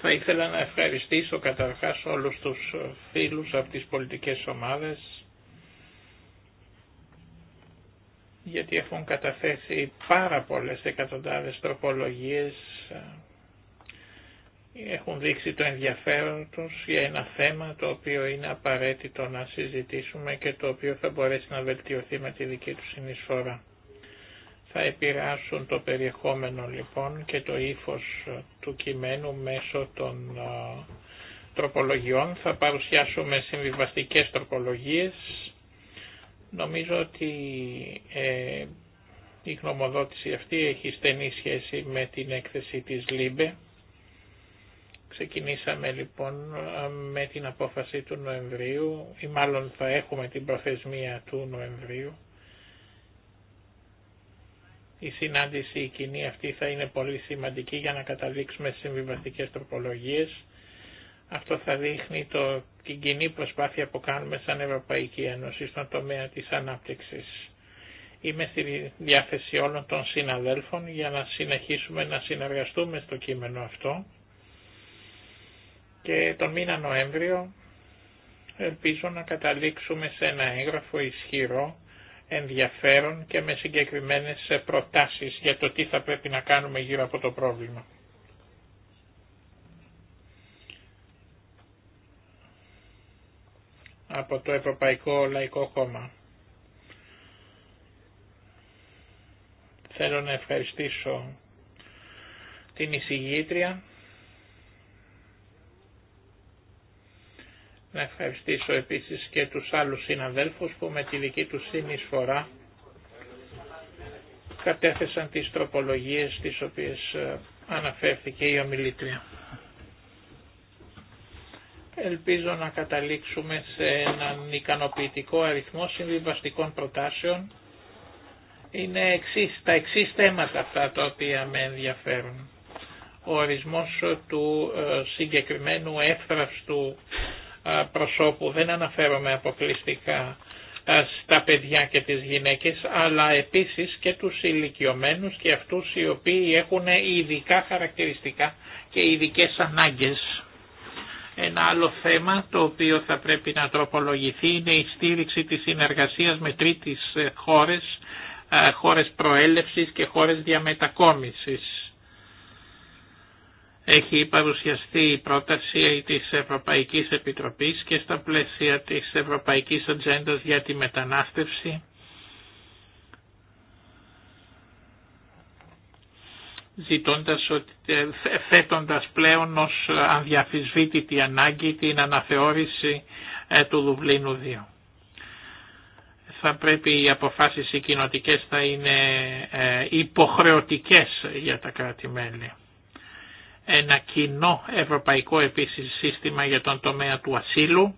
Θα ήθελα να ευχαριστήσω καταρχάς όλους τους φίλους από τις πολιτικές ομάδες γιατί έχουν καταθέσει πάρα πολλές εκατοντάδες τροπολογίες έχουν δείξει το ενδιαφέρον τους για ένα θέμα το οποίο είναι απαραίτητο να συζητήσουμε και το οποίο θα μπορέσει να βελτιωθεί με τη δική του συνεισφορά. Θα επηρεάσουν το περιεχόμενο λοιπόν και το ύφος του κειμένου μέσω των τροπολογιών. Θα παρουσιάσουμε συμβιβαστικές τροπολογίες. Νομίζω ότι ε, η γνωμοδότηση αυτή έχει στενή σχέση με την έκθεση της ΛΥΜΠΕ Ξεκινήσαμε λοιπόν με την απόφαση του Νοεμβρίου ή μάλλον θα έχουμε την προθεσμία του Νοεμβρίου. Η συνάντηση η κοινή αυτή θα είναι πολύ σημαντική για να καταλήξουμε στις συμβιβαστικές τροπολογίες. Αυτό θα δείχνει το, την κοινή προσπάθεια που κάνουμε σαν Ευρωπαϊκή Ένωση στον τομέα της ανάπτυξης. Είμαι στη διάθεση όλων των συναδέλφων για να συνεχίσουμε να συνεργαστούμε στο κείμενο αυτό και τον μήνα Νοέμβριο ελπίζω να καταλήξουμε σε ένα έγγραφο ισχυρό, ενδιαφέρον και με συγκεκριμένες προτάσεις για το τι θα πρέπει να κάνουμε γύρω από το πρόβλημα. από το Ευρωπαϊκό Λαϊκό Κόμμα. Θέλω να ευχαριστήσω την εισηγήτρια Να ευχαριστήσω επίσης και τους άλλους συναδέλφους που με τη δική τους συνεισφορά κατέθεσαν τις τροπολογίες τις οποίες ε, αναφέρθηκε η ομιλήτρια. Ελπίζω να καταλήξουμε σε έναν ικανοποιητικό αριθμό συμβιβαστικών προτάσεων. Είναι εξής, τα εξής θέματα αυτά τα οποία με ενδιαφέρουν. Ο ορισμός του ε, συγκεκριμένου έφραυστου προσώπου. Δεν αναφέρομαι αποκλειστικά στα παιδιά και τις γυναίκες, αλλά επίσης και τους ηλικιωμένους και αυτούς οι οποίοι έχουν ειδικά χαρακτηριστικά και ειδικέ ανάγκες. Ένα άλλο θέμα το οποίο θα πρέπει να τροπολογηθεί είναι η στήριξη της συνεργασίας με τρίτες χώρες, χώρες προέλευσης και χώρες διαμετακόμισης έχει παρουσιαστεί η πρόταση της Ευρωπαϊκής Επιτροπής και στα πλαίσια της Ευρωπαϊκής Ατζέντας για τη μετανάστευση. ζητώντας, ε, θέτοντας πλέον ως ανδιαφυσβήτητη ανάγκη την αναθεώρηση ε, του Δουβλίνου 2. Θα πρέπει οι αποφάσεις οι κοινοτικές θα είναι ε, υποχρεωτικές για τα κράτη-μέλη ένα κοινό ευρωπαϊκό επίσης σύστημα για τον τομέα του ασύλου.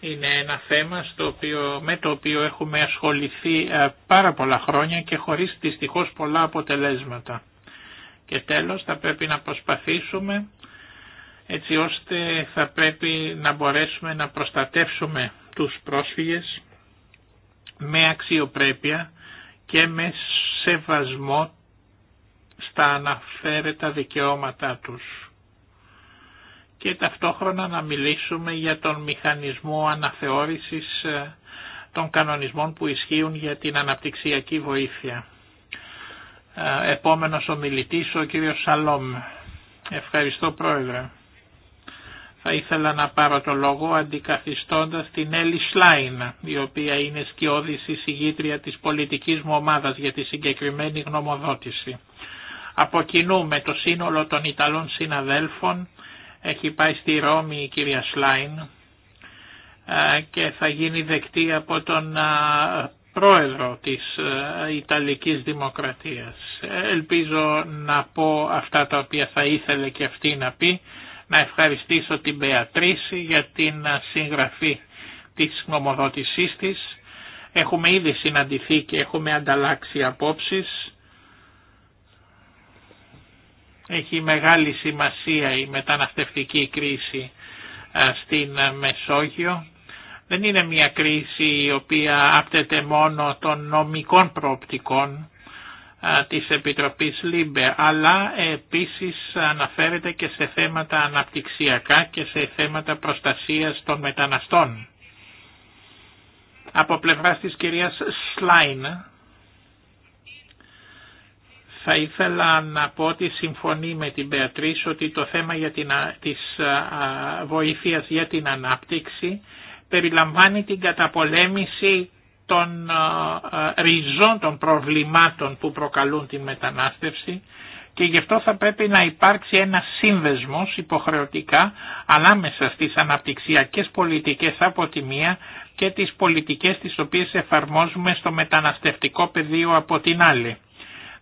Είναι ένα θέμα στο οποίο, με το οποίο έχουμε ασχοληθεί ε, πάρα πολλά χρόνια και χωρίς δυστυχώς πολλά αποτελέσματα. Και τέλος θα πρέπει να προσπαθήσουμε έτσι ώστε θα πρέπει να μπορέσουμε να προστατεύσουμε τους πρόσφυγες με αξιοπρέπεια και με σεβασμό στα αναφέρετα δικαιώματά τους και ταυτόχρονα να μιλήσουμε για τον μηχανισμό αναθεώρησης ε, των κανονισμών που ισχύουν για την αναπτυξιακή βοήθεια. Ε, επόμενος μιλητής, ο κύριος Σαλόμ. Ευχαριστώ πρόεδρε. Θα ήθελα να πάρω το λόγο αντικαθιστώντας την Έλλη Σλάιν, η οποία είναι σκιώδηση συγγήτρια της πολιτικής μου ομάδας για τη συγκεκριμένη γνωμοδότηση από κοινού το σύνολο των Ιταλών συναδέλφων. Έχει πάει στη Ρώμη η κυρία Σλάιν ε, και θα γίνει δεκτή από τον ε, πρόεδρο της ε, Ιταλικής Δημοκρατίας. Ελπίζω να πω αυτά τα οποία θα ήθελε και αυτή να πει. Να ευχαριστήσω την Πεατρίση για την συγγραφή της γνωμοδότησής της. Έχουμε ήδη συναντηθεί και έχουμε ανταλλάξει απόψεις έχει μεγάλη σημασία η μεταναστευτική κρίση στην Μεσόγειο. Δεν είναι μια κρίση η οποία άπτεται μόνο των νομικών προοπτικών της Επιτροπής ΛΥΜΠΕ, αλλά επίσης αναφέρεται και σε θέματα αναπτυξιακά και σε θέματα προστασίας των μεταναστών. Από πλευράς της κυρίας Σλάιν θα ήθελα να πω ότι συμφωνεί με την Πεατρίς ότι το θέμα για την, της βοήθειας για την ανάπτυξη περιλαμβάνει την καταπολέμηση των ριζών των προβλημάτων που προκαλούν την μετανάστευση και γι' αυτό θα πρέπει να υπάρξει ένα σύνδεσμος υποχρεωτικά ανάμεσα στις αναπτυξιακές πολιτικές από τη μία και τις πολιτικές τις οποίες εφαρμόζουμε στο μεταναστευτικό πεδίο από την άλλη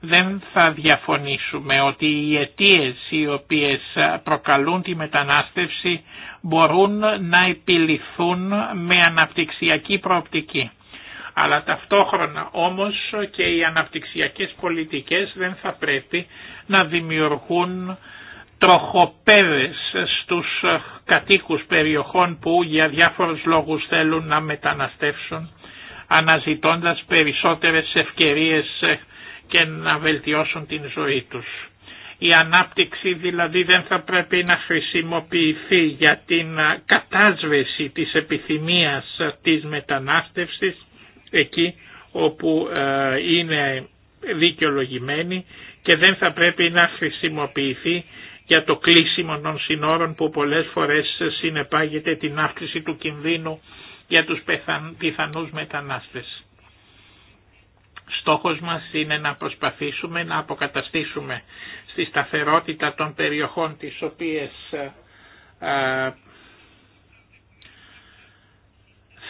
δεν θα διαφωνήσουμε ότι οι αιτίες οι οποίες προκαλούν τη μετανάστευση μπορούν να επιληθούν με αναπτυξιακή προοπτική. Αλλά ταυτόχρονα όμως και οι αναπτυξιακές πολιτικές δεν θα πρέπει να δημιουργούν τροχοπέδες στους κατοίκους περιοχών που για διάφορους λόγους θέλουν να μεταναστεύσουν αναζητώντας περισσότερες ευκαιρίες και να βελτιώσουν την ζωή τους. Η ανάπτυξη δηλαδή δεν θα πρέπει να χρησιμοποιηθεί για την κατάσβεση της επιθυμίας της μετανάστευσης εκεί όπου είναι δικαιολογημένη και δεν θα πρέπει να χρησιμοποιηθεί για το κλείσιμο των συνόρων που πολλές φορές συνεπάγεται την αύξηση του κινδύνου για τους πιθανούς μετανάστες. Στόχος μας είναι να προσπαθήσουμε να αποκαταστήσουμε στη σταθερότητα των περιοχών τις οποίες ε, ε,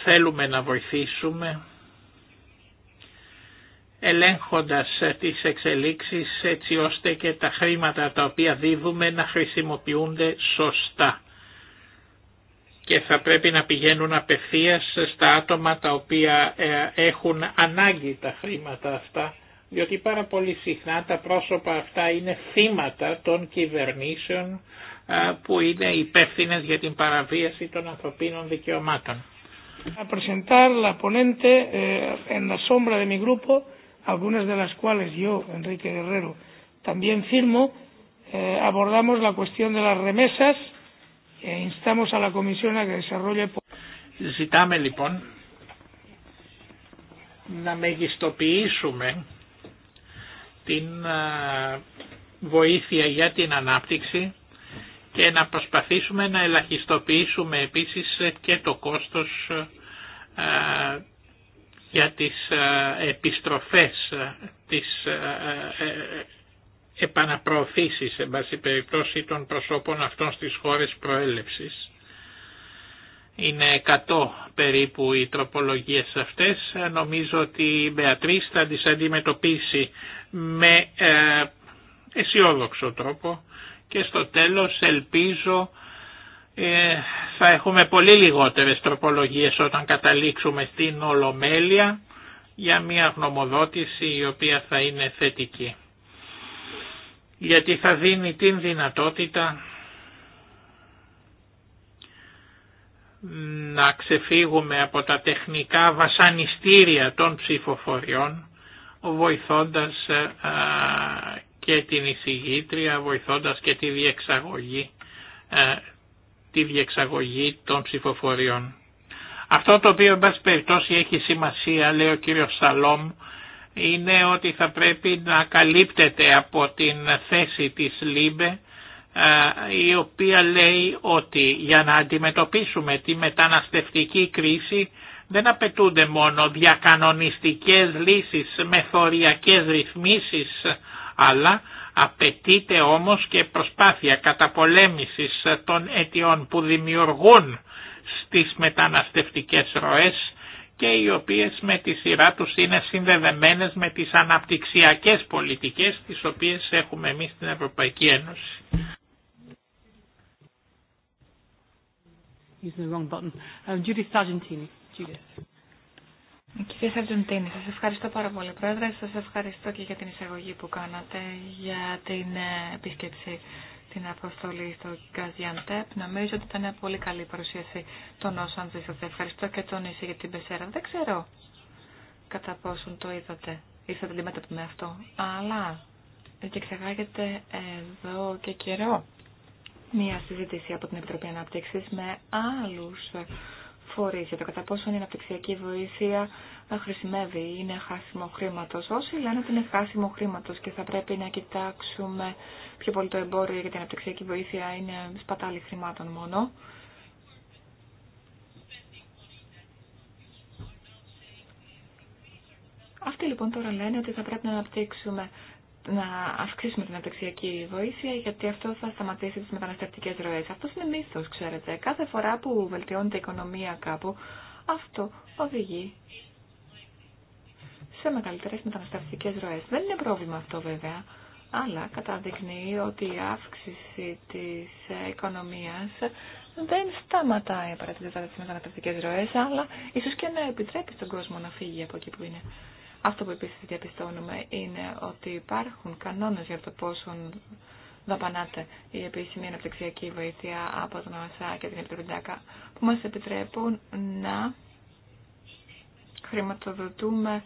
θέλουμε να βοηθήσουμε ελέγχοντας ε, τις εξελίξεις έτσι ώστε και τα χρήματα τα οποία δίδουμε να χρησιμοποιούνται σωστά και θα πρέπει να πηγαίνουν απευθείας στα άτομα τα οποία ε, έχουν ανάγκη τα χρήματα αυτά, διότι πάρα πολύ συχνά τα πρόσωπα αυτά είναι θύματα των κυβερνήσεων
ε, που είναι
υπεύθυνες για την παραβίαση των ανθρωπίνων δικαιωμάτων.
Θα presentar la ponente eh, en la sombra de mi grupo, algunas de las cuales yo, Enrique Guerrero, también firmo, eh, abordamos la cuestión de las remesas, ε,
Ζητάμε λοιπόν να μεγιστοποιήσουμε την βοήθεια για την ανάπτυξη και να προσπαθήσουμε να ελαχιστοποιήσουμε επίσης και το κόστος για τις επιστροφές της επαναπροωθήσεις σε βάση περιπτώσει των προσώπων αυτών στις χώρες προέλευσης. Είναι 100 περίπου οι τροπολογίες αυτές. Νομίζω ότι η Μπεατρίς θα τις αντιμετωπίσει με ε, αισιόδοξο τρόπο και στο τέλος ελπίζω ε, θα έχουμε πολύ λιγότερες τροπολογίες όταν καταλήξουμε στην Ολομέλεια για μια γνωμοδότηση η οποία θα είναι θετική γιατί θα δίνει την δυνατότητα να ξεφύγουμε από τα τεχνικά βασανιστήρια των ψηφοφοριών βοηθώντας ε, και την εισηγήτρια, βοηθώντας και τη διεξαγωγή, ε, τη διεξαγωγή των ψηφοφοριών. Αυτό το οποίο εν πάση περιπτώσει έχει σημασία, λέει ο κύριος Σαλόμ, είναι ότι θα πρέπει να καλύπτεται από την θέση της ΛΥΜΠΕ η οποία λέει ότι για να αντιμετωπίσουμε τη μεταναστευτική κρίση δεν απαιτούνται μόνο διακανονιστικές λύσεις, μεθοριακές ρυθμίσεις, αλλά απαιτείται όμως και προσπάθεια καταπολέμησης των αιτιών που δημιουργούν στις μεταναστευτικές ροές και οι οποίες με τη σειρά τους είναι συνδεδεμένες με τις αναπτυξιακές πολιτικές τις οποίες έχουμε εμείς στην Ευρωπαϊκή Ένωση.
Um, Κύριε Σαρτζοντίνη, σας ευχαριστώ πάρα πολύ Πρόεδρε, σας ευχαριστώ και για την εισαγωγή που κάνατε για την ε, επίσκεψη την αποστολή στο Γκαζιαντέπ. Νομίζω ότι ήταν πολύ καλή η παρουσίαση των όσων ζήσατε. Ευχαριστώ και τον Ισή για την Πεσέρα. Δεν ξέρω κατά πόσον το είδατε. Ήρθατε αντιμέτωποι με αυτό. Αλλά και ξεχάγεται εδώ και καιρό μία συζήτηση από την Επιτροπή Ανάπτυξης με άλλους φορείς για το κατά πόσο η αναπτυξιακή βοήθεια να χρησιμεύει, είναι χάσιμο χρήματο. Όσοι λένε ότι είναι χάσιμο χρήματο και θα πρέπει να κοιτάξουμε πιο πολύ το εμπόριο για την αναπτυξιακή βοήθεια είναι σπατάλη χρημάτων μόνο. Αυτοί λοιπόν τώρα λένε ότι θα πρέπει να αναπτύξουμε να αυξήσουμε την αναπτυξιακή βοήθεια, γιατί αυτό θα σταματήσει τι μεταναστευτικέ ροέ. Αυτό είναι μύθος, ξέρετε. Κάθε φορά που βελτιώνεται η οικονομία κάπου, αυτό οδηγεί σε μεγαλύτερε μεταναστευτικέ ροέ. Δεν είναι πρόβλημα αυτό βέβαια, αλλά καταδεικνύει ότι η αύξηση τη οικονομία δεν σταματάει απαραίτητα τι μεταναστευτικέ ροέ, αλλά ίσω και να επιτρέπει στον κόσμο να φύγει από εκεί που είναι. Αυτό που επίσης διαπιστώνουμε είναι ότι υπάρχουν κανόνες για το πόσο δαπανάται η επίσημη αναπτυξιακή βοήθεια από τον ΆΣΑ και την Επιτροπή που μας επιτρέπουν να χρηματοδοτούμε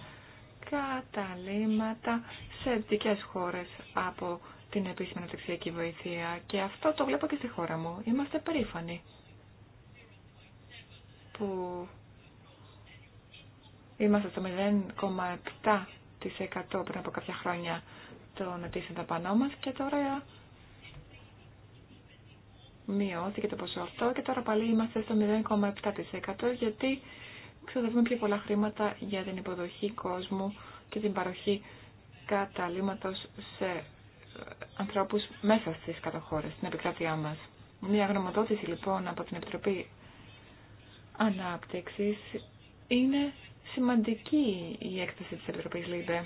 καταλήμματα σε δικέ χώρες από την επίσημη αναπτυξιακή βοήθεια και αυτό το βλέπω και στη χώρα μου. Είμαστε περήφανοι που Είμαστε στο 0,7% πριν από κάποια χρόνια των ετήσιων δαπανών μας και τώρα μειώθηκε το ποσό αυτό και τώρα πάλι είμαστε στο 0,7% γιατί ξοδεύουμε πιο πολλά χρήματα για την υποδοχή κόσμου και την παροχή καταλήμματος σε ανθρώπους μέσα στις κατοχώρες, στην επικράτειά μας. Μια γνωμοδότηση λοιπόν από την Επιτροπή Ανάπτυξης είναι σημαντική η έκθεση της Επιτροπής ΛΥΜΠΕ.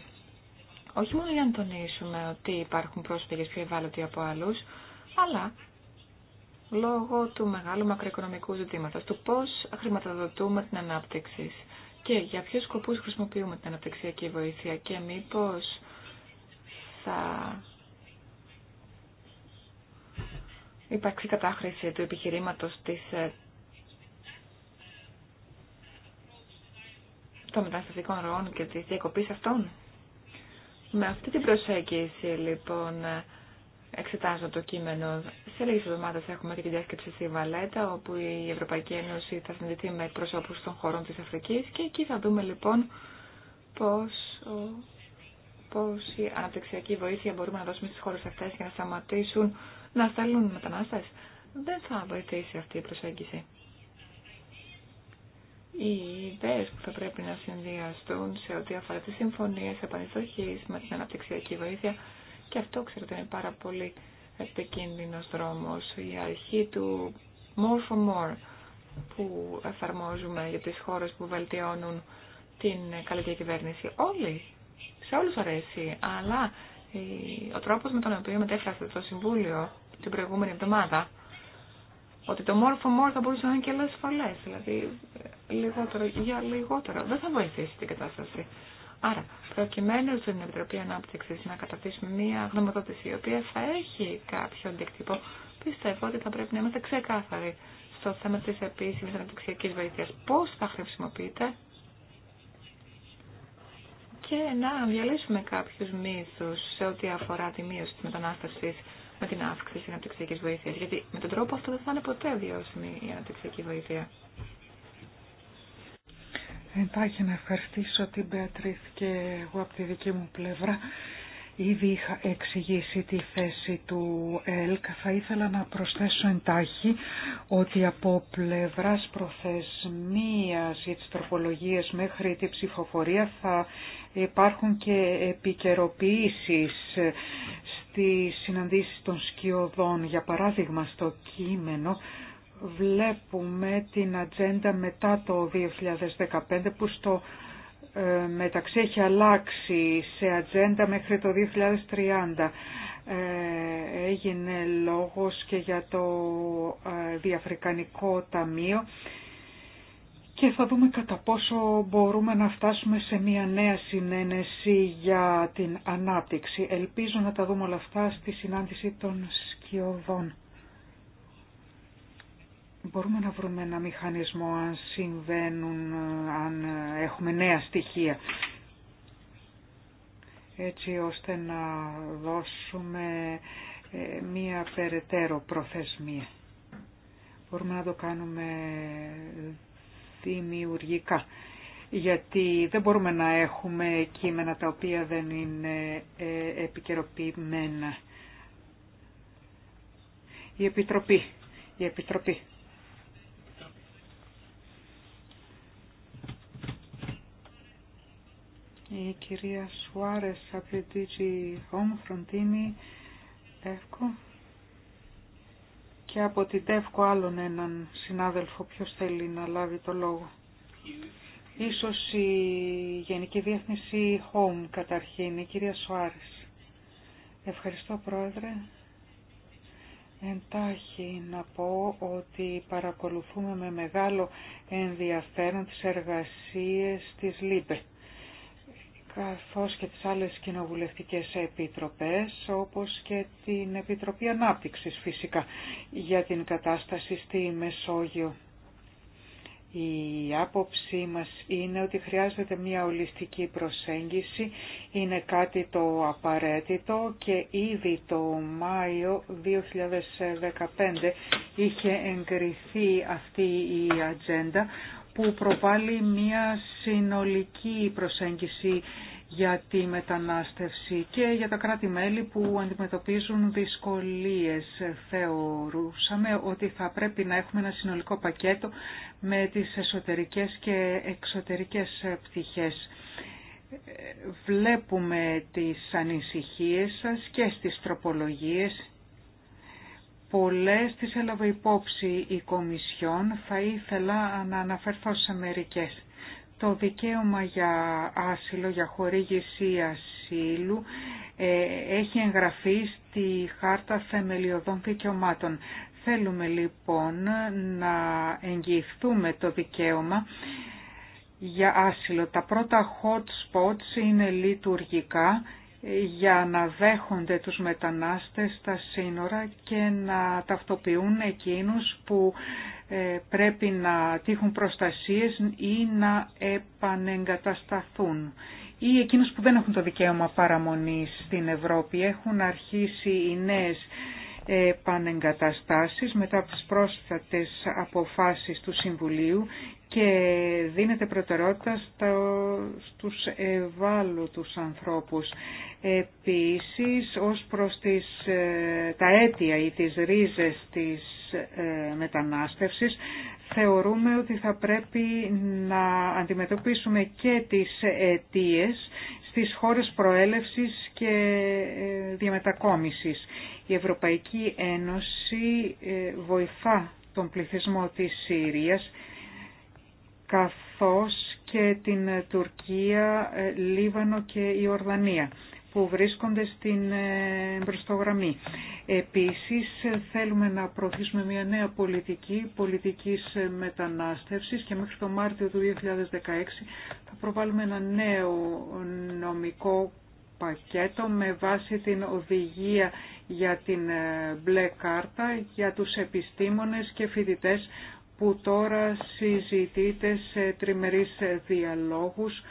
Όχι μόνο για να τονίσουμε ότι υπάρχουν πρόσφυγες πιο ευάλωτοι από άλλους, αλλά λόγω του μεγάλου μακροοικονομικού ζητήματος, του πώς χρηματοδοτούμε την ανάπτυξη και για ποιους σκοπούς χρησιμοποιούμε την αναπτυξιακή βοήθεια και μήπως θα υπάρξει κατάχρηση του επιχειρήματος της ε, των μεταναστευτικών ροών και τη διακοπή αυτών. Με αυτή την προσέγγιση λοιπόν εξετάζω το κείμενο. Σε λίγε εβδομάδε έχουμε και τη διάσκεψη στη Βαλέτα, όπου η Ευρωπαϊκή Ένωση θα συνδεθεί με εκπροσώπου των χωρών τη Αφρική και εκεί θα δούμε λοιπόν πώ η αναπτυξιακή βοήθεια μπορούμε να δώσουμε στι χώρε αυτέ για να σταματήσουν να στέλνουν μετανάστε. Δεν θα βοηθήσει αυτή η προσέγγιση οι ιδέε που θα πρέπει να συνδυαστούν σε ό,τι αφορά τι συμφωνίε, επανειστοχή με την αναπτυξιακή βοήθεια και αυτό ξέρετε είναι πάρα πολύ επικίνδυνο δρόμο, Η αρχή του more for more που εφαρμόζουμε για τις χώρες που βελτιώνουν την καλή διακυβέρνηση. Όλοι, σε όλους αρέσει, αλλά ο τρόπος με τον οποίο μετέφρασε το Συμβούλιο την προηγούμενη εβδομάδα ότι το more for more θα μπορούσε να είναι και λίγο ασφαλέ. δηλαδή ε, λιγότερο για λιγότερο. Δεν θα βοηθήσει την κατάσταση. Άρα, προκειμένου στην Επιτροπή Ανάπτυξη να καταρτήσουμε μία γνωμοδότηση η οποία θα έχει κάποιο αντίκτυπο, πιστεύω ότι θα πρέπει να είμαστε ξεκάθαροι στο θέμα τη επίσημη αναπτυξιακή βοήθεια. Πώ θα χρησιμοποιείται και να διαλύσουμε κάποιου μύθου σε ό,τι αφορά τη μείωση τη μετανάστευση με την αύξηση αναπτυξιακή βοήθεια. Γιατί με τον τρόπο αυτό δεν θα είναι ποτέ βιώσιμη η αναπτυξιακή βοήθεια.
Εντάξει να ευχαριστήσω την Μπεατρίθ και εγώ από τη δική μου πλευρά. Ήδη είχα εξηγήσει τη θέση του ΕΛΚ. Θα ήθελα να προσθέσω εντάχει ότι από πλευράς προθεσμίας για τις τροπολογίες μέχρι τη ψηφοφορία θα υπάρχουν και επικαιροποιήσεις τη συναντήσει των σκιωδών. Για παράδειγμα, στο κείμενο βλέπουμε την ατζέντα μετά το 2015 που στο ε, μεταξύ έχει αλλάξει σε ατζέντα μέχρι το 2030. Ε, έγινε λόγος και για το ε, Διαφρικανικό Ταμείο και θα δούμε κατά πόσο μπορούμε να φτάσουμε σε μια νέα συνένεση για την ανάπτυξη. Ελπίζω να τα δούμε όλα αυτά στη συνάντηση των σκιωδών. Μπορούμε να βρούμε ένα μηχανισμό αν συμβαίνουν, αν έχουμε νέα στοιχεία έτσι ώστε να δώσουμε ε, μία περαιτέρω προθεσμία. Μπορούμε να το κάνουμε δημιουργικά. Γιατί δεν μπορούμε να έχουμε κείμενα τα οποία δεν είναι ε, επικαιροποιημένα. Η Επιτροπή. Η Επιτροπή. Η κυρία Σουάρες από την DG Home και από την άλλον έναν συνάδελφο ποιος θέλει να λάβει το λόγο. Ίσως η Γενική Διεθνήση Home καταρχήν, η κυρία Σοάρης. Ευχαριστώ Πρόεδρε. Εντάχει να πω ότι παρακολουθούμε με μεγάλο ενδιαφέρον τις εργασίες της ΛΥΠΕΤ καθώς και τις άλλες κοινοβουλευτικές επιτροπές, όπως και την Επιτροπή Ανάπτυξης φυσικά, για την κατάσταση στη Μεσόγειο. Η άποψή μας είναι ότι χρειάζεται μια ολιστική προσέγγιση, είναι κάτι το απαραίτητο και ήδη το Μάιο 2015 είχε εγκριθεί αυτή η ατζέντα που προβάλλει μία συνολική προσέγγιση για τη μετανάστευση και για τα κράτη-μέλη που αντιμετωπίζουν δυσκολίες. Θεωρούσαμε ότι θα πρέπει να έχουμε ένα συνολικό πακέτο με τις εσωτερικές και εξωτερικές πτυχές. Βλέπουμε τις ανησυχίες σας και στις τροπολογίες Πολλές τις έλαβε υπόψη η Κομισιόν, θα ήθελα να αναφερθώ σε μερικές. Το δικαίωμα για άσυλο, για χορήγηση ασύλου ε, έχει εγγραφεί στη Χάρτα Θεμελιωδών Δικαιωμάτων. Θέλουμε λοιπόν να εγγυηθούμε το δικαίωμα για άσυλο. Τα πρώτα hot spots είναι λειτουργικά για να δέχονται τους μετανάστες στα σύνορα και να ταυτοποιούν εκείνους που ε, πρέπει να τύχουν προστασίες ή να επανεγκατασταθούν ή εκείνους που δεν έχουν το δικαίωμα παραμονής στην Ευρώπη. Έχουν αρχίσει οι νέες επανεγκαταστάσεις μετά από τις πρόσφατες αποφάσεις του Συμβουλίου και δίνεται προτεραιότητα στους ευάλωτους ανθρώπους. Επίσης, ως προς τις, ε, τα αίτια ή τις ρίζες της ε, μετανάστευσης, θεωρούμε ότι θα πρέπει να αντιμετωπίσουμε και τις αιτίες στις χώρες προέλευσης και ε, διαμετακόμισης. Η Ευρωπαϊκή Ένωση ε, βοηθά τον πληθυσμό της Συρίας καθώς και την Τουρκία, ε, Λίβανο και η Ορδανία που βρίσκονται στην ε, μπροστογραμμή. Επίσης θέλουμε να προωθήσουμε μια νέα πολιτική, πολιτικής ε, μετανάστευσης και μέχρι το Μάρτιο του 2016 θα προβάλλουμε ένα νέο νομικό πακέτο με βάση την οδηγία για την ε, μπλε κάρτα για τους επιστήμονες και φοιτητές που τώρα συζητείται σε τριμερείς διαλόγους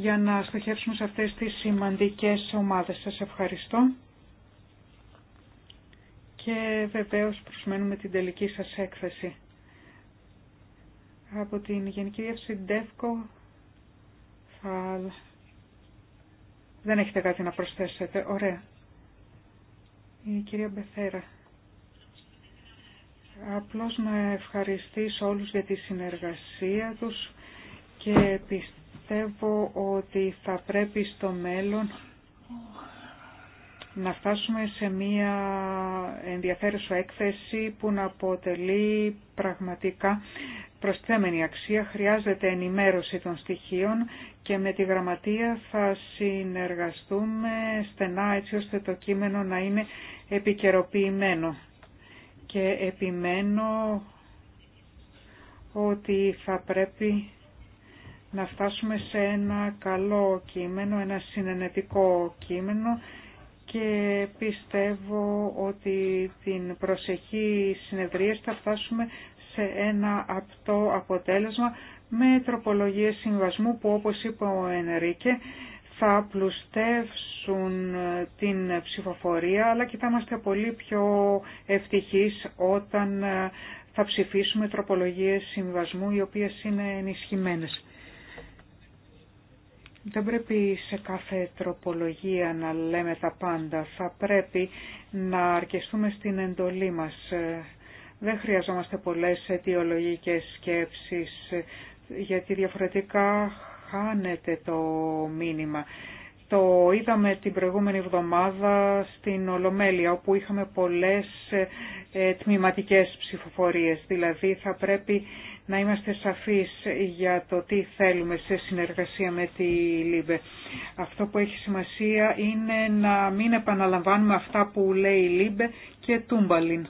για να στοχεύσουμε σε αυτές τις σημαντικές ομάδες. Σας ευχαριστώ και βεβαίως προσμένουμε την τελική σας έκθεση. Από την Γενική Διεύθυνση ΔΕΦΚΟ θα... δεν έχετε κάτι να προσθέσετε. Ωραία. Η κυρία Μπεθέρα. Απλώς να ευχαριστήσω όλους για τη συνεργασία τους και πίστη πιστεύω ότι θα πρέπει στο μέλλον να φτάσουμε σε μία ενδιαφέρουσα έκθεση που να αποτελεί πραγματικά προσθέμενη αξία. Χρειάζεται ενημέρωση των στοιχείων και με τη γραμματεία θα συνεργαστούμε στενά έτσι ώστε το κείμενο να είναι επικαιροποιημένο. Και επιμένω ότι θα πρέπει να φτάσουμε σε ένα καλό κείμενο, ένα συνενετικό κείμενο και πιστεύω ότι την προσεχή συνεδρία θα φτάσουμε σε ένα απτό αποτέλεσμα με τροπολογίες συμβασμού που όπως είπε ο Ενρίκε θα πλουστεύσουν την ψηφοφορία αλλά και θα πολύ πιο ευτυχείς όταν θα ψηφίσουμε τροπολογίες συμβασμού οι οποίες είναι ενισχυμένες. Δεν πρέπει σε κάθε τροπολογία να λέμε τα πάντα. Θα πρέπει να αρκεστούμε στην εντολή μας. Δεν χρειαζόμαστε πολλές αιτιολογικές σκέψεις, γιατί διαφορετικά χάνεται το μήνυμα. Το είδαμε την προηγούμενη εβδομάδα στην Ολομέλεια, όπου είχαμε πολλές ε, τμηματικές ψηφοφορίες. Δηλαδή θα πρέπει να είμαστε σαφείς για το τι θέλουμε σε συνεργασία με τη ΛΥΜΠΕ. Αυτό που έχει σημασία είναι να μην επαναλαμβάνουμε αυτά που λέει η ΛΥΜΠΕ και τούμπαλιν.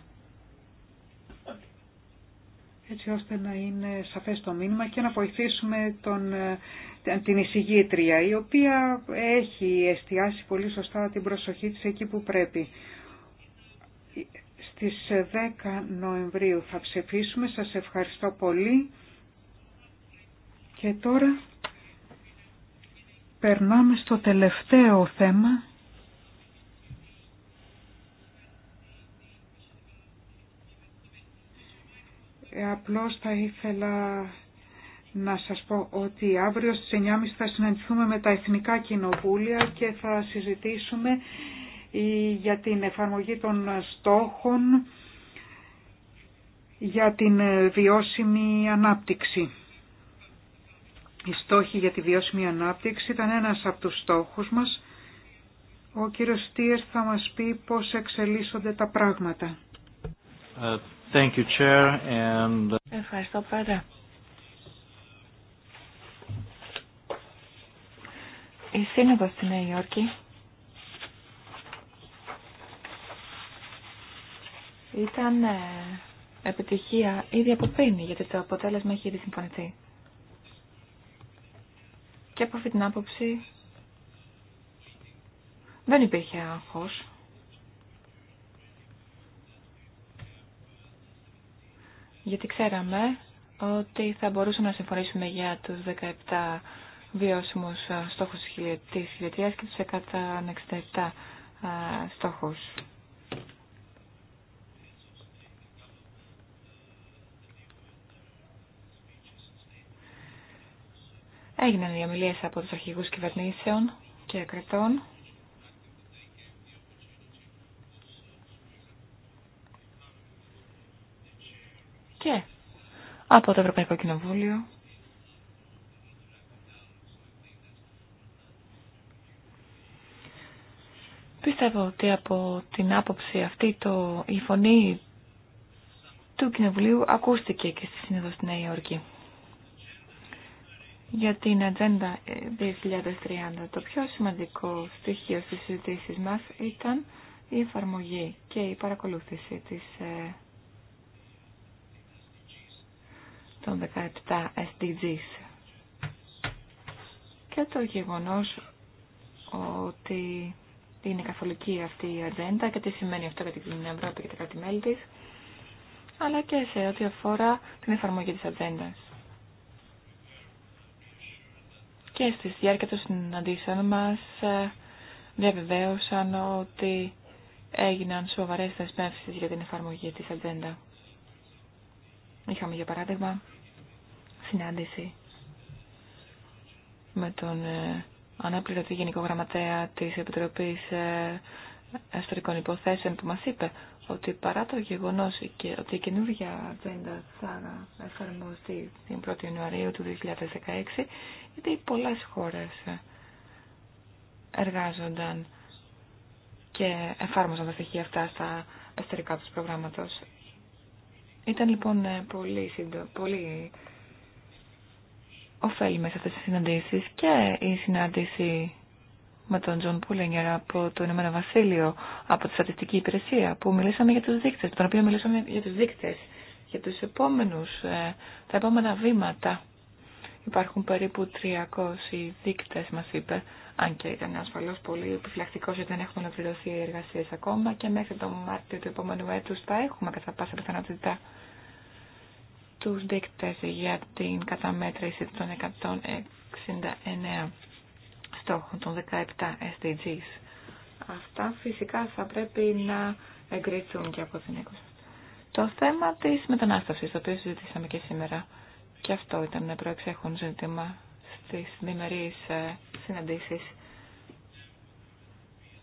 Έτσι ώστε να είναι σαφές το μήνυμα και να βοηθήσουμε τον, την εισηγήτρια, η οποία έχει εστιάσει πολύ σωστά την προσοχή της εκεί που πρέπει. Στις 10 Νοεμβρίου θα ψηφίσουμε. Σας ευχαριστώ πολύ. Και τώρα περνάμε στο τελευταίο θέμα. Ε, απλώς θα ήθελα να σας πω ότι αύριο στις 9.30 θα συναντηθούμε με τα Εθνικά Κοινοβούλια και θα συζητήσουμε ή για την εφαρμογή των στόχων για την βιώσιμη ανάπτυξη. Οι στόχοι για τη βιώσιμη ανάπτυξη ήταν ένας από τους στόχους μας. Ο κύριος Στίερ θα μας πει πώς εξελίσσονται τα πράγματα.
Uh, thank you, Chair, and... Uh,
Ευχαριστώ πάρα. Η Σύνοδος στη Νέα Υόρκη ήταν ε, επιτυχία ήδη από πριν, γιατί το αποτέλεσμα έχει ήδη συμφωνηθεί. Και από αυτή την άποψη δεν υπήρχε άγχος. Γιατί ξέραμε ότι θα μπορούσαμε να συμφωνήσουμε για τους 17 βιώσιμους ε, στόχους της χιλιετίας και τους 167 ε, στόχους Έγιναν οι ομιλίε από του αρχηγού κυβερνήσεων και κρατών. Και από το Ευρωπαϊκό Κοινοβούλιο. Πιστεύω ότι από την άποψη αυτή το, η φωνή του Κοινοβουλίου ακούστηκε και στη Σύνοδο στη Νέα Υόρκη για την Ατζέντα 2030. Ε, το πιο σημαντικό στοιχείο στις συζητήσεις μας ήταν η εφαρμογή και η παρακολούθηση της, ε, των 17 SDGs και το γεγονός ότι είναι καθολική αυτή η ατζέντα και τι σημαίνει αυτό για την Ευρώπη και τα κράτη-μέλη της, αλλά και σε ό,τι αφορά την εφαρμογή της ατζέντα. και στη διάρκεια των συναντήσεων μας ε, διαβεβαίωσαν ότι έγιναν σοβαρές δεσμεύσεις για την εφαρμογή της ατζέντα. Είχαμε για παράδειγμα συνάντηση με τον ε, αναπληρωτή Γενικό Γραμματέα της Επιτροπής Αστρικών ε, Υποθέσεων που μας είπε ότι παρά το γεγονό ότι η καινούργια ατζέντα θα εφαρμοστεί την 1η Ιανουαρίου του 2016, γιατί πολλέ χώρε εργάζονταν και εφάρμοσαν τα στοιχεία αυτά στα εσωτερικά του προγράμματο. Ήταν λοιπόν πολύ, συντο... πολύ ωφέλιμες αυτές οι συναντήσεις και η συνάντηση με τον Τζον Πούλενγκερ από το Ηνωμένο Βασίλειο, από τη Στατιστική Υπηρεσία, που μιλήσαμε για τους δείκτες, τον οποίο μιλήσαμε για τους δείκτες, για τους επόμενους, ε, τα επόμενα βήματα. Υπάρχουν περίπου 300 δείκτες, μας είπε, αν και ήταν ασφαλώς πολύ επιφυλακτικό γιατί δεν έχουν ολοκληρωθεί οι εργασίες ακόμα και μέχρι τον Μάρτιο του επόμενου έτους θα έχουμε κατά πάσα πιθανότητα τους δείκτες για την καταμέτρηση των 169 στόχων των 17 SDGs. Αυτά φυσικά θα πρέπει να εγκριθούν και από την έκοση. Το θέμα της μετανάστευσης, το οποίο συζητήσαμε και σήμερα, και αυτό ήταν προεξέχον ζήτημα στις διμερείς ε, συναντήσεις.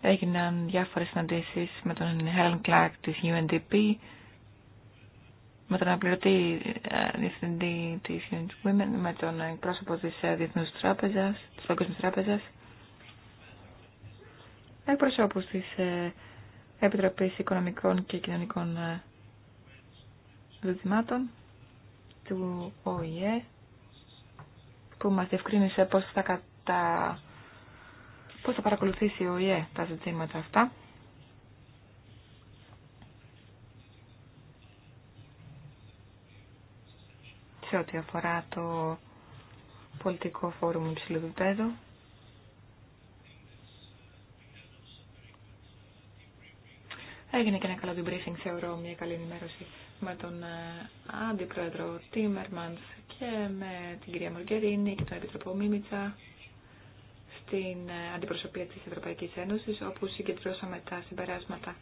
Έγιναν διάφορες συναντήσεις με τον Helen Clark της UNDP, με τον αναπληρωτή ε, διευθυντή της Women, με τον πρόσωπο της ε, Διεθνούς Τράπεζας, της Παγκόσμιας Τράπεζας, εκπροσώπου τη ε, Επιτροπή Οικονομικών και Κοινωνικών Ζητημάτων ε, του ΟΗΕ που μας διευκρίνησε πώς θα, κατα... θα παρακολουθήσει ο ΟΗΕ τα ζητήματα αυτά. σε ό,τι αφορά το πολιτικό φόρουμ υψηλού επίπεδου Έγινε και ένα καλό debriefing, θεωρώ, μια καλή ενημέρωση με τον ε, Αντιπρόεδρο Τίμερμαντς και με την κυρία Μοργκερίνη και τον Επιτροπό Μίμητσα στην ε, αντιπροσωπεία της Ευρωπαϊκής Ένωσης, όπου συγκεντρώσαμε τα συμπεράσματα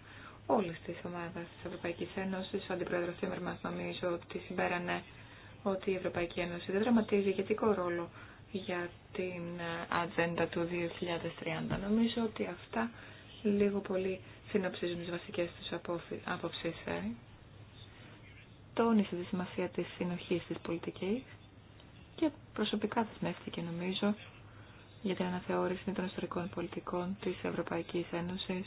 όλης της ομάδας της Ευρωπαϊκής Ένωσης. Ο Αντιπρόεδρος Τίμερμαντς νομίζω ότι συμπέρανε ότι η Ευρωπαϊκή Ένωση δεν δραματίζει ηγετικό ρόλο για την ε, ατζέντα του 2030. Νομίζω ότι αυτά λίγο πολύ συνοψίζουν τις βασικές τους απόψεις. Ε. Τόνισε τη σημασία της συνοχής της πολιτικής και προσωπικά δεσμεύτηκε νομίζω για την αναθεώρηση των ιστορικών πολιτικών της Ευρωπαϊκής Ένωσης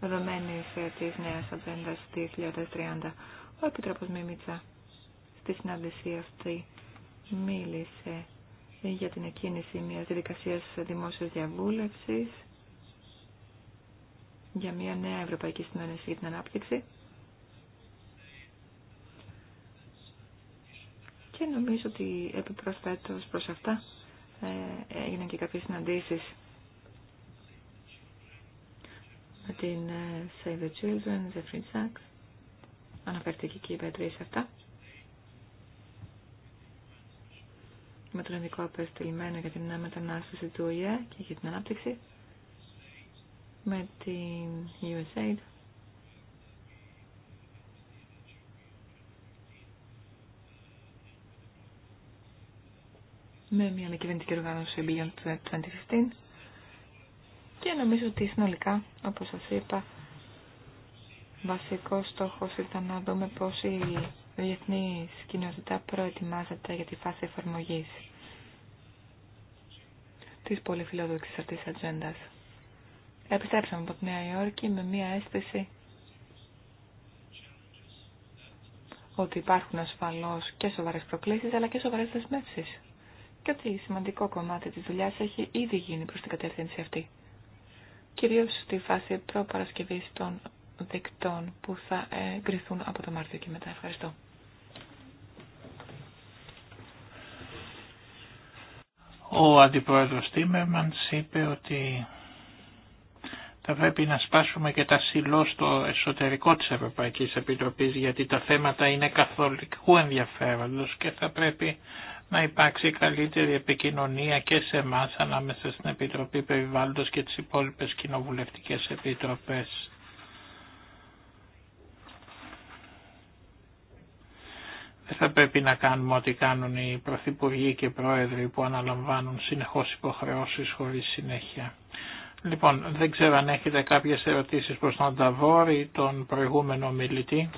δεδομένη της νέας ατζέντας 2030. Ο Επιτρόπος Μίμητσα στη συνάντηση αυτή μίλησε για την εκκίνηση μιας διαδικασίας δημόσιας διαβούλευσης για μια νέα Ευρωπαϊκή Συνένεση για την Ανάπτυξη. Και νομίζω ότι επιπροσθέτως προς αυτά ε, έγιναν και κάποιες συναντήσεις με την ε, Save the Children, Free Sachs. Αναφέρθηκε και η Πέτρη σε αυτά. Με τον ειδικό απεστηλμένο για την μετανάστευση του ΟΗΕ και για την ανάπτυξη με την USAID. με μια ανακυβερνητική οργάνωση Beyond 2015 και νομίζω ότι συνολικά, όπως σας είπα, βασικό στόχος ήταν να δούμε πώς η διεθνή κοινότητα προετοιμάζεται για τη φάση εφαρμογής της πολυφιλόδοξης αυτής της ατζέντας επιστρέψαμε από τη Νέα Υόρκη με μία αίσθηση ότι υπάρχουν ασφαλώς και σοβαρές προκλήσεις αλλά και σοβαρές δεσμεύσεις και ότι σημαντικό κομμάτι της δουλειάς έχει ήδη γίνει προς την κατεύθυνση αυτή. Κυρίως στη φάση προπαρασκευής των δικτών που θα εγκριθούν από το Μάρτιο και μετά. Ευχαριστώ.
Ο Αντιπρόεδρος Τίμερμαντς είπε ότι θα πρέπει να σπάσουμε και τα σιλό στο εσωτερικό της Ευρωπαϊκής Επιτροπής γιατί τα θέματα είναι καθολικού ενδιαφέροντος και θα πρέπει να υπάρξει καλύτερη επικοινωνία και σε εμά ανάμεσα στην Επιτροπή Περιβάλλοντος και τις υπόλοιπες κοινοβουλευτικές επιτροπές. Δεν θα πρέπει να κάνουμε ό,τι κάνουν οι πρωθυπουργοί και πρόεδροι που αναλαμβάνουν συνεχώς υποχρεώσεις χωρίς συνέχεια. Λοιπόν, δεν ξέρω αν έχετε κάποιες ερωτήσεις προς τον Ταβόρ ή τον προηγούμενο μιλητή.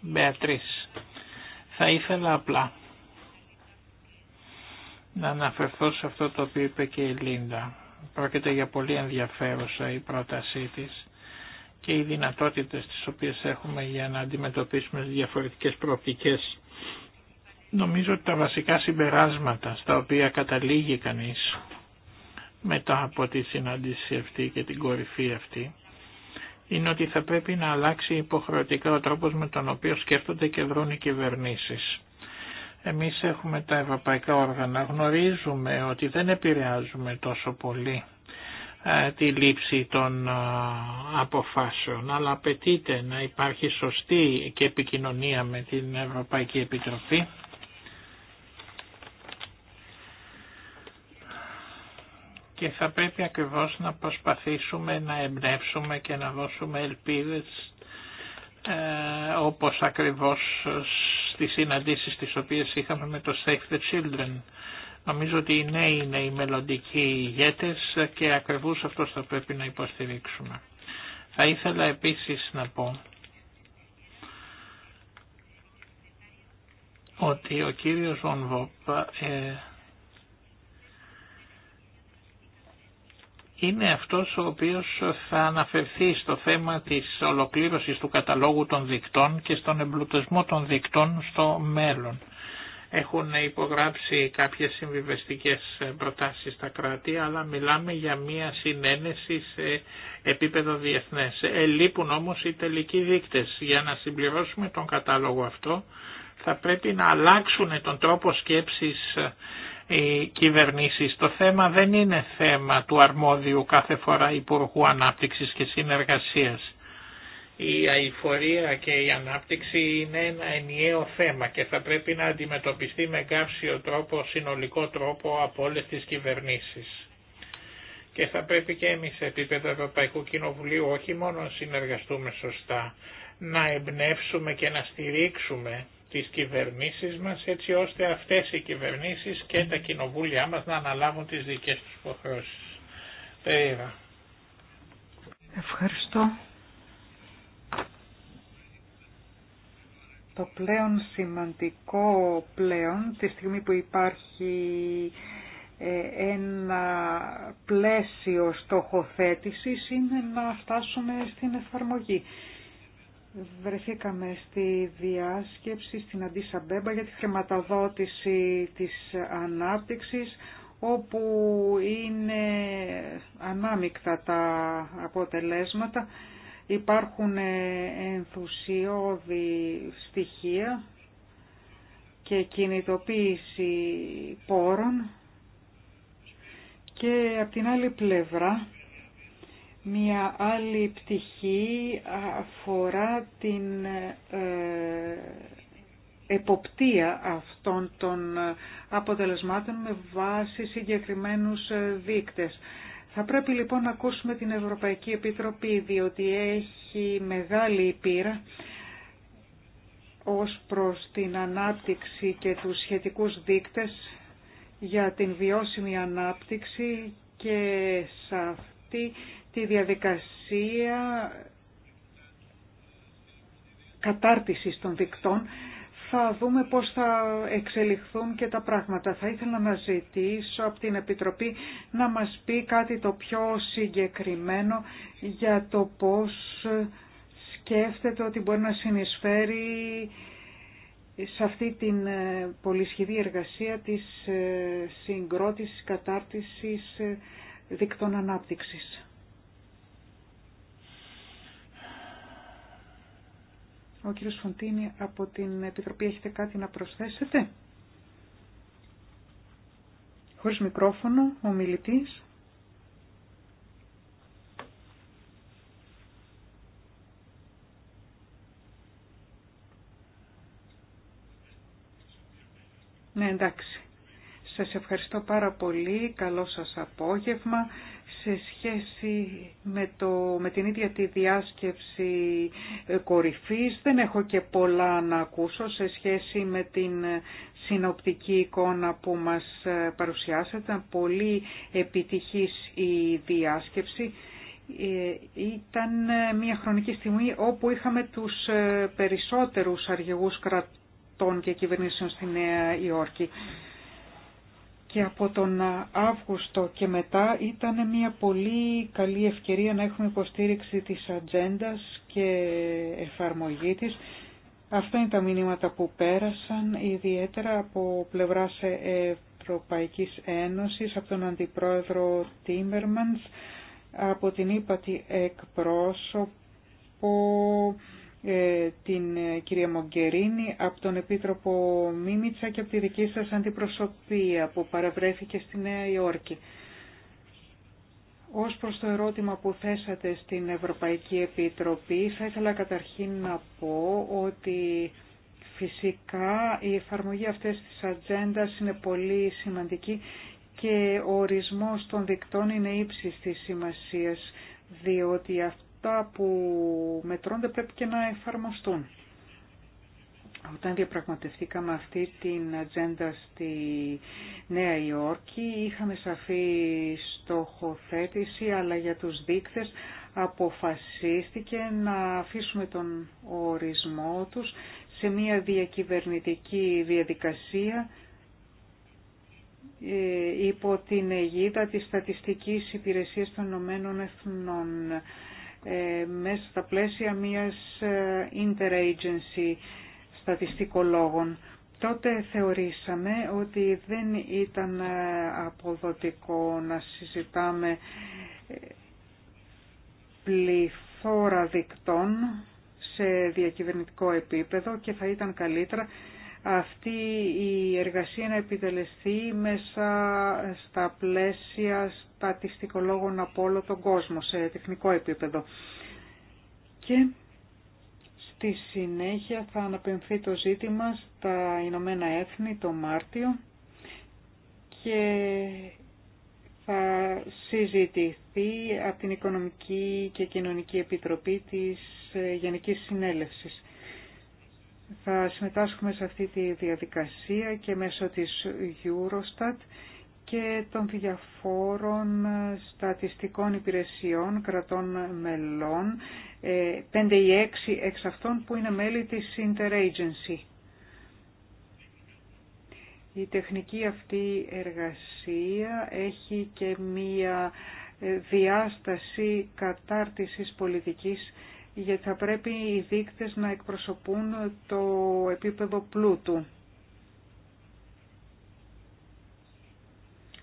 Μπεατρίς, θα ήθελα απλά να αναφερθώ σε αυτό το οποίο είπε και η Λίντα. Πρόκειται για πολύ ενδιαφέρουσα η πρότασή της και οι δυνατότητες τις οποίες έχουμε για να αντιμετωπίσουμε διαφορετικές προοπτικές. Νομίζω ότι τα βασικά συμπεράσματα στα οποία καταλήγει κανείς μετά από τη συνάντηση αυτή και την κορυφή αυτή είναι ότι θα πρέπει να αλλάξει υποχρεωτικά ο τρόπος με τον οποίο σκέφτονται και δρούν οι κυβερνήσεις. Εμείς έχουμε τα ευρωπαϊκά όργανα, γνωρίζουμε ότι δεν επηρεάζουμε τόσο πολύ ε, τη λήψη των ε, αποφάσεων, αλλά απαιτείται να υπάρχει σωστή και επικοινωνία με την Ευρωπαϊκή Επιτροπή και θα πρέπει ακριβώς να προσπαθήσουμε να εμπνεύσουμε και να δώσουμε ελπίδες ε, όπως ακριβώς στις συναντήσεις τις οποίες είχαμε με το Save the Children. Νομίζω ότι οι νέοι είναι οι μελλοντικοί ηγέτες και ακριβώς αυτό θα πρέπει να υποστηρίξουμε. Θα ήθελα επίσης να πω ότι ο κύριος Βονβόπ ε, είναι αυτός ο οποίος θα αναφερθεί στο θέμα της ολοκλήρωσης του καταλόγου των δικτών και στον εμπλουτισμό των δικτών στο μέλλον. Έχουν υπογράψει κάποιες συμβιβεστικές προτάσεις στα κράτη, αλλά μιλάμε για μία συνένεση σε επίπεδο διεθνές. Ελείπουν όμως οι τελικοί δείκτες. Για να συμπληρώσουμε τον κατάλογο αυτό, θα πρέπει να αλλάξουν τον τρόπο σκέψης οι κυβερνήσεις. Το θέμα δεν είναι θέμα του αρμόδιου κάθε φορά Υπουργού Ανάπτυξης και Συνεργασίας. Η αηφορία και η ανάπτυξη είναι ένα ενιαίο θέμα και θα πρέπει να αντιμετωπιστεί με κάψιο τρόπο, συνολικό τρόπο από όλες τις κυβερνήσεις. Και θα πρέπει και εμείς σε επίπεδο Ευρωπαϊκού Κοινοβουλίου όχι μόνο να συνεργαστούμε σωστά, να εμπνεύσουμε και να στηρίξουμε τις κυβερνήσεις μας έτσι ώστε αυτές οι κυβερνήσεις και τα κοινοβούλια μας να αναλάβουν τις δικές τους υποχρεώσεις. Περίεργα.
Ευχαριστώ. Το πλέον σημαντικό πλέον, τη στιγμή που υπάρχει ε, ένα πλαίσιο στοχοθέτησης, είναι να φτάσουμε στην εφαρμογή βρεθήκαμε στη διάσκεψη στην Αντίσα Μπέμπα για τη χρηματοδότηση της ανάπτυξης όπου είναι ανάμεικτα τα αποτελέσματα. Υπάρχουν ενθουσιώδη στοιχεία και κινητοποίηση πόρων και από την άλλη πλευρά Μία άλλη πτυχή αφορά την ε, εποπτεία αυτών των αποτελεσμάτων με βάση συγκεκριμένους δείκτες. Θα πρέπει λοιπόν να ακούσουμε την Ευρωπαϊκή Επιτροπή διότι έχει μεγάλη πείρα ως προς την ανάπτυξη και τους σχετικούς δείκτες για την βιώσιμη ανάπτυξη και σε αυτή τη διαδικασία κατάρτισης των δικτών θα δούμε πώς θα εξελιχθούν και τα πράγματα. Θα ήθελα να ζητήσω από την Επιτροπή να μας πει κάτι το πιο συγκεκριμένο για το πώς σκέφτεται ότι μπορεί να συνεισφέρει σε αυτή την ε, πολυσχηδή εργασία της ε, συγκρότησης, κατάρτισης ε, δικτών ανάπτυξης. Ο κύριος Φοντίνη από την Επιτροπή έχετε κάτι να προσθέσετε. Χωρίς μικρόφωνο, ο μιλητής. Ναι, εντάξει. Σας ευχαριστώ πάρα πολύ. Καλό σας απόγευμα σε σχέση με, το, με την ίδια τη διάσκεψη ε, κορυφής δεν έχω και πολλά να ακούσω σε σχέση με την ε, συνοπτική εικόνα που μας ε, παρουσιάσατε. πολύ επιτυχής η διάσκεψη. Ήταν μια χρονική στιγμή όπου είχαμε τους περισσότερους αργηγούς κρατών και κυβερνήσεων στη Νέα Υόρκη και από τον Αύγουστο και μετά ήταν μια πολύ καλή ευκαιρία να έχουμε υποστήριξη της ατζέντα και εφαρμογή της. Αυτά είναι τα μηνύματα που πέρασαν, ιδιαίτερα από πλευράς Ευρωπαϊκής Ένωσης, από τον Αντιπρόεδρο Τίμερμανς, από την ύπατη εκπρόσωπο, ε, την ε, κυρία Μογκερίνη από τον Επίτροπο Μίμητσα και από τη δική σας αντιπροσωπεία που παραβρέθηκε στη Νέα Υόρκη. Ως προς το ερώτημα που θέσατε στην Ευρωπαϊκή Επιτροπή, θα ήθελα καταρχήν να πω ότι φυσικά η εφαρμογή αυτής της ατζέντα είναι πολύ σημαντική και ο ορισμός των δικτών είναι ύψης της σημασίας, διότι αυτό αυτά που μετρώνται πρέπει και να εφαρμοστούν. Όταν διαπραγματευτήκαμε αυτή την ατζέντα στη Νέα Υόρκη είχαμε σαφή στοχοθέτηση αλλά για τους δείκτες αποφασίστηκε να αφήσουμε τον ορισμό τους σε μια διακυβερνητική διαδικασία ε, υπό την αιγίδα της Στατιστικής Υπηρεσίας των Ηνωμένων Εθνών. Ε, μέσα στα πλαίσια μιας ε, interagency στατιστικολόγων. Τότε θεωρήσαμε ότι δεν ήταν ε, αποδοτικό να συζητάμε πληθώρα δικτών σε διακυβερνητικό επίπεδο και θα ήταν καλύτερα αυτή η εργασία να επιτελεστεί μέσα στα πλαίσια στατιστικολόγων από όλο τον κόσμο σε τεχνικό επίπεδο. Και στη συνέχεια θα αναπαινθεί το ζήτημα στα Ηνωμένα Έθνη το Μάρτιο και θα συζητηθεί από την Οικονομική και Κοινωνική Επιτροπή της Γενικής Συνέλευσης θα συμμετάσχουμε σε αυτή τη διαδικασία και μέσω της Eurostat και των διαφόρων στατιστικών υπηρεσιών κρατών μελών, 5 ε, ή 6 εξ αυτών που είναι μέλη της Interagency. Η τεχνική αυτή εργασία έχει και μία ε, διάσταση κατάρτισης πολιτικής γιατί θα πρέπει οι δείκτες να εκπροσωπούν το επίπεδο πλούτου.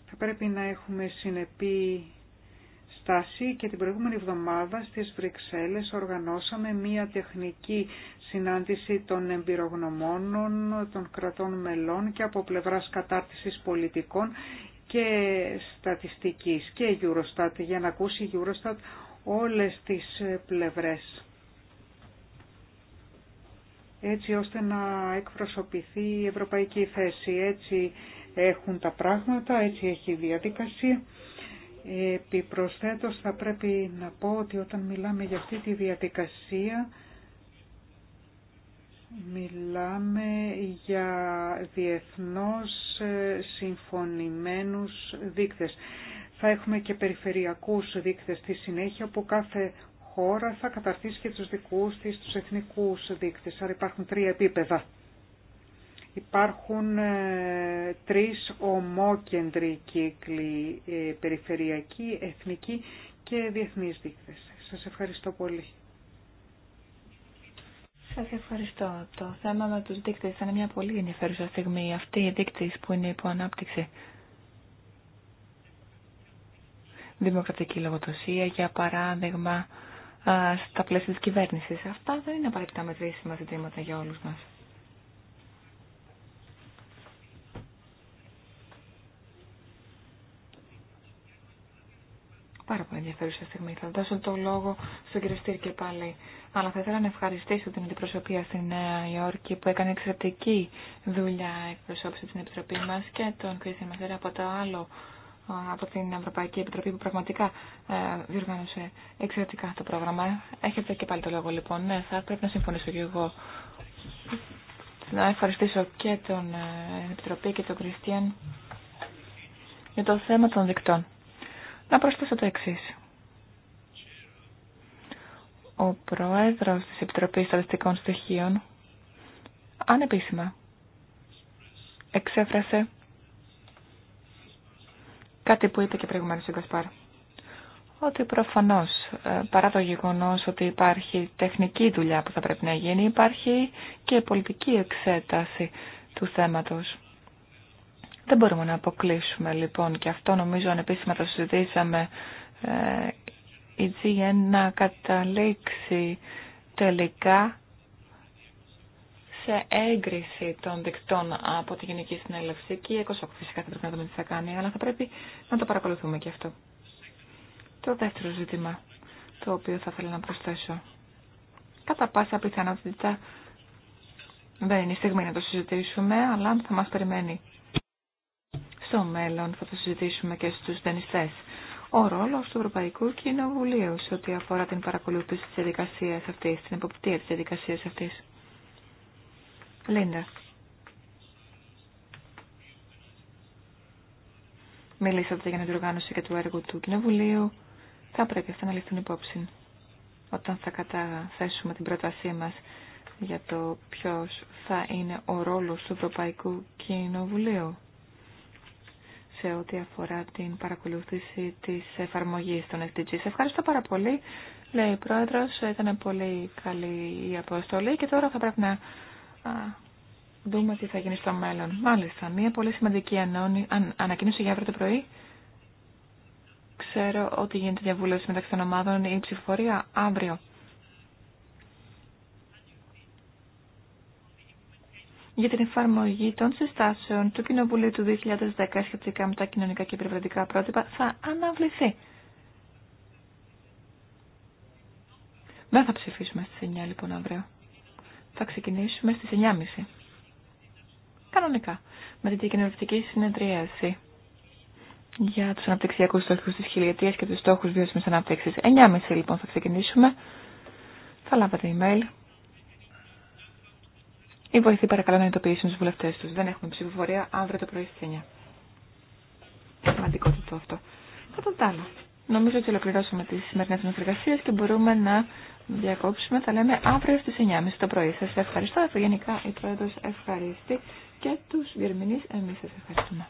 Θα πρέπει να έχουμε συνεπή στάση και την προηγούμενη εβδομάδα στις Βρυξέλλες οργανώσαμε μία τεχνική συνάντηση των εμπειρογνωμόνων, των κρατών μελών και από πλευράς κατάρτισης πολιτικών και στατιστικής και Eurostat για να ακούσει Eurostat όλες τις ε, πλευρές έτσι ώστε να εκπροσωπηθεί η ευρωπαϊκή θέση. Έτσι έχουν τα πράγματα, έτσι έχει η διαδικασία. Επιπροσθέτως θα πρέπει να πω ότι όταν μιλάμε για αυτή τη διαδικασία μιλάμε για διεθνώς ε, συμφωνημένους δείκτες. Θα έχουμε και περιφερειακούς δείκτες στη συνέχεια που κάθε χώρα θα καταρτήσει και τους δικούς της, τους εθνικούς δείκτες. Άρα υπάρχουν τρία επίπεδα. Υπάρχουν ε, τρεις ομόκεντροι κύκλοι, ε, περιφερειακοί, εθνικοί και διεθνείς δείκτες. Σας ευχαριστώ πολύ.
Σας ευχαριστώ. Το θέμα με τους δείκτες ήταν μια πολύ ενδιαφέρουσα στιγμή. Αυτή η δείκτες που είναι υπό ανάπτυξη δημοκρατική λογοδοσία, για παράδειγμα, στα πλαίσια της κυβέρνησης. Αυτά δεν είναι απαραίτητα μετρήσιμα ζητήματα για όλους μας. Πάρα πολύ ενδιαφέρουσα στιγμή. Θα δώσω το λόγο στον κύριο Στήρ και πάλι. Αλλά θα ήθελα να ευχαριστήσω την αντιπροσωπεία στη Νέα Υόρκη που έκανε εξαιρετική δουλειά εκπροσώπηση στην Επιτροπή μα και τον Κρίστη Μαζέρα από το άλλο από την Ευρωπαϊκή Επιτροπή που πραγματικά ε, διοργάνωσε εξαιρετικά το πρόγραμμα. Έχετε και πάλι το λόγο λοιπόν. Ναι, θα πρέπει να συμφωνήσω και εγώ. Να ευχαριστήσω και τον ε, Επιτροπή και τον Κριστιαν για το θέμα των δικτών. Να προσθέσω το εξή. Ο Πρόεδρος της Επιτροπής Στατιστικών Στοιχείων ανεπίσημα εξέφρασε Κάτι που είπε και προηγουμένως ο Ότι προφανώς, ε, παρά το γεγονός ότι υπάρχει τεχνική δουλειά που θα πρέπει να γίνει, υπάρχει και πολιτική εξέταση του θέματος. Δεν μπορούμε να αποκλείσουμε λοιπόν και αυτό νομίζω ανεπίσημα το συζητήσαμε ε, η GN να καταλήξει τελικά σε έγκριση των δικτών από τη Γενική Συνέλευση και η ΕΚΟΣΟΚ φυσικά θα πρέπει να δούμε τι θα κάνει, αλλά θα πρέπει να το παρακολουθούμε και αυτό. Το δεύτερο ζήτημα το οποίο θα ήθελα να προσθέσω. Κατά πάσα πιθανότητα δεν είναι η στιγμή να το συζητήσουμε, αλλά θα μας περιμένει. Στο μέλλον θα το συζητήσουμε και στους δανειστές. Ο ρόλος του Ευρωπαϊκού Κοινοβουλίου σε ό,τι αφορά την παρακολούθηση της διαδικασίας αυτής, την εποπτεία της διαδικασία αυτή. Λίντα. Μιλήσατε για την οργάνωση και του έργου του Κοινοβουλίου. Θα πρέπει αυτά να ληφθούν υπόψη όταν θα καταθέσουμε την πρότασή μας για το ποιος θα είναι ο ρόλος του Ευρωπαϊκού Κοινοβουλίου σε ό,τι αφορά την παρακολούθηση της εφαρμογής των SDGs. Ευχαριστώ πάρα πολύ, λέει η Πρόεδρος. Ήταν πολύ καλή η αποστολή και τώρα θα πρέπει να δούμε τι θα γίνει στο μέλλον. Μάλιστα, μια πολύ σημαντική ανακοίνωση για αύριο το πρωί. Ξέρω ότι γίνεται διαβούλευση μεταξύ των ομάδων ή ψηφοφορία αύριο. για την εφαρμογή των συστάσεων του Κοινοβουλίου του 2010 σχετικά με τα κοινωνικά και περιβαλλοντικά πρότυπα θα αναβληθεί. Δεν θα ψηφίσουμε στις 9 λοιπόν αύριο θα ξεκινήσουμε στις 9.30. Κανονικά, με την κοινωνιστική συνεδρίαση για τους αναπτυξιακούς στόχους της χιλιετίας και τους στόχους βιώσιμης αναπτύξης. 9.30 λοιπόν θα ξεκινήσουμε. Θα λάβατε email. Οι βοηθοί παρακαλώ να ειδοποιήσουν τους βουλευτές τους. Δεν έχουμε ψηφοφορία αύριο το πρωί στις 9. Σημαντικότητα αυτό. Κατά τα άλλα, νομίζω ότι ολοκληρώσαμε τις σημερινές μας εργασίες και μπορούμε να διακόψουμε. Θα λέμε αύριο στις 9.30 το πρωί. Σας ευχαριστώ. γενικά η Πρόεδρος ευχαριστεί και τους διερμηνείς εμείς σας ευχαριστούμε.